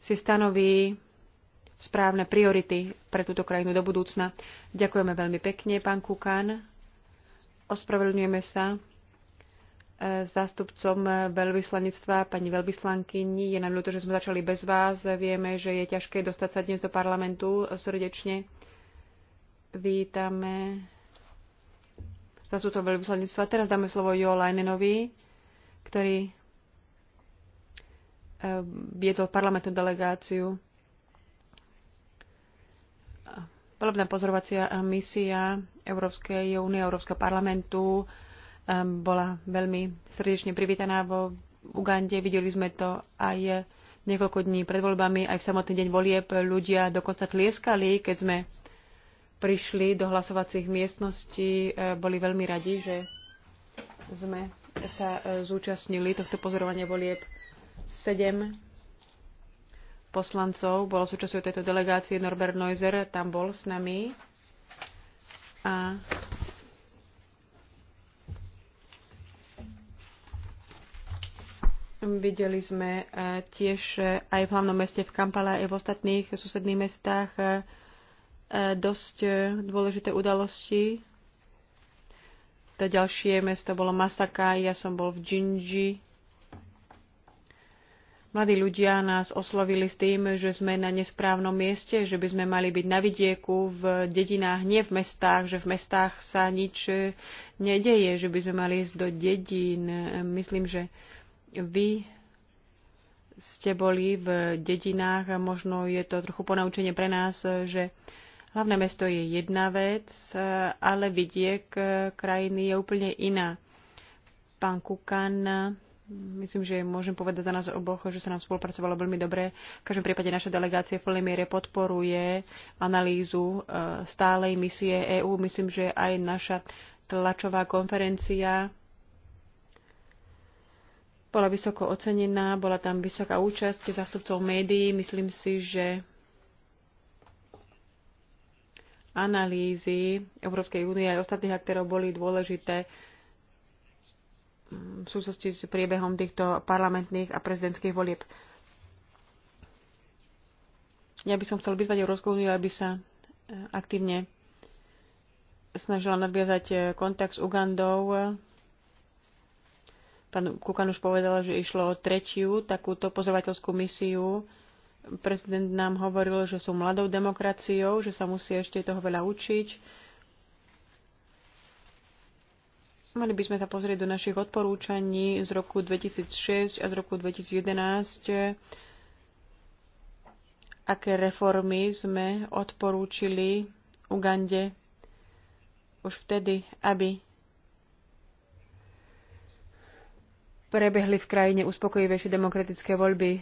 si stanoví správne priority pre túto krajinu do budúcna. Ďakujeme veľmi pekne, pán Kukan. Ospravedlňujeme sa zástupcom veľvyslanectva, pani veľvyslankyni. Je nám ľúto, že sme začali bez vás. Vieme, že je ťažké dostať sa dnes do parlamentu. Srdečne vítame zástupcom veľvyslanectva. Teraz dáme slovo Jo Lajnenovi, ktorý eh, viedol parlamentnú delegáciu. Volebná pozorovacia misia Európskej únie, Európskeho parlamentu bola veľmi srdečne privítaná vo Ugande. Videli sme to aj niekoľko dní pred voľbami, aj v samotný deň volieb ľudia dokonca tlieskali, keď sme prišli do hlasovacích miestností. E, boli veľmi radi, že sme sa e, zúčastnili tohto pozorovania volieb. Sedem poslancov bolo súčasťou tejto delegácie. Norbert Neuser tam bol s nami a Videli sme e, tiež e, aj v hlavnom meste v Kampala, aj v ostatných susedných mestách e, dosť dôležité udalosti. To ďalšie mesto bolo Masaka, ja som bol v Džinži. Mladí ľudia nás oslovili s tým, že sme na nesprávnom mieste, že by sme mali byť na vidieku, v dedinách, nie v mestách, že v mestách sa nič nedeje, že by sme mali ísť do dedín. Myslím, že vy ste boli v dedinách a možno je to trochu ponaučenie pre nás, že hlavné mesto je jedna vec, ale vidiek eh, krajiny je úplne iná. Pán Kukan, myslím, že môžem povedať za nás oboch, že sa nám spolupracovalo veľmi dobre. V každom prípade naša delegácia v plnej miere podporuje analýzu eh, stálej misie EÚ. Myslím, že aj naša tlačová konferencia bola vysoko ocenená, bola tam vysoká účasť zástupcov médií. Myslím si, že analýzy Európskej únie aj ostatných aktérov boli dôležité v súvislosti s priebehom týchto parlamentných a prezidentských volieb. Ja by som chcel vyzvať Európsku úniu, aby sa e, aktívne snažila nadviazať e, kontakt s Ugandou Pán Kukan už povedal, že išlo o tretiu takúto pozorovateľskú misiu. Prezident nám hovoril, že sú mladou demokraciou, že sa musí ešte toho veľa učiť. Mali by sme sa pozrieť do našich odporúčaní z roku 2006 a z roku 2011, aké reformy sme odporúčili Ugande už vtedy, aby prebehli v krajine uspokojivejšie demokratické voľby. E,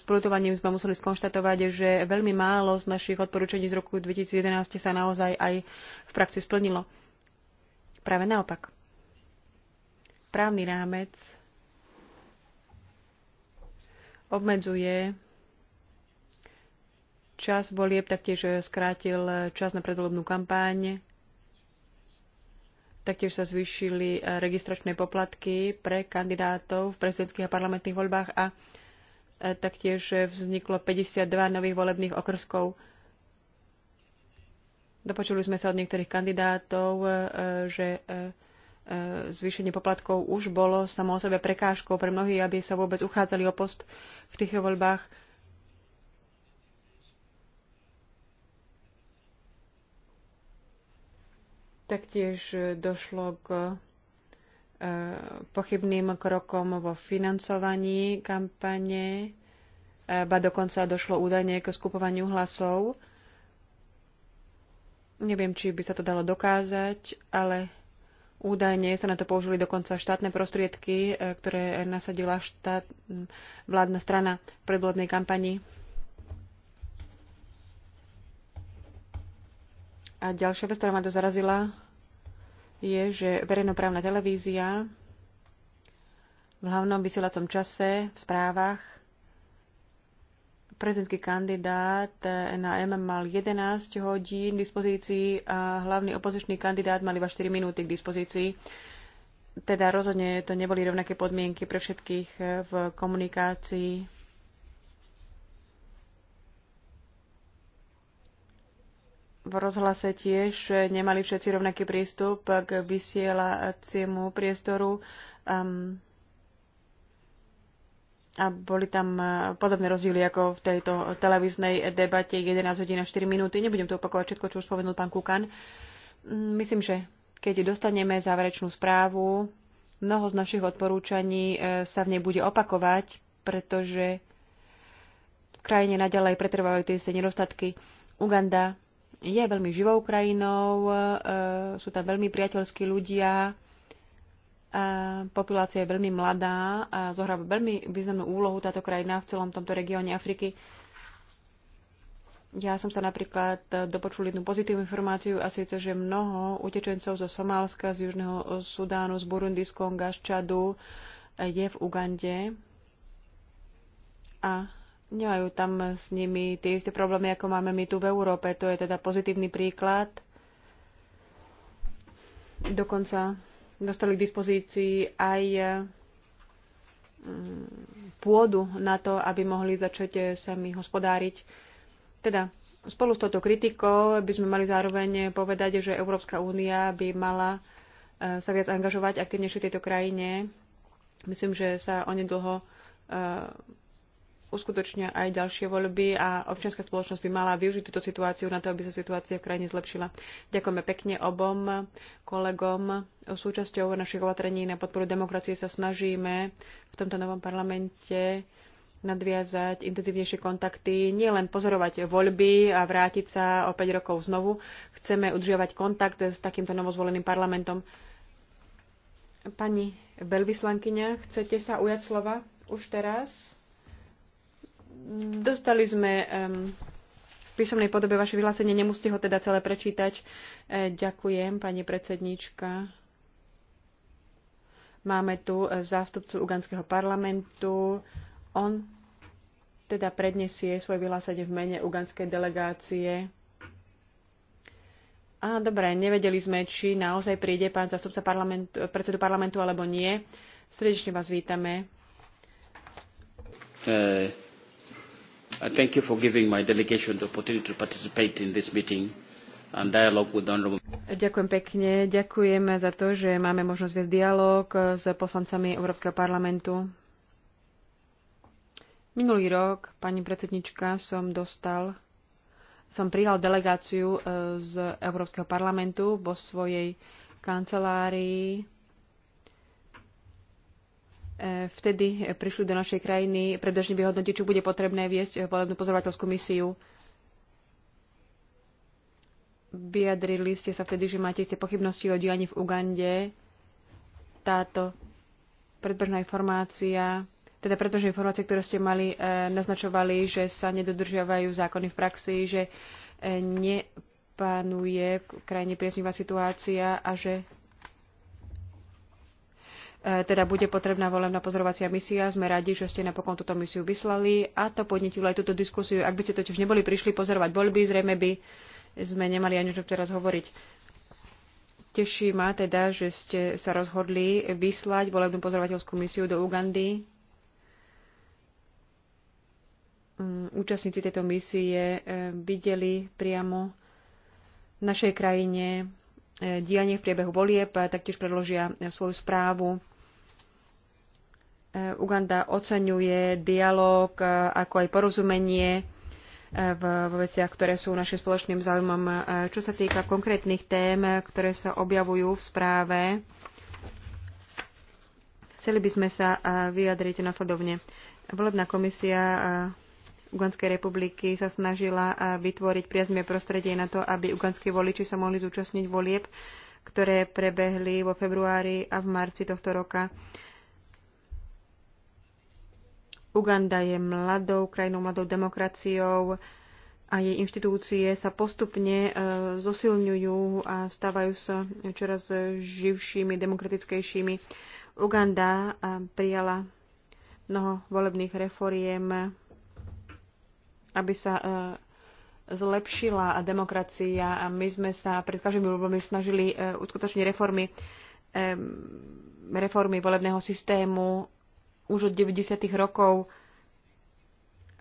s plutovaním sme museli skonštatovať, že veľmi málo z našich odporúčení z roku 2011 sa naozaj aj v praxi splnilo. Práve naopak. Právny rámec obmedzuje čas volieb, taktiež skrátil čas na predvolebnú kampáň Taktiež sa zvýšili e, registračné poplatky pre kandidátov v prezidentských a parlamentných voľbách a e, taktiež vzniklo 52 nových volebných okrskov. Dopočuli sme sa od niektorých kandidátov, e, že zvýšenie poplatkov už bolo samo o sebe prekážkou pre mnohých, aby sa vôbec uchádzali o post v tých voľbách. Taktiež e, došlo k e, pochybným krokom vo financovaní kampane, e, ba dokonca došlo údajne k skupovaniu hlasov. Neviem, či by sa to dalo dokázať, ale údajne sa na to použili dokonca štátne prostriedky, ktoré nasadila štát, vládna strana v predvolebnej kampanii. A ďalšia vec, ktorá ma to zarazila, je, že verejnoprávna televízia v hlavnom vysielacom čase, v správach, prezidentský kandidát na mal 11 hodín k dispozícii a hlavný opozičný kandidát mal iba 4 minúty k dispozícii. Teda rozhodne to neboli rovnaké podmienky pre všetkých v komunikácii v rozhlase tiež nemali všetci rovnaký prístup k vysielaciemu priestoru um, a boli tam uh, podobné rozdiely ako v tejto televíznej debate 11 hodín a 4 minúty. Nebudem to opakovať všetko, čo už spomenul pán Kukan. Mm, myslím, že keď dostaneme záverečnú správu, mnoho z našich odporúčaní uh, sa v nej bude opakovať, pretože v krajine naďalej pretrvávajú tie nedostatky. Uganda je veľmi živou krajinou, e, sú tam veľmi priateľskí ľudia, e, populácia je veľmi mladá a zohráva veľmi významnú úlohu táto krajina v celom tomto regióne Afriky. Ja som sa napríklad dopočul jednu pozitívnu informáciu a síce, že mnoho utečencov zo Somálska, z Južného Sudánu, z Burundi, z Konga, z Čadu je v Ugande a nemajú tam s nimi tie isté problémy, ako máme my tu v Európe. To je teda pozitívny príklad. Dokonca dostali k dispozícii aj mm, pôdu na to, aby mohli začať eh, sami hospodáriť. Teda spolu s touto kritikou by sme mali zároveň povedať, že Európska únia by mala eh, sa viac angažovať aktivnejšie v tejto krajine. Myslím, že sa onedlho eh, uskutočnia aj ďalšie voľby a občianská spoločnosť by mala využiť túto situáciu na to, aby sa situácia v krajine zlepšila. Ďakujeme pekne obom kolegom. Súčasťou našich opatrení na podporu demokracie sa snažíme v tomto novom parlamente nadviazať intenzívnejšie kontakty, nielen pozorovať voľby a vrátiť sa o 5 rokov znovu. Chceme udržiavať kontakt s takýmto novozvoleným parlamentom. Pani veľvyslankyňa, chcete sa ujať slova už teraz? Dostali sme v písomnej podobe vaše vyhlásenie, nemusíte ho teda celé prečítať. E, ďakujem, pani predsednička. Máme tu e, zástupcu Uganského parlamentu. On teda prednesie svoje vyhlásenie v mene uganskej delegácie. A dobre, nevedeli sme, či naozaj príde pán zástupca parlament, predsedu parlamentu alebo nie. Srdečne vás vítame. E, i thank you for giving my delegation the opportunity to participate in this meeting and dialogue with honorable... Ďakujem pekne. Ďakujem za to, že máme možnosť viesť dialog s poslancami Európskeho parlamentu. Minulý rok, pani predsednička, som dostal, som prijal delegáciu eh, z Európskeho parlamentu vo svojej kancelárii E, vtedy prišli do našej krajiny predbežne vyhodnotiť, čo bude potrebné viesť e, volebnú pozorovateľskú misiu. Vyjadrili ste sa vtedy, že máte isté pochybnosti o dianí v Ugande. Táto predbežná informácia, teda predbežné informácie, ktoré ste mali, e, naznačovali, že sa nedodržiavajú zákony v praxi, že nepanuje v krajine priesnivá situácia a že E, teda bude potrebná volebná pozorovacia misia. Sme radi, že ste napokon túto misiu vyslali a to podnetilo aj túto diskusiu. Ak by ste totiž neboli prišli pozorovať voľby, zrejme by sme nemali ani čo teraz hovoriť. Teší ma teda, že ste sa rozhodli vyslať volebnú pozorovateľskú misiu do Ugandy. Mm, účastníci tejto misie e, videli priamo v našej krajine e, dianie v priebehu volieb, taktiež predložia svoju správu Eh, Uganda oceňuje dialog eh, ako aj porozumenie eh, vo veciach, ktoré sú našim spoločným záujmom. Čo sa týka konkrétnych tém, ktoré sa objavujú v správe, chceli by sme sa vyjadriť nasledovne. Volebná komisia Uganskej republiky sa snažila vytvoriť priazme prostredie na to, aby uganskí voliči sa mohli zúčastniť volieb, ktoré prebehli vo februári a v marci tohto roka. Uganda je mladou krajinou, mladou demokraciou a jej inštitúcie sa postupne e, zosilňujú a stávajú sa čoraz živšími, demokratickejšími. Uganda e, prijala mnoho volebných reforiem, aby sa e, zlepšila demokracia a my sme sa pred každými voľbami snažili uskutočniť reformy, reformy volebného systému už od 90. rokov.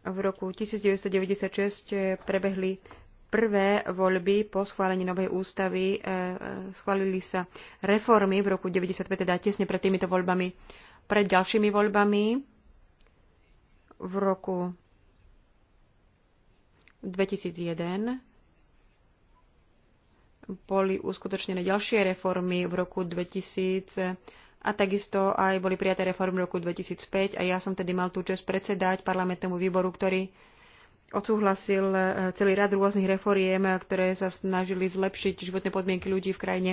V roku 1996 eh, prebehli prvé voľby po schválení novej ústavy. Eh, eh, schválili sa reformy v roku 1995, teda tesne pred týmito voľbami. Pred ďalšími voľbami v roku 2001 boli uskutočnené ďalšie reformy v roku 2000 a takisto aj boli prijaté reformy roku 2005 a ja som tedy mal tú čest predsedať parlamentnému výboru, ktorý odsúhlasil e, celý rad rôznych reforiem, e, ktoré sa snažili zlepšiť životné podmienky ľudí v krajine.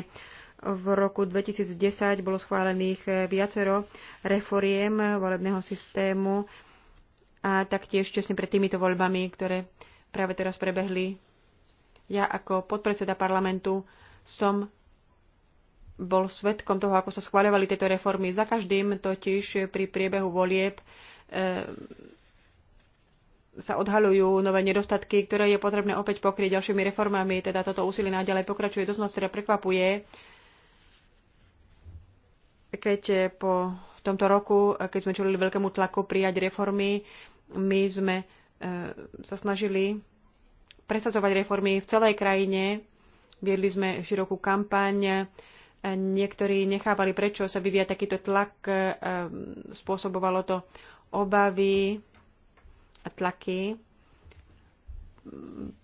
V roku 2010 bolo schválených e, viacero reforiem volebného systému a taktiež česne pred týmito voľbami, ktoré práve teraz prebehli. Ja ako podpredseda parlamentu som bol svetkom toho, ako sa schváľovali tieto reformy. Za každým totiž pri priebehu volieb e, sa odhalujú nové nedostatky, ktoré je potrebné opäť pokryť ďalšími reformami. Teda toto úsilie naďalej pokračuje. Dosť nás teda prekvapuje, keď po tomto roku, keď sme čuli veľkému tlaku prijať reformy, my sme e, sa snažili presadzovať reformy v celej krajine. Viedli sme širokú kampaň, Niektorí nechávali, prečo sa vyvíja takýto tlak, e, spôsobovalo to obavy a tlaky.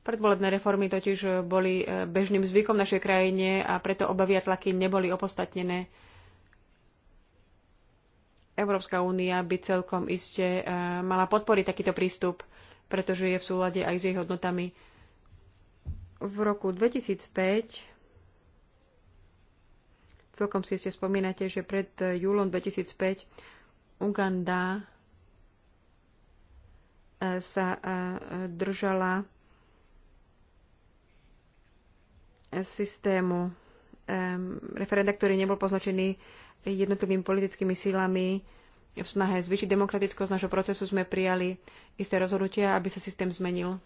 Predvolebné reformy totiž boli e, bežným zvykom v našej krajine a preto obavy a tlaky neboli opostatnené. Európska únia by celkom iste e, mala podporiť takýto prístup, pretože je v súlade aj s jej hodnotami. V roku 2005 Celkom si ste spomínate, že pred e, júlom 2005 Uganda e, sa e, držala systému referenda, ktorý nebol poznačený jednotlivými politickými sílami. V snahe zvyšiť demokratickosť nášho procesu sme prijali isté rozhodnutia, aby sa systém zmenil.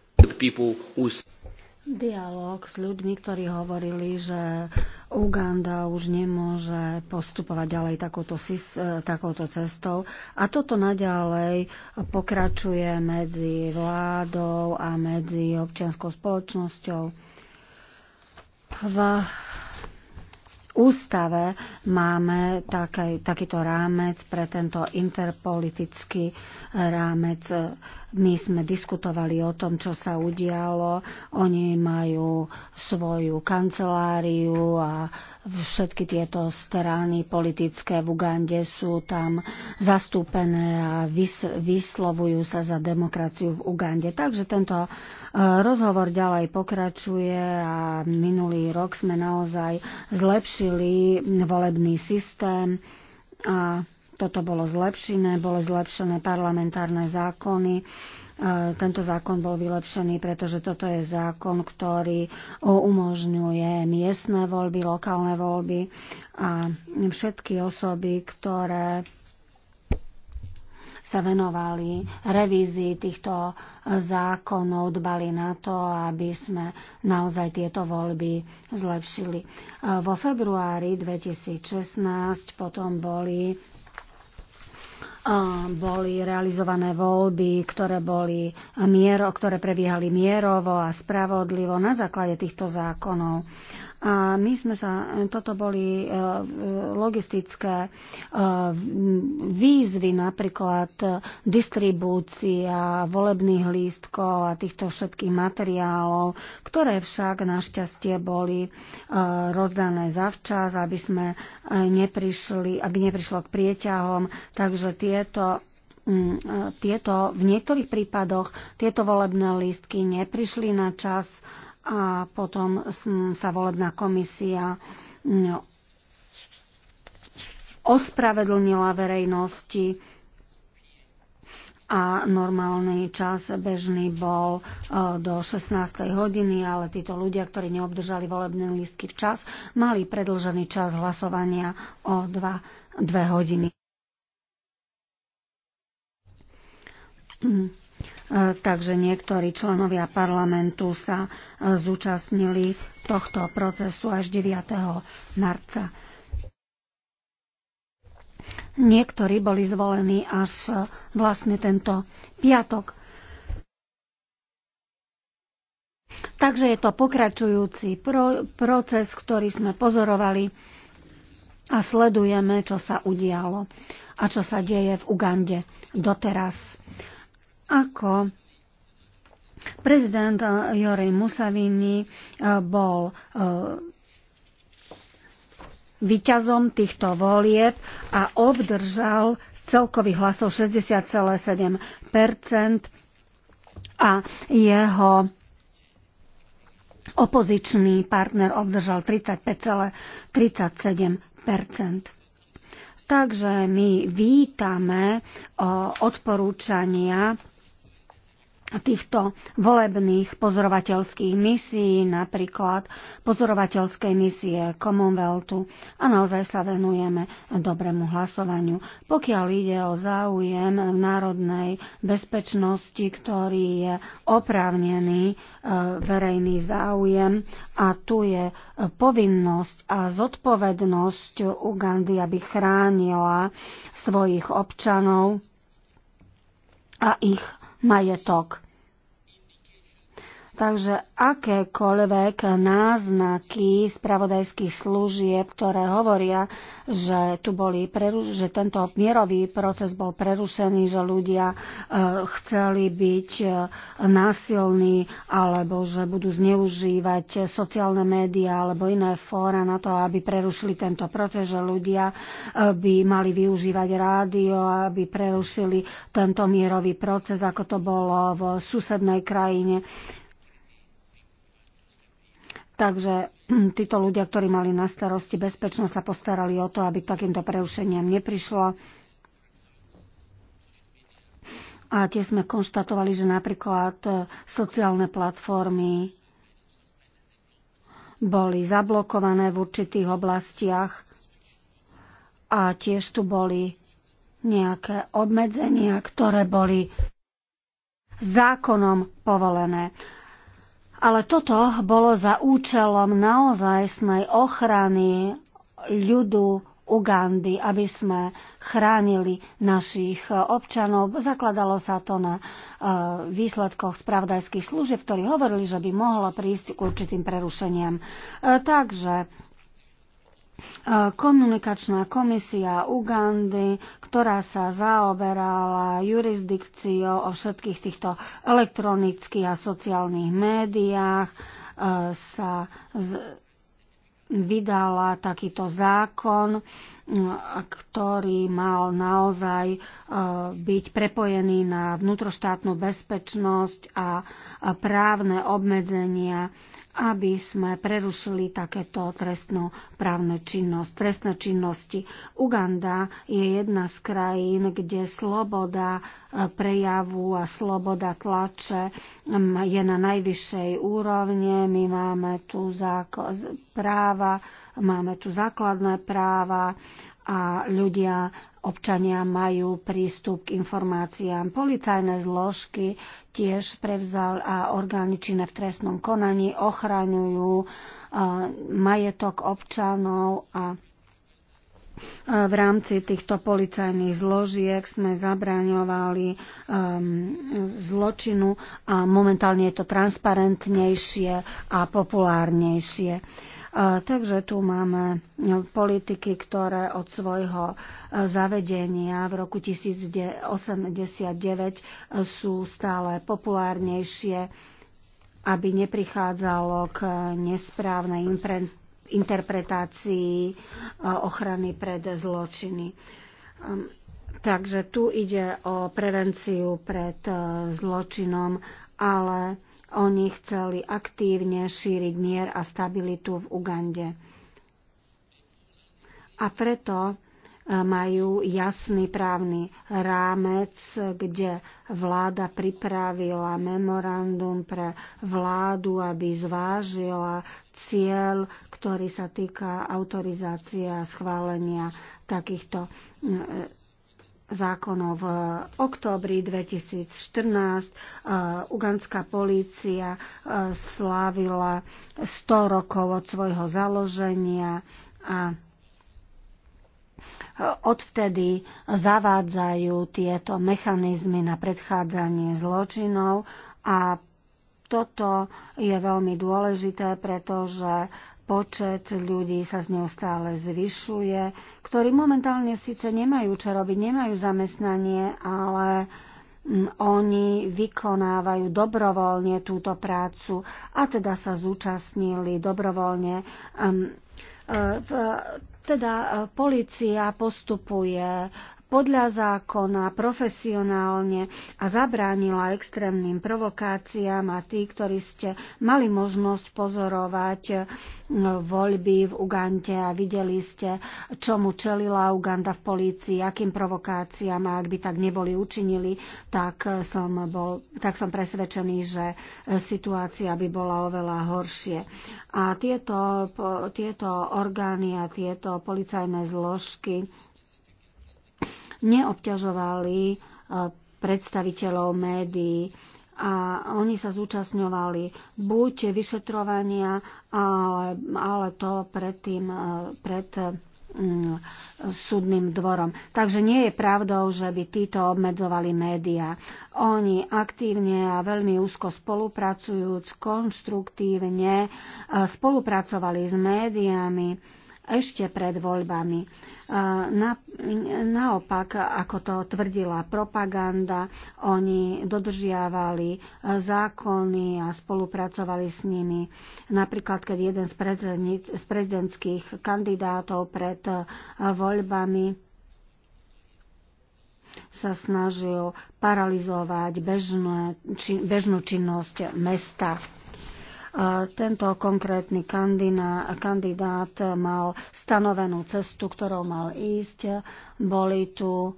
Dialóg s ľuďmi, ktorí hovorili, že Uganda už nemôže postupovať ďalej takouto, e, takouto cestou. A toto naďalej pokračuje medzi vládou a medzi občianskou spoločnosťou. V ústave máme také, takýto rámec pre tento interpolitický eh, rámec. My sme diskutovali o tom, čo sa udialo. Oni majú svoju kanceláriu a všetky tieto strany politické v Ugande sú tam zastúpené a vyslovujú sa za demokraciu v Ugande. Takže tento eh, rozhovor ďalej pokračuje a minulý rok sme naozaj zlepšili zlepšili volebný systém a toto bolo zlepšené, Boli zlepšené parlamentárne zákony. E, tento zákon bol vylepšený, pretože toto je zákon, ktorý umožňuje miestne voľby, lokálne voľby a všetky osoby, ktoré sa venovali revízii týchto zákonov, dbali na to, aby sme naozaj tieto voľby zlepšili. Vo februári 2016 potom boli boli realizované voľby, ktoré, boli miero, ktoré prebiehali mierovo a spravodlivo na základe týchto zákonov. A my sme sa, toto boli e, e, logistické e, výzvy, napríklad distribúcia volebných lístkov a týchto všetkých materiálov, ktoré však našťastie boli rozdané zavčas, aby sme neprišli, aby neprišlo k prieťahom. Takže tieto mm, tieto, v niektorých prípadoch tieto volebné lístky neprišli na čas a potom sa volebná komisia ospravedlnila verejnosti a normálny čas bežný bol e, do 16. hodiny, ale títo ľudia, ktorí neobdržali volebné lístky včas, mali predlžený čas hlasovania o 2, 2 hodiny. E, takže niektorí členovia parlamentu sa e, zúčastnili tohto procesu až 9. marca. Niektorí boli zvolení až e, vlastne tento piatok. Takže je to pokračujúci pro- proces, ktorý sme pozorovali a sledujeme, čo sa udialo a čo sa deje v Ugande doteraz ako prezident eh, Jorej Musavini eh, bol eh, vyťazom týchto volieb a obdržal celkových hlasov 60,7 a jeho opozičný partner obdržal 35,37 Takže my vítame odporúčania týchto volebných pozorovateľských misií, napríklad pozorovateľskej misie Commonwealthu a naozaj sa venujeme dobrému hlasovaniu. Pokiaľ ide o záujem v národnej bezpečnosti, ktorý je oprávnený e, verejný záujem a tu je povinnosť a zodpovednosť Ugandy, aby chránila svojich občanov a ich majetok. Takže akékoľvek náznaky spravodajských služieb, ktoré hovoria, že, tu boli že tento mierový proces bol prerušený, že ľudia e, chceli byť e, násilní alebo že budú zneužívať sociálne médiá alebo iné fóra na to, aby prerušili tento proces, že ľudia e, by mali využívať rádio, aby prerušili tento mierový proces, ako to bolo v susednej krajine Takže [CLEARS THROAT] títo ľudia, ktorí mali na starosti bezpečnosť, sa postarali o to, aby k takýmto prerušeniam neprišlo. A tiež sme konštatovali, že napríklad e, sociálne platformy boli zablokované v určitých oblastiach a tiež tu boli nejaké obmedzenia, ktoré boli zákonom povolené. Ale toto bolo za účelom naozajstnej ochrany ľudu Ugandy, aby sme chránili našich e, občanov. Zakladalo sa to na e, výsledkoch spravdajských služieb, ktorí hovorili, že by mohlo prísť k určitým prerušeniam. E, takže komunikačná komisia Ugandy, ktorá sa zaoberala jurisdikciou o všetkých týchto elektronických a sociálnych médiách, e, sa z, vydala takýto zákon, e, ktorý mal naozaj e, byť prepojený na vnútroštátnu bezpečnosť a právne obmedzenia aby sme prerušili takéto trestnoprávne činnosť, trestné činnosti. Uganda je jedna z krajín, kde sloboda e, prejavu a sloboda tlače je na najvyššej úrovne. My máme tu práva, máme tu základné práva a ľudia, občania majú prístup k informáciám. Policajné zložky tiež prevzal a orgány činné v trestnom konaní ochraňujú e, majetok občanov a e, v rámci týchto policajných zložiek sme zabraňovali um, zločinu a momentálne je to transparentnejšie a populárnejšie. Uh, Takže tu máme e, politiky, ktoré od svojho e, zavedenia v roku 1989 e, sú stále populárnejšie, aby neprichádzalo k nesprávnej interpretácii ochrany pred zločiny. Takže tu ide o prevenciu pred zločinom, ale oni chceli aktívne šíriť mier a stabilitu v Ugande. A preto e, majú jasný právny rámec, kde vláda pripravila memorandum pre vládu, aby zvážila cieľ, ktorý sa týka autorizácie a schválenia takýchto e, zákonov. V októbri 2014 e, ugandská polícia e, slávila 100 rokov od svojho založenia a e, odvtedy zavádzajú tieto mechanizmy na predchádzanie zločinov a toto je veľmi dôležité, pretože počet ľudí sa z ňou stále zvyšuje, ktorí momentálne síce nemajú čo robiť, nemajú zamestnanie, ale mm, oni vykonávajú dobrovoľne túto prácu a teda sa zúčastnili dobrovoľne. Ehm, e, teda e, policia postupuje podľa zákona, profesionálne a zabránila extrémnym provokáciám a tí, ktorí ste mali možnosť pozorovať e, voľby v Ugande a videli ste, čomu čelila Uganda v polícii, akým provokáciám a ak by tak neboli učinili, tak e, som, bol, tak som presvedčený, že e, situácia by bola oveľa horšie. A tieto, tieto orgány a tieto policajné zložky neobťažovali eh, predstaviteľov médií a oni sa zúčastňovali buď vyšetrovania, ale, ale to predtým, eh, pred mm, súdnym dvorom. Takže nie je pravdou, že by títo obmedzovali médiá. Oni aktívne a veľmi úzko spolupracujúc, konštruktívne eh, spolupracovali s médiami ešte pred voľbami na, naopak, ako to tvrdila propaganda, oni dodržiavali zákony a spolupracovali s nimi. Napríklad, keď jeden z, z prezidentských kandidátov pred e, voľbami sa snažil paralizovať bežnú, či, bežnú činnosť mesta. Tento konkrétny kandidát mal stanovenú cestu, ktorou mal ísť. Boli tu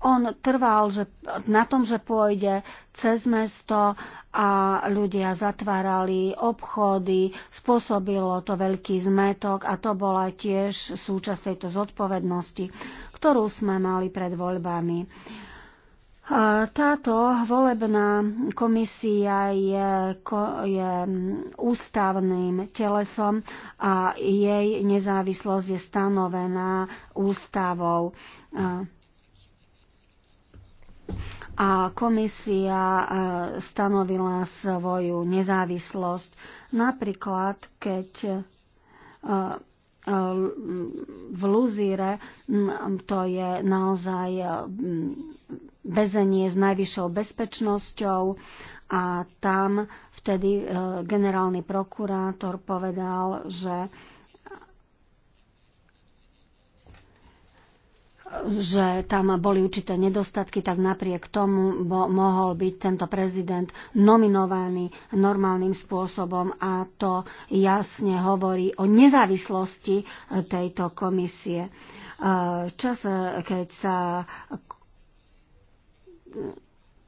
on trval že, na tom, že pôjde cez mesto a ľudia zatvárali obchody, spôsobilo to veľký zmetok a to bola tiež súčasť tejto zodpovednosti, ktorú sme mali pred voľbami. Táto volebná komisia je, je mm, ústavným telesom a jej nezávislosť je stanovená ústavou. A komisia e, stanovila svoju nezávislosť. Napríklad, keď e, v Luzíre to je naozaj väzenie s najvyššou bezpečnosťou a tam vtedy generálny prokurátor povedal, že že tam boli určité nedostatky, tak napriek tomu bo, mohol byť tento prezident nominovaný normálnym spôsobom a to jasne hovorí o nezávislosti e, tejto komisie. E, čas, e, keď sa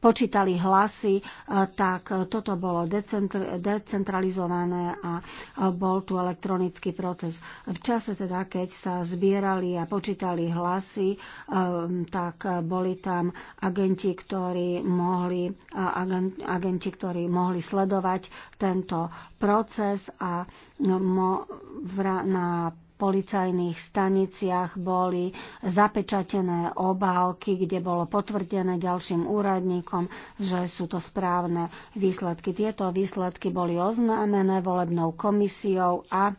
počítali hlasy, e, tak e, toto bolo decentralizované a bol tu elektronický proces. V čase teda, keď sa zbierali a počítali hlasy, e, tak boli tam agenti, ktorí mohli, agenti, ktorí mohli sledovať tento proces a na policajných staniciach boli zapečatené obálky, kde bolo potvrdené ďalším úradníkom, že sú to správne výsledky. Tieto výsledky boli oznámené volebnou komisiou a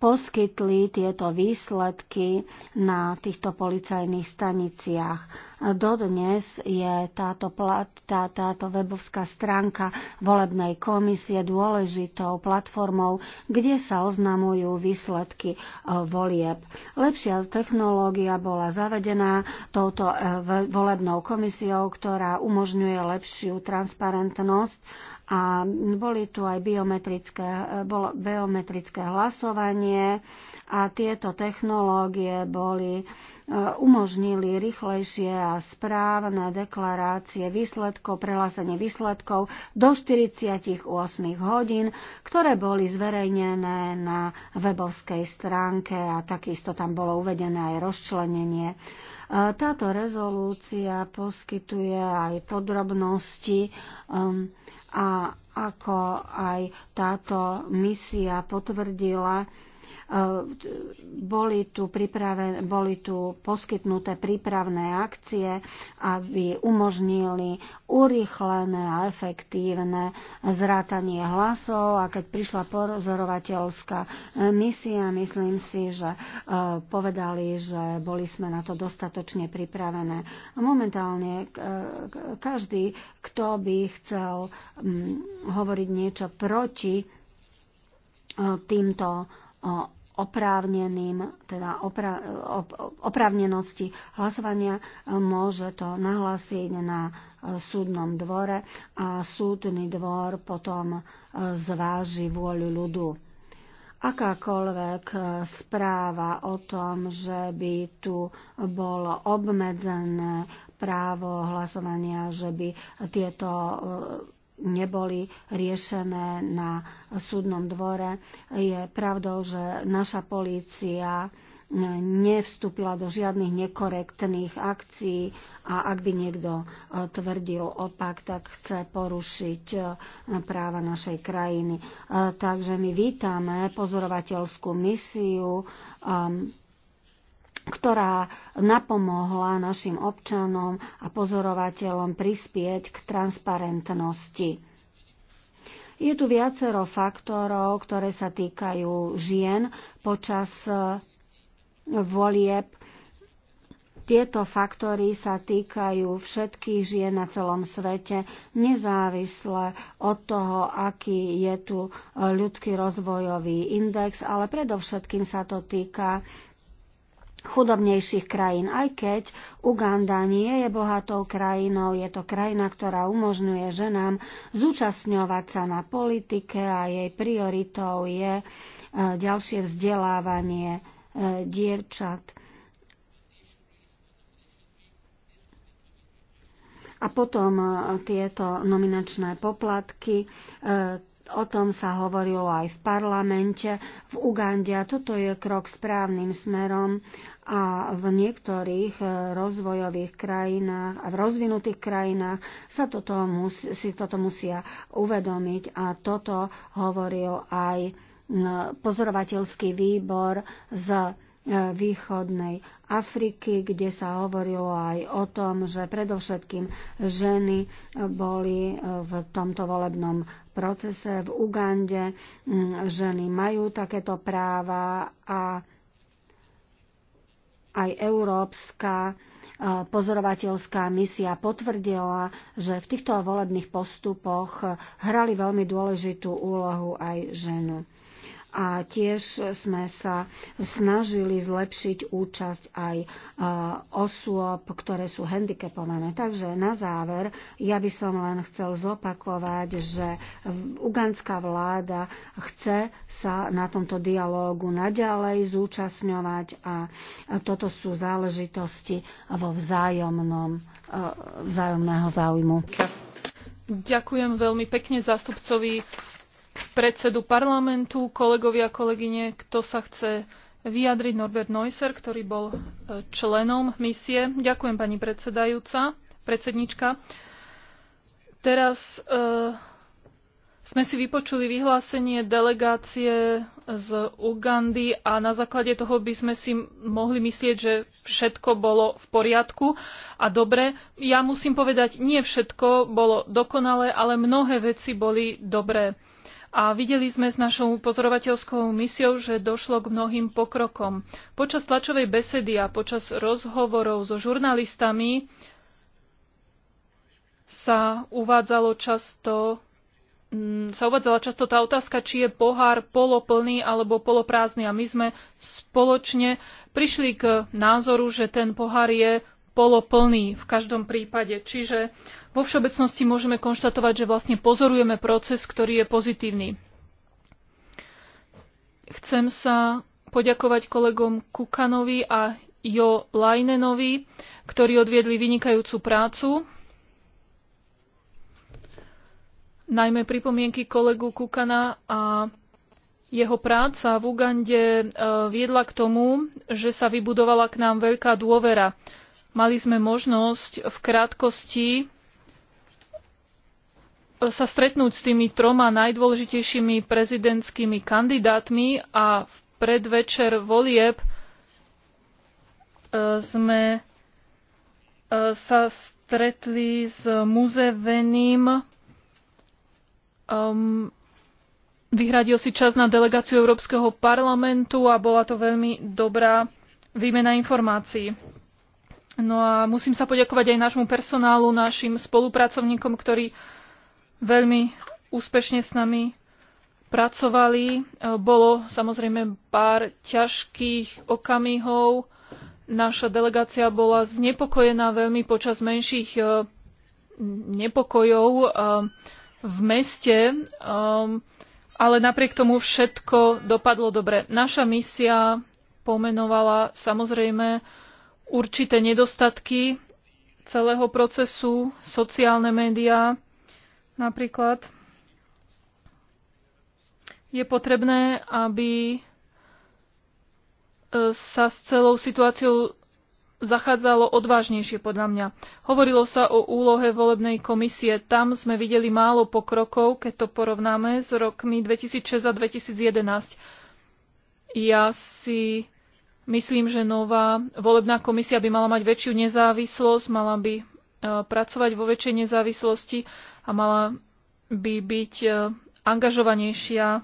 poskytli tieto výsledky na týchto policajných staniciach. Dodnes je táto, plat, tá, táto webovská stránka volebnej komisie dôležitou platformou, kde sa oznamujú výsledky e, volieb. Lepšia technológia bola zavedená touto e, volebnou komisiou, ktorá umožňuje lepšiu transparentnosť a boli tu aj biometrické, bolo biometrické hlasovanie a tieto technológie boli, e, umožnili rýchlejšie a správne deklarácie výsledkov, prehlásenie výsledkov do 48 hodín, ktoré boli zverejnené na webovskej stránke a takisto tam bolo uvedené aj rozčlenenie e, táto rezolúcia poskytuje aj podrobnosti um, a ako aj táto misia potvrdila, boli tu, pripraven, boli tu poskytnuté prípravné akcie, aby umožnili urýchlené a efektívne zrátanie hlasov a keď prišla pozorovateľská misia, myslím si, že e, povedali, že boli sme na to dostatočne pripravené. momentálne e, každý, kto by chcel mm, hovoriť niečo proti e, týmto oprávneným, teda opra, op, oprávnenosti hlasovania e, môže to nahlásiť na e, súdnom dvore a súdny dvor potom e, zváži vôľu ľudu. Akákoľvek správa o tom, že by tu bolo obmedzené právo hlasovania, že by tieto neboli riešené na súdnom dvore. Je pravdou, že naša polícia nevstúpila do žiadnych nekorektných akcií a ak by niekto e, tvrdil opak, tak chce porušiť e, práva našej krajiny. E, takže my vítame pozorovateľskú misiu ktorá napomohla našim občanom a pozorovateľom prispieť k transparentnosti. Je tu viacero faktorov, ktoré sa týkajú žien počas e, volieb. Tieto faktory sa týkajú všetkých žien na celom svete, nezávisle od toho, aký je tu e, ľudský rozvojový index, ale predovšetkým sa to týka chudobnejších krajín. Aj keď Uganda nie je bohatou krajinou, je to krajina, ktorá umožňuje ženám zúčastňovať sa na politike a jej prioritou je e, ďalšie vzdelávanie e, dievčat. A potom e, tieto nominačné poplatky, O tom sa hovorilo aj v parlamente v Ugande toto je krok správnym smerom a v niektorých e, rozvojových krajinách a v rozvinutých krajinách sa toto musí, si toto musia uvedomiť a toto hovoril aj e, pozorovateľský výbor z E, východnej Afriky, kde sa hovorilo aj o tom, že predovšetkým ženy boli e, v tomto volebnom procese v Ugande. Mm, ženy majú takéto práva a aj európska e, pozorovateľská misia potvrdila, že v týchto volebných postupoch hrali veľmi dôležitú úlohu aj ženu a tiež sme sa snažili zlepšiť účasť aj e, osôb, ktoré sú handicapované. Takže na záver ja by som len chcel zopakovať, že ugandská vláda chce sa na tomto dialógu naďalej zúčastňovať a toto sú záležitosti vo vzájomnom, e, vzájomného záujmu. Ďakujem veľmi pekne zástupcovi predsedu parlamentu, kolegovia, kolegyne, kto sa chce vyjadriť Norbert Neusser, ktorý bol e, členom misie. Ďakujem pani predsedajúca, predsednička. Teraz e, sme si vypočuli vyhlásenie delegácie z Ugandy a na základe toho by sme si mohli myslieť, že všetko bolo v poriadku a dobre. Ja musím povedať, nie všetko bolo dokonalé, ale mnohé veci boli dobré a videli sme s našou pozorovateľskou misiou, že došlo k mnohým pokrokom. Počas tlačovej besedy a počas rozhovorov so žurnalistami sa uvádzalo často mm, sa uvádzala často tá otázka, či je pohár poloplný alebo poloprázdny. A my sme spoločne prišli k názoru, že ten pohár je poloplný v každom prípade. Čiže uh, vo všeobecnosti môžeme konštatovať, že vlastne pozorujeme proces, ktorý je pozitívny. Chcem sa poďakovať kolegom Kukanovi a Jo Lajnenovi, ktorí odviedli vynikajúcu prácu. Najmä pripomienky kolegu Kukana a jeho práca v Ugande e, viedla k tomu, že sa vybudovala k nám veľká dôvera. Mali sme možnosť v krátkosti sa stretnúť s tými troma najdôležitejšími prezidentskými kandidátmi a v predvečer volieb e, sme e, sa stretli s muzeveným. Um, vyhradil si čas na delegáciu Európskeho parlamentu a bola to veľmi dobrá výmena informácií. No a musím sa poďakovať aj nášmu personálu, našim spolupracovníkom, ktorí uh, veľmi úspešne s nami pracovali. E, bolo samozrejme pár ťažkých okamihov. Naša delegácia bola znepokojená veľmi počas menších e, nepokojov e, v meste, ale napriek tomu všetko dopadlo dobre. Naša misia pomenovala samozrejme určité nedostatky celého procesu, sociálne médiá, Napríklad je potrebné, aby e, sa s celou situáciou zachádzalo odvážnejšie podľa mňa. Hovorilo sa o úlohe volebnej komisie. Tam sme videli málo pokrokov, keď to porovnáme s rokmi 2006 a 2011. Ja si myslím, že nová volebná komisia by mala mať väčšiu nezávislosť, mala by E, pracovať vo väčšej nezávislosti a mala by byť e, angažovanejšia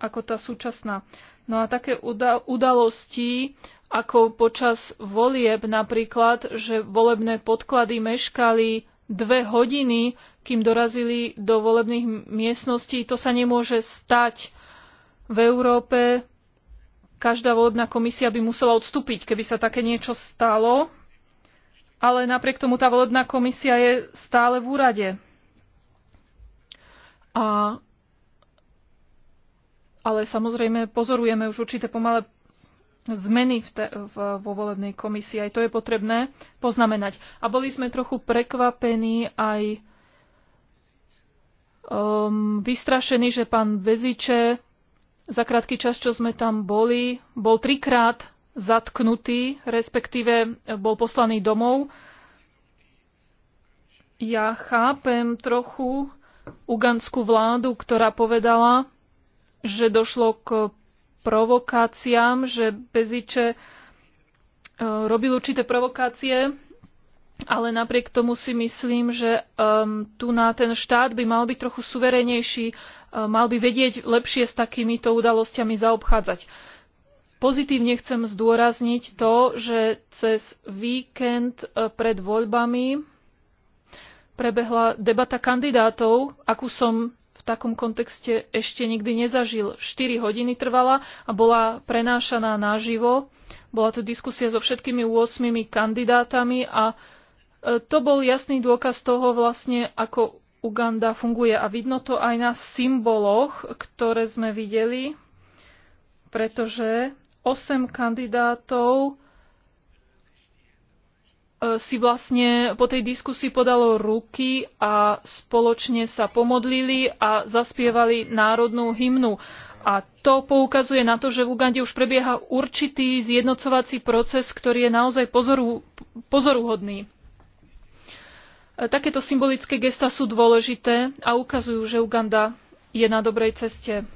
ako tá súčasná. No a také udalosti, ako počas volieb napríklad, že volebné podklady meškali dve hodiny, kým dorazili do volebných miestností, to sa nemôže stať. V Európe každá volebná komisia by musela odstúpiť, keby sa také niečo stalo ale napriek tomu tá volebná komisia je stále v úrade. A, ale samozrejme pozorujeme už určité pomalé zmeny v te, v, vo volebnej komisii. Aj to je potrebné poznamenať. A boli sme trochu prekvapení aj um, vystrašení, že pán veziče, za krátky čas, čo sme tam boli, bol trikrát zatknutý, respektíve e, bol poslaný domov. Ja chápem trochu ugandskú vládu, ktorá povedala, že došlo k provokáciám, že Beziče e, robil určité provokácie, ale napriek tomu si myslím, že um, tu na ten štát by mal byť trochu suverenejší, um, mal by vedieť lepšie s takýmito udalosťami zaobchádzať. Pozitívne chcem zdôrazniť to, že cez víkend e, pred voľbami prebehla debata kandidátov, akú som v takom kontexte ešte nikdy nezažil. 4 hodiny trvala a bola prenášaná naživo. Bola to diskusia so všetkými 8 kandidátami a e, to bol jasný dôkaz toho vlastne, ako Uganda funguje a vidno to aj na symboloch, ktoré sme videli, pretože 8 kandidátov e, si vlastne po tej diskusii podalo ruky a spoločne sa pomodlili a zaspievali národnú hymnu. A to poukazuje na to, že v Ugande už prebieha určitý zjednocovací proces, ktorý je naozaj pozoru, pozoruhodný. E, takéto symbolické gesta sú dôležité a ukazujú, že Uganda je na dobrej ceste.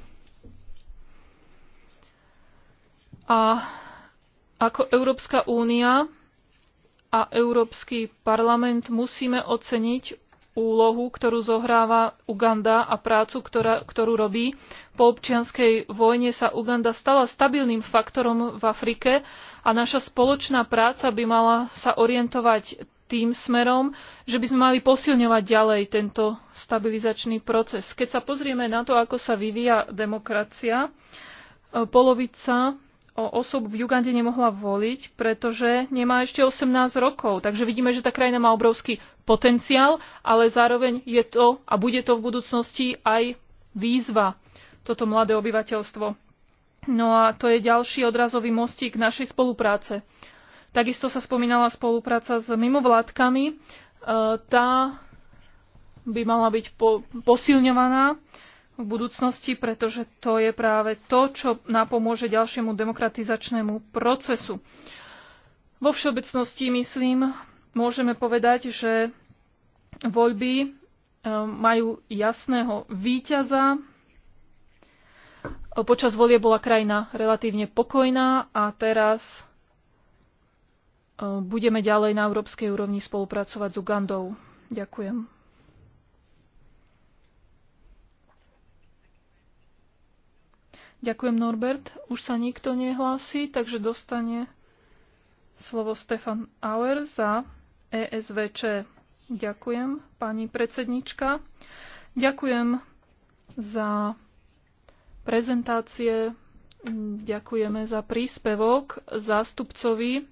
A ako Európska únia a Európsky parlament musíme oceniť úlohu, ktorú zohráva Uganda a prácu, ktorá, ktorú robí. Po občianskej vojne sa Uganda stala stabilným faktorom v Afrike a naša spoločná práca by mala sa orientovať tým smerom, že by sme mali posilňovať ďalej tento stabilizačný proces. Keď sa pozrieme na to, ako sa vyvíja demokracia, polovica osob v Ugande nemohla voliť, pretože nemá ešte 18 rokov. Takže vidíme, že tá krajina má obrovský potenciál, ale zároveň je to a bude to v budúcnosti aj výzva toto mladé obyvateľstvo. No a to je ďalší odrazový mostík našej spolupráce. Takisto sa spomínala spolupráca s mimovládkami. E, tá by mala byť posilňovaná v budúcnosti, pretože to je práve to, čo napomôže ďalšiemu demokratizačnému procesu. Vo všeobecnosti, myslím, môžeme povedať, že voľby e, majú jasného víťaza. Počas volie bola krajina relatívne pokojná a teraz e, budeme ďalej na európskej úrovni spolupracovať s Ugandou. Ďakujem. Ďakujem, Norbert. Už sa nikto nehlási, takže dostane slovo Stefan Auer za ESVČ. Ďakujem, pani predsednička. Ďakujem za prezentácie. Ďakujeme za príspevok zástupcovi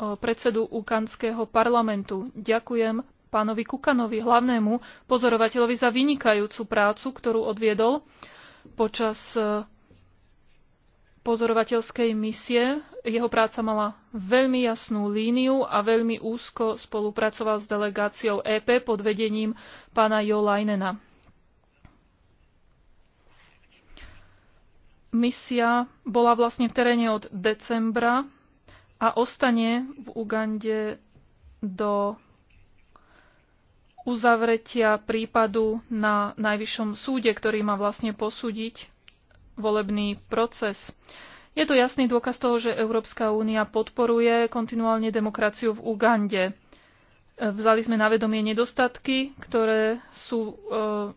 predsedu Ukanského parlamentu. Ďakujem pánovi Kukanovi, hlavnému pozorovateľovi, za vynikajúcu prácu, ktorú odviedol počas pozorovateľskej misie. Jeho práca mala veľmi jasnú líniu a veľmi úzko spolupracoval s delegáciou EP pod vedením pána Jo Leinena. Misia bola vlastne v teréne od decembra a ostane v Ugande do uzavretia prípadu na Najvyššom súde, ktorý má vlastne posúdiť volebný proces. Je to jasný dôkaz toho, že Európska únia podporuje kontinuálne demokraciu v Ugande. Vzali sme na vedomie nedostatky, ktoré sú e,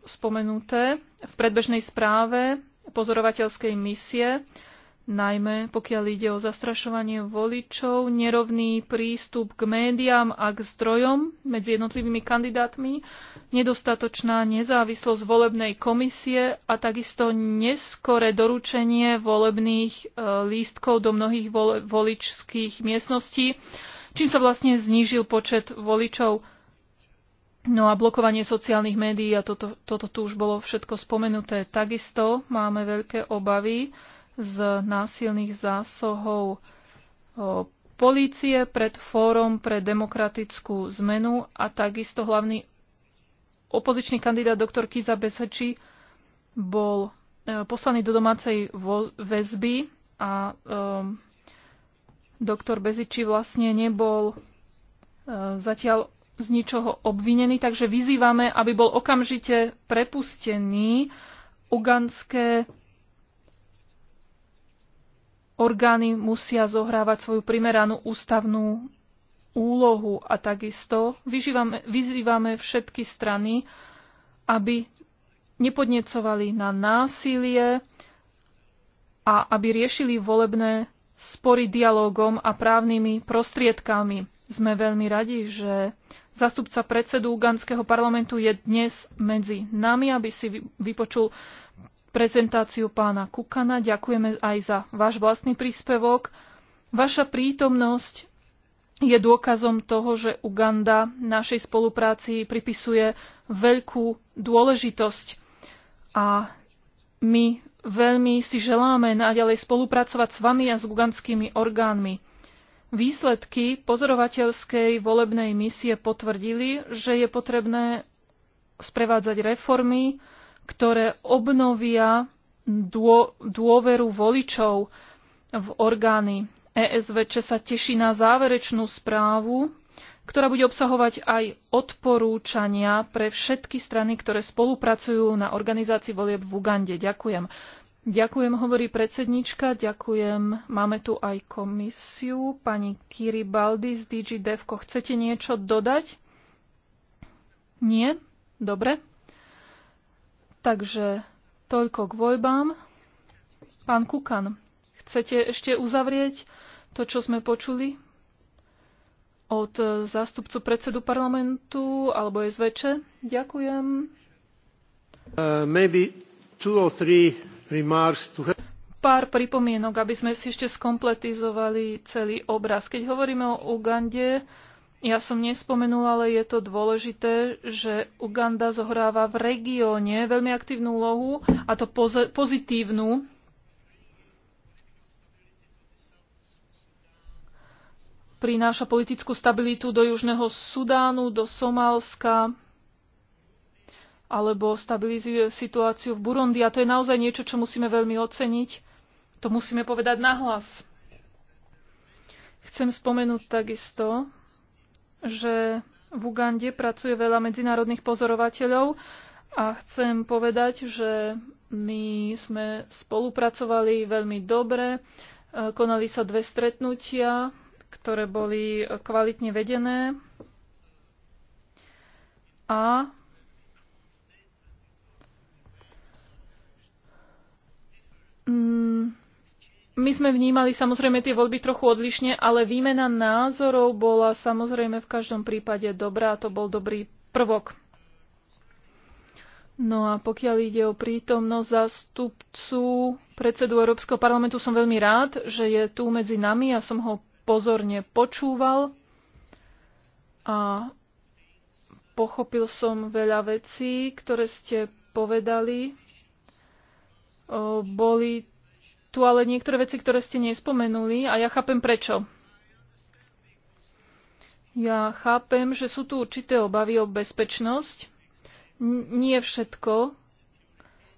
spomenuté v predbežnej správe pozorovateľskej misie najmä pokiaľ ide o zastrašovanie voličov, nerovný prístup k médiám a k zdrojom medzi jednotlivými kandidátmi, nedostatočná nezávislosť volebnej komisie a takisto neskore doručenie volebných e, lístkov do mnohých voličských miestností, čím sa vlastne znížil počet voličov. No a blokovanie sociálnych médií, a toto, toto tu už bolo všetko spomenuté, takisto máme veľké obavy, z násilných zásohov polície pred Fórom pre demokratickú zmenu a takisto hlavný opozičný kandidát doktor Kiza Beseči bol e, poslaný do domácej väzby a um, doktor Beziči vlastne nebol uh, zatiaľ z ničoho obvinený, takže vyzývame, aby bol okamžite prepustený. Uganské orgány musia zohrávať svoju primeranú ústavnú úlohu a takisto vyzývame, vyzývame všetky strany, aby nepodnecovali na násilie a aby riešili volebné spory dialogom a právnymi prostriedkami. Sme veľmi radi, že zastupca predsedu Ugandského parlamentu je dnes medzi nami, aby si vypočul prezentáciu pána Kukana. Ďakujeme aj za váš vlastný príspevok. Vaša prítomnosť je dôkazom toho, že Uganda našej spolupráci pripisuje veľkú dôležitosť a my veľmi si želáme naďalej spolupracovať s vami a s ugandskými orgánmi. Výsledky pozorovateľskej volebnej misie potvrdili, že je potrebné sprevádzať reformy, ktoré obnovia dôveru voličov v orgány. ESVČ sa teší na záverečnú správu, ktorá bude obsahovať aj odporúčania pre všetky strany, ktoré spolupracujú na organizácii volieb v Ugande. Ďakujem. Ďakujem, hovorí predsednička. Ďakujem. Máme tu aj komisiu. Pani Kiri Baldi z DG Devko, chcete niečo dodať? Nie? Dobre. Takže toľko k voľbám. Pán Kukan, chcete ešte uzavrieť to, čo sme počuli od zástupcu predsedu parlamentu alebo SVČ? Ďakujem. Uh, maybe two or three remarks to have pár pripomienok, aby sme si ešte skompletizovali celý obraz. Keď hovoríme o Ugande, ja som nespomenula, ale je to dôležité, že Uganda zohráva v regióne veľmi aktívnu úlohu a to poz- pozitívnu. Prináša politickú stabilitu do Južného Sudánu, do Somálska alebo stabilizuje situáciu v Burundi. A to je naozaj niečo, čo musíme veľmi oceniť. To musíme povedať nahlas. Chcem spomenúť takisto, že v Ugande pracuje veľa medzinárodných pozorovateľov a chcem povedať, že my sme spolupracovali veľmi dobre. E, konali sa dve stretnutia, ktoré boli kvalitne vedené a mm, my sme vnímali samozrejme tie voľby trochu odlišne, ale výmena názorov bola samozrejme v každom prípade dobrá a to bol dobrý prvok. No a pokiaľ ide o prítomnosť zástupcu predsedu Európskeho parlamentu, som veľmi rád, že je tu medzi nami. Ja som ho pozorne počúval a pochopil som veľa vecí, ktoré ste povedali. Boli tu ale niektoré veci, ktoré ste nespomenuli a ja chápem prečo. Ja chápem, že sú tu určité obavy o bezpečnosť. N- nie všetko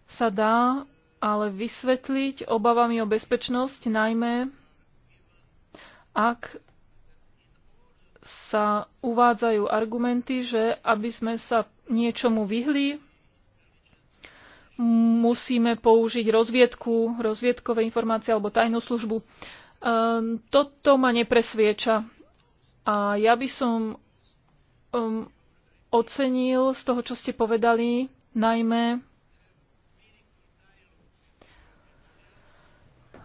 sa dá ale vysvetliť obavami o bezpečnosť, najmä ak sa uvádzajú argumenty, že aby sme sa niečomu vyhli, musíme použiť rozviedku, rozviedkové informácie alebo tajnú službu. Ehm, toto ma nepresvieča. A ja by som ehm, ocenil z toho, čo ste povedali, najmä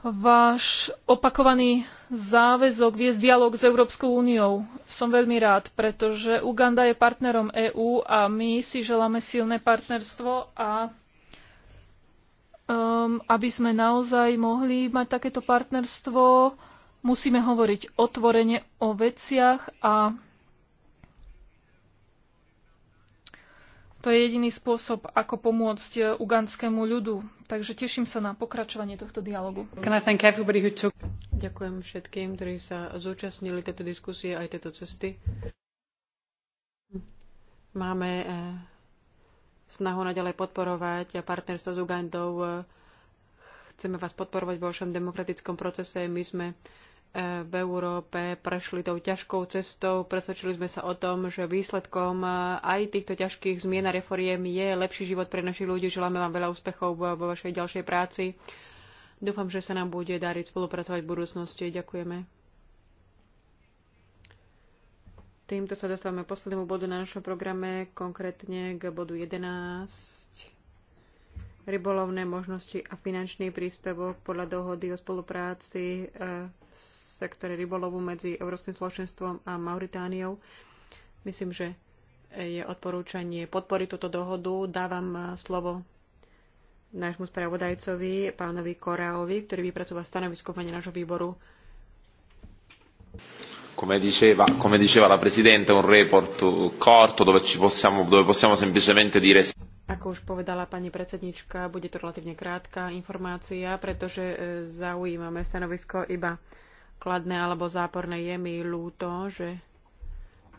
váš opakovaný záväzok viesť dialog s Európskou úniou. Som veľmi rád, pretože Uganda je partnerom EÚ a my si želáme silné partnerstvo a um, aby sme naozaj mohli mať takéto partnerstvo, musíme hovoriť otvorene o veciach a to je jediný spôsob, ako pomôcť eh, ugandskému ľudu. Takže teším sa na pokračovanie tohto dialogu. Took... Ďakujem všetkým, ktorí sa zúčastnili tejto diskusie aj tejto cesty. Máme eh, snahu naďalej podporovať a partnerstvo s Ugandou. Chceme vás podporovať vo vašom demokratickom procese. My sme eh, v Európe prešli tou ťažkou cestou. Presvedčili sme sa o tom, že výsledkom eh, aj týchto ťažkých zmien a reforiem je lepší život pre našich ľudí. Želáme vám veľa úspechov vo vašej ďalšej práci. Dúfam, že sa nám bude dariť spolupracovať v budúcnosti. Ďakujeme. Týmto sa dostávame k poslednému bodu na našom programe, konkrétne k bodu 11. Rybolovné možnosti a finančný príspevok podľa dohody o spolupráci e, v sektore rybolovu medzi Európskym spoločenstvom a Mauritániou. Myslím, že je odporúčanie podporiť túto dohodu. Dávam e, slovo nášmu spravodajcovi, pánovi Koraovi, ktorý vypracúva stanovisko v nášho výboru come diceva, come diceva la Presidente, un report corto dove, ci possiamo, dove possiamo semplicemente dire... Ako už povedala pani predsednička, bude to relatívne krátka informácia, pretože e, zaujímame stanovisko iba kladné alebo záporné. Je mi ľúto, že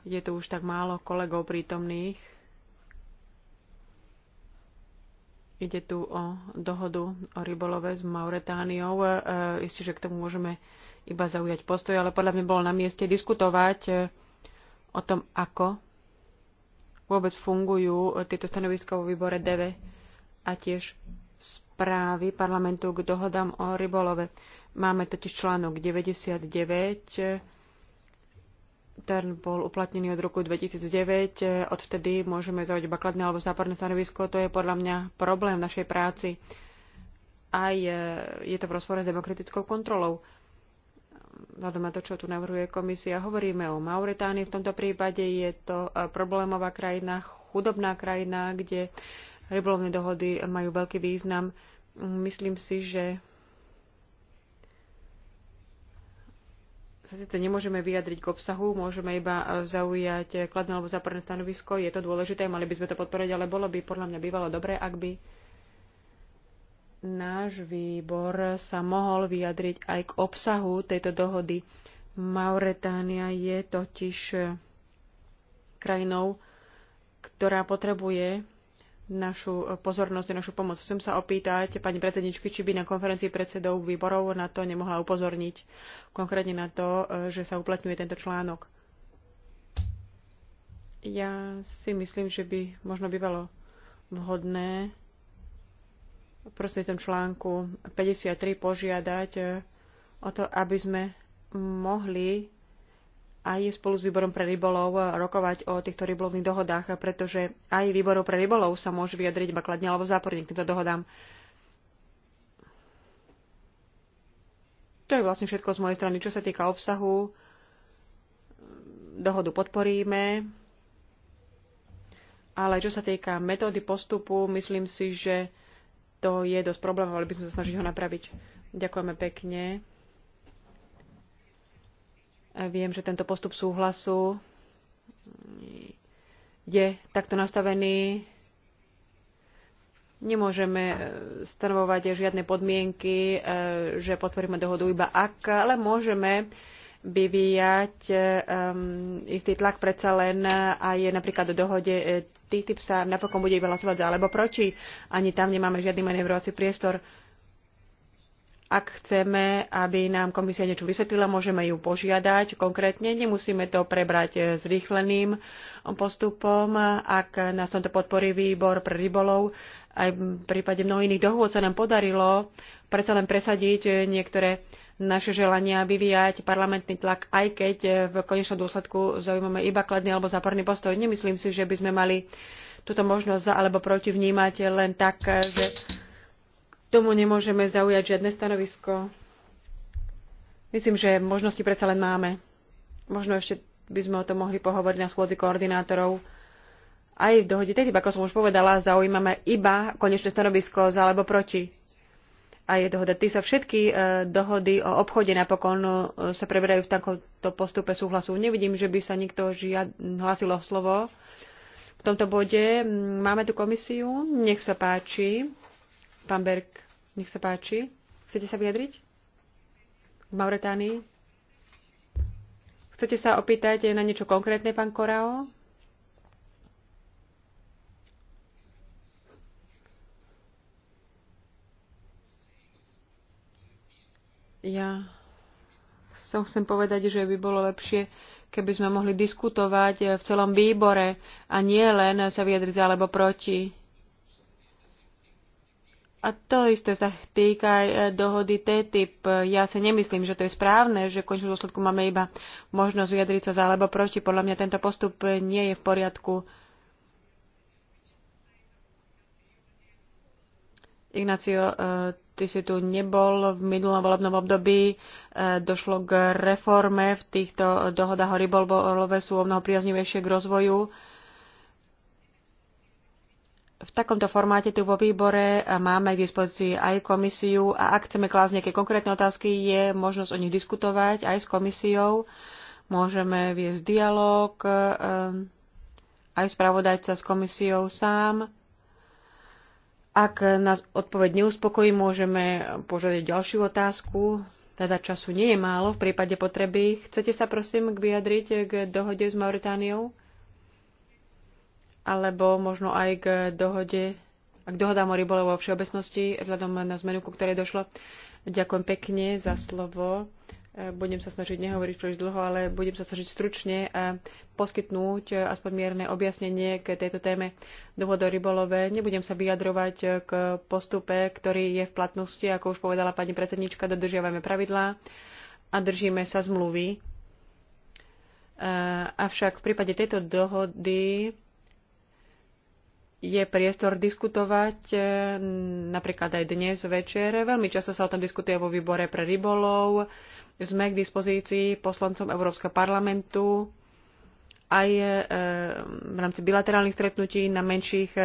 je tu už tak málo kolegov prítomných. Ide tu o dohodu o rybolove s Mauretániou. E, e, isté, že k tomu môžeme iba zaujať postoj, ale podľa mňa bolo na mieste diskutovať e, o tom, ako vôbec fungujú e, tieto stanoviska vo výbore DV a tiež správy parlamentu k dohodám o rybolove. Máme totiž článok 99, e, ten bol uplatnený od roku 2009, odvtedy môžeme zaujať iba kladné alebo záporné stanovisko, to je podľa mňa problém v našej práci. Aj je to v rozpore s demokratickou kontrolou vzhľadom na to, čo tu navrhuje komisia. Hovoríme o Mauretánii. V tomto prípade je to e, problémová krajina, chudobná krajina, kde rybolovné dohody majú veľký význam. Myslím si, že sa síce nemôžeme vyjadriť k obsahu, môžeme iba e, zaujať kladné alebo záporné stanovisko. Je to dôležité, mali by sme to podporiť, ale bolo by podľa mňa bývalo dobré, ak by náš výbor sa mohol vyjadriť aj k obsahu tejto dohody. Mauretánia je totiž eh, krajinou, ktorá potrebuje našu eh, pozornosť a našu pomoc. Chcem sa opýtať pani predsedničky, či by na konferencii predsedov výborov na to nemohla upozorniť, konkrétne na to, eh, že sa uplatňuje tento článok. Ja si myslím, že by možno bývalo vhodné prostredníctvom článku 53 požiadať e, o to, aby sme mohli aj spolu s výborom pre rybolov e, rokovať o týchto rybolovných dohodách, pretože aj výborov pre rybolov sa môže vyjadriť iba kladne alebo záporne k týmto dohodám. To je vlastne všetko z mojej strany. Čo sa týka obsahu, dohodu podporíme, ale čo sa týka metódy postupu, myslím si, že to je dosť problém, ale by sme sa snažiť ho napraviť. Ďakujeme pekne. A viem, že tento postup súhlasu je takto nastavený. Nemôžeme e, stanovovať žiadne podmienky, e, že podporíme dohodu iba ak, ale môžeme vyvíjať um, istý tlak predsa len eh, a je napríklad v dohode eh, TTIP sa napokon bude iba hlasovať za alebo proti. Ani tam nemáme žiadny manevrovací priestor. Ak chceme, aby nám komisia niečo vysvetlila, môžeme ju požiadať konkrétne. Nemusíme to prebrať s rýchleným postupom. Ak nás tomto podporí výbor pre rybolov, aj v prípade mnohých iných dohôd sa nám podarilo predsa len presadiť niektoré naše želania vyvíjať parlamentný tlak, aj keď e, v konečnom dôsledku zaujímame iba kladný alebo záporný postoj. Nemyslím si, že by sme mali túto možnosť za alebo proti vnímať len tak, e, že tomu nemôžeme zaujať žiadne stanovisko. Myslím, že možnosti predsa len máme. Možno ešte by sme o tom mohli pohovoriť na schôdzi koordinátorov. Aj v dohode TTIP, ako som už povedala, zaujímame iba konečné stanovisko za alebo proti a je dohoda TISA. Všetky e, dohody o obchode napokon e, sa preberajú v takomto postupe súhlasu. Nevidím, že by sa niekto žiad... hlasil o slovo. V tomto bode mm, máme tu komisiu. Nech sa páči. Pán Berg, nech sa páči. Chcete sa vyjadriť? V Mauretánii? Chcete sa opýtať na niečo konkrétne, pán Korao? Ja som chcem povedať, že by bolo lepšie, keby sme mohli diskutovať eh, v celom výbore a nie len sa vyjadriť za alebo proti. A to isté sa týka aj eh, dohody TTIP. Ja si nemyslím, že to je správne, že v končnom dôsledku máme iba možnosť vyjadriť sa za alebo proti. Podľa mňa tento postup eh, nie je v poriadku. Ignacio, ty si tu nebol v minulom volebnom období, e, došlo k reforme v týchto dohodách o rybolove, sú o mnoho priaznivejšie k rozvoju. V takomto formáte tu vo výbore máme k dispozícii aj komisiu a ak chceme klásť nejaké konkrétne otázky, je možnosť o nich diskutovať aj s komisiou. Môžeme viesť dialog e, aj spravodajca s komisiou sám ak nás odpoveď neuspokojí, môžeme požiadať ďalšiu otázku. Teda času nie je málo v prípade potreby. Chcete sa prosím k vyjadriť k dohode s Mauritániou? Alebo možno aj k dohode, k dohodám o rybole vo všeobecnosti, vzhľadom na zmenu, ku ktorej došlo. Ďakujem pekne za slovo. Budem sa snažiť nehovoriť príliš dlho, ale budem sa snažiť stručne a poskytnúť aspoň mierne objasnenie k tejto téme dohod rybolové. rybolove. Nebudem sa vyjadrovať k postupe, ktorý je v platnosti. Ako už povedala pani predsednička, dodržiavame pravidlá a držíme sa zmluvy. E, avšak v prípade tejto dohody je priestor diskutovať e, napríklad aj dnes večer. Veľmi často sa o tom diskutuje vo výbore pre rybolov sme k dispozícii poslancom Európskeho parlamentu aj e, v rámci bilaterálnych stretnutí na menších e,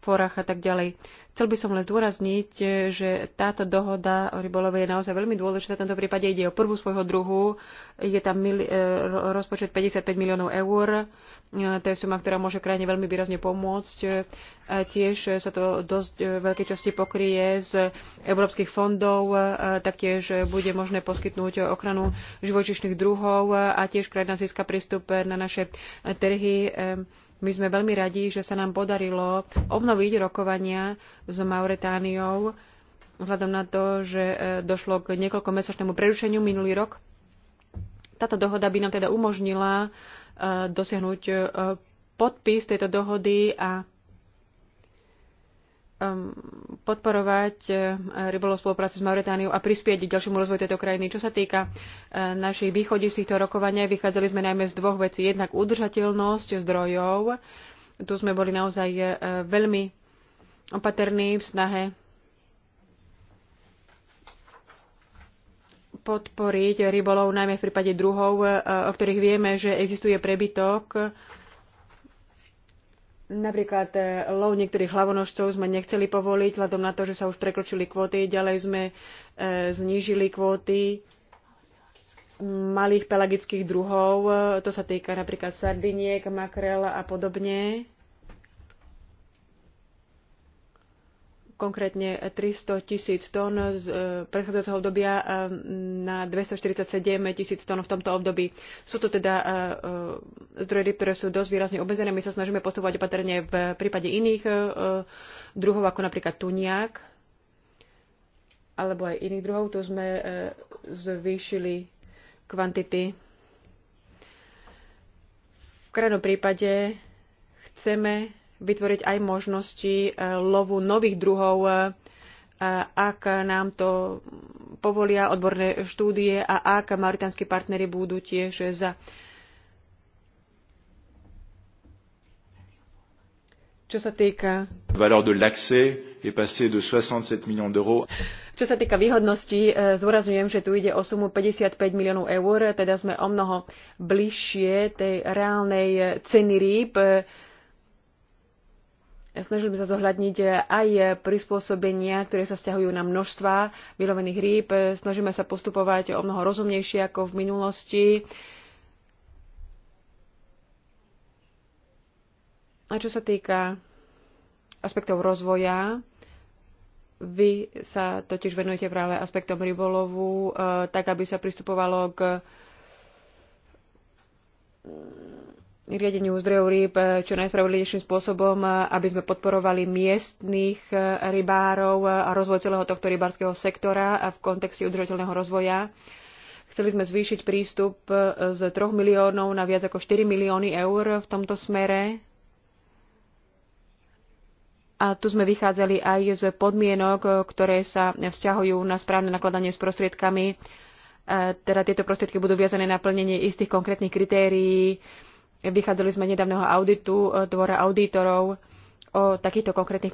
fórach a tak ďalej. Chcel by som len zdôrazniť, e, že táto dohoda o rybolove je naozaj veľmi dôležitá. V tomto prípade ide o prvú svojho druhu. Je tam rozpočet 55 miliónov eur E, to je suma, ktorá môže krajine veľmi výrazne pomôcť. E, tiež sa to dosť e, veľkej časti pokrie z európskych fondov, taktiež bude možné poskytnúť ochranu živočišných druhov a tiež krajina získa prístup na naše trhy. My sme veľmi radi, že sa nám podarilo obnoviť rokovania s Mauretániou vzhľadom na to, že došlo k niekoľkomesačnému prerušeniu minulý rok. Táto dohoda by nám teda umožnila uh, Eh, dosiahnuť eh, podpis tejto dohody a podporovať eh, rybolov spolupráci s Mauritániou a prispieť k ďalšiemu rozvoju tejto krajiny. Čo sa týka našich východí z týchto rokovania, vychádzali sme najmä z dvoch vecí. Jednak udržateľnosť zdrojov. Tu sme boli naozaj veľmi opatrní v snahe podporiť rybolov, najmä v prípade druhov, e, o ktorých vieme, že existuje prebytok. Napríklad e, lov niektorých hlavonožcov sme nechceli povoliť, vzhľadom na to, že sa už prekročili kvóty. Ďalej sme e, znížili kvóty malých pelagických druhov. To sa týka napríklad sardiniek, makrel a podobne konkrétne 300 tisíc tón z e, predchádzajúceho obdobia e, na 247 tisíc tón v tomto období. Sú to teda e, zdroje, ktoré sú dosť výrazne obmedzené. My sa snažíme postupovať opatrne v prípade iných druhov, ako napríklad tuniak, alebo aj iných druhov. Tu sme zvýšili kvantity. V krajnom prípade chceme vytvoriť aj možnosti e, lovu nových druhov, e, ak nám to povolia odborné štúdie a ak maritánsky partnery budú tiež za. Čo sa týka valeur de l'accès je passé de 67 millions d'euros. Čo sa týka výhodnosti, e, zúrazňujem, že tu ide o sumu 55 miliónov eur, teda sme o mnoho bližšie tej reálnej ceny rýb, Snažili by sa zohľadniť aj prispôsobenia, ktoré sa vzťahujú na množstva vylovených rýb. Snažíme sa postupovať o mnoho rozumnejšie ako v minulosti. A čo sa týka aspektov rozvoja, vy sa totiž venujete práve aspektom rybolovu, eh, tak aby sa pristupovalo k riadeniu zdrojov rýb eh, čo najspravodlivejším spôsobom, eh, aby sme podporovali miestných eh, rybárov a rozvoj celého tohto rybárskeho sektora a v kontexte udržateľného rozvoja. Chceli sme zvýšiť prístup z 3 miliónov na viac ako 4 milióny eur v tomto smere. A tu sme vychádzali aj z podmienok, ktoré sa vzťahujú na správne nakladanie s prostriedkami. Teda tieto prostriedky budú viazané na plnenie istých konkrétnych kritérií, Vychádzali sme nedávneho auditu e, dvora auditorov o takýchto konkrétnych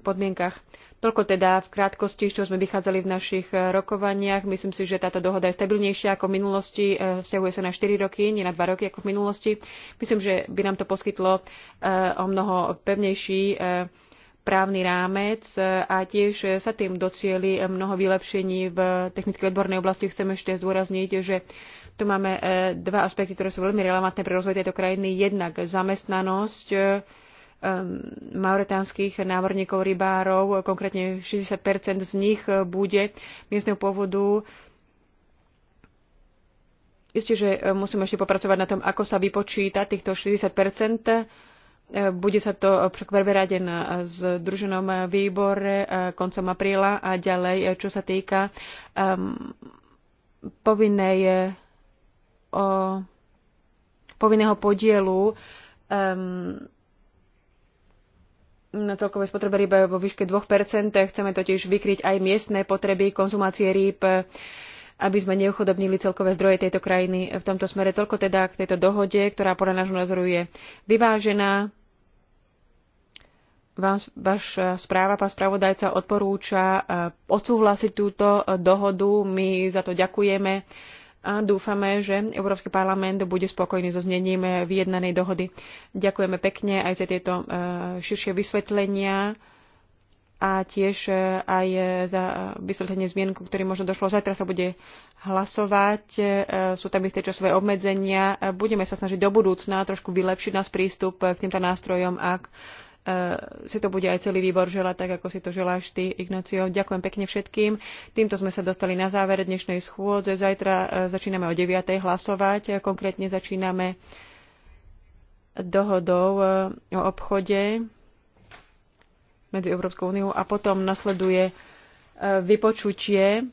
podmienkach. Toľko teda v krátkosti, čo sme vychádzali v našich e, rokovaniach. Myslím si, že táto dohoda je stabilnejšia ako v minulosti. E, vzťahuje sa na 4 roky, nie na 2 roky ako v minulosti. Myslím, že by nám to poskytlo o mnoho pevnejší právny rámec a tiež sa tým docieli mnoho vylepšení v technickej odbornej oblasti. Chcem ešte zdôrazniť, že tu máme e, dva aspekty, ktoré sú veľmi relevantné pre rozvoj tejto krajiny. Jednak zamestnanosť e, mauretánskych námorníkov, rybárov, konkrétne 60 z nich bude miestneho pôvodu. Isté, že e, musíme ešte popracovať na tom, ako sa vypočíta týchto 60 bude sa to preberať na združenom výbore koncom apríla a ďalej, čo sa týka um, povinnej o povinného podielu um, na celkovej spotrebe rýb vo výške 2%. Chceme totiž vykryť aj miestne potreby konzumácie rýb, aby sme neuchodobnili celkové zdroje tejto krajiny. V tomto smere toľko teda k tejto dohode, ktorá podľa nášho názoru je vyvážená. Vám, vaša eh, správa, pán spravodajca, odporúča eh, odsúhlasiť túto dohodu. My za to ďakujeme a dúfame, že Európsky parlament bude spokojný so znením vyjednanej dohody. Ďakujeme pekne aj za tieto e, širšie vysvetlenia a tiež e, aj za vysvetlenie zmienku, ktorý možno došlo. Zajtra sa bude hlasovať, e, sú tam isté časové obmedzenia. Budeme sa snažiť do budúcna trošku vylepšiť nás prístup k týmto nástrojom ak si to bude aj celý výbor želať, tak ako si to želáš ty, Ignacio. Ďakujem pekne všetkým. Týmto sme sa dostali na záver dnešnej schôdze. Zajtra e, začíname o 9. hlasovať. E, konkrétne začíname dohodou e, o obchode medzi Európskou úniou a potom nasleduje vypočutie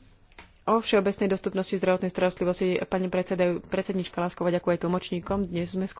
o všeobecnej dostupnosti zdravotnej starostlivosti. Pani predsednička Láskova, ďakuje tlmočníkom. Dnes sme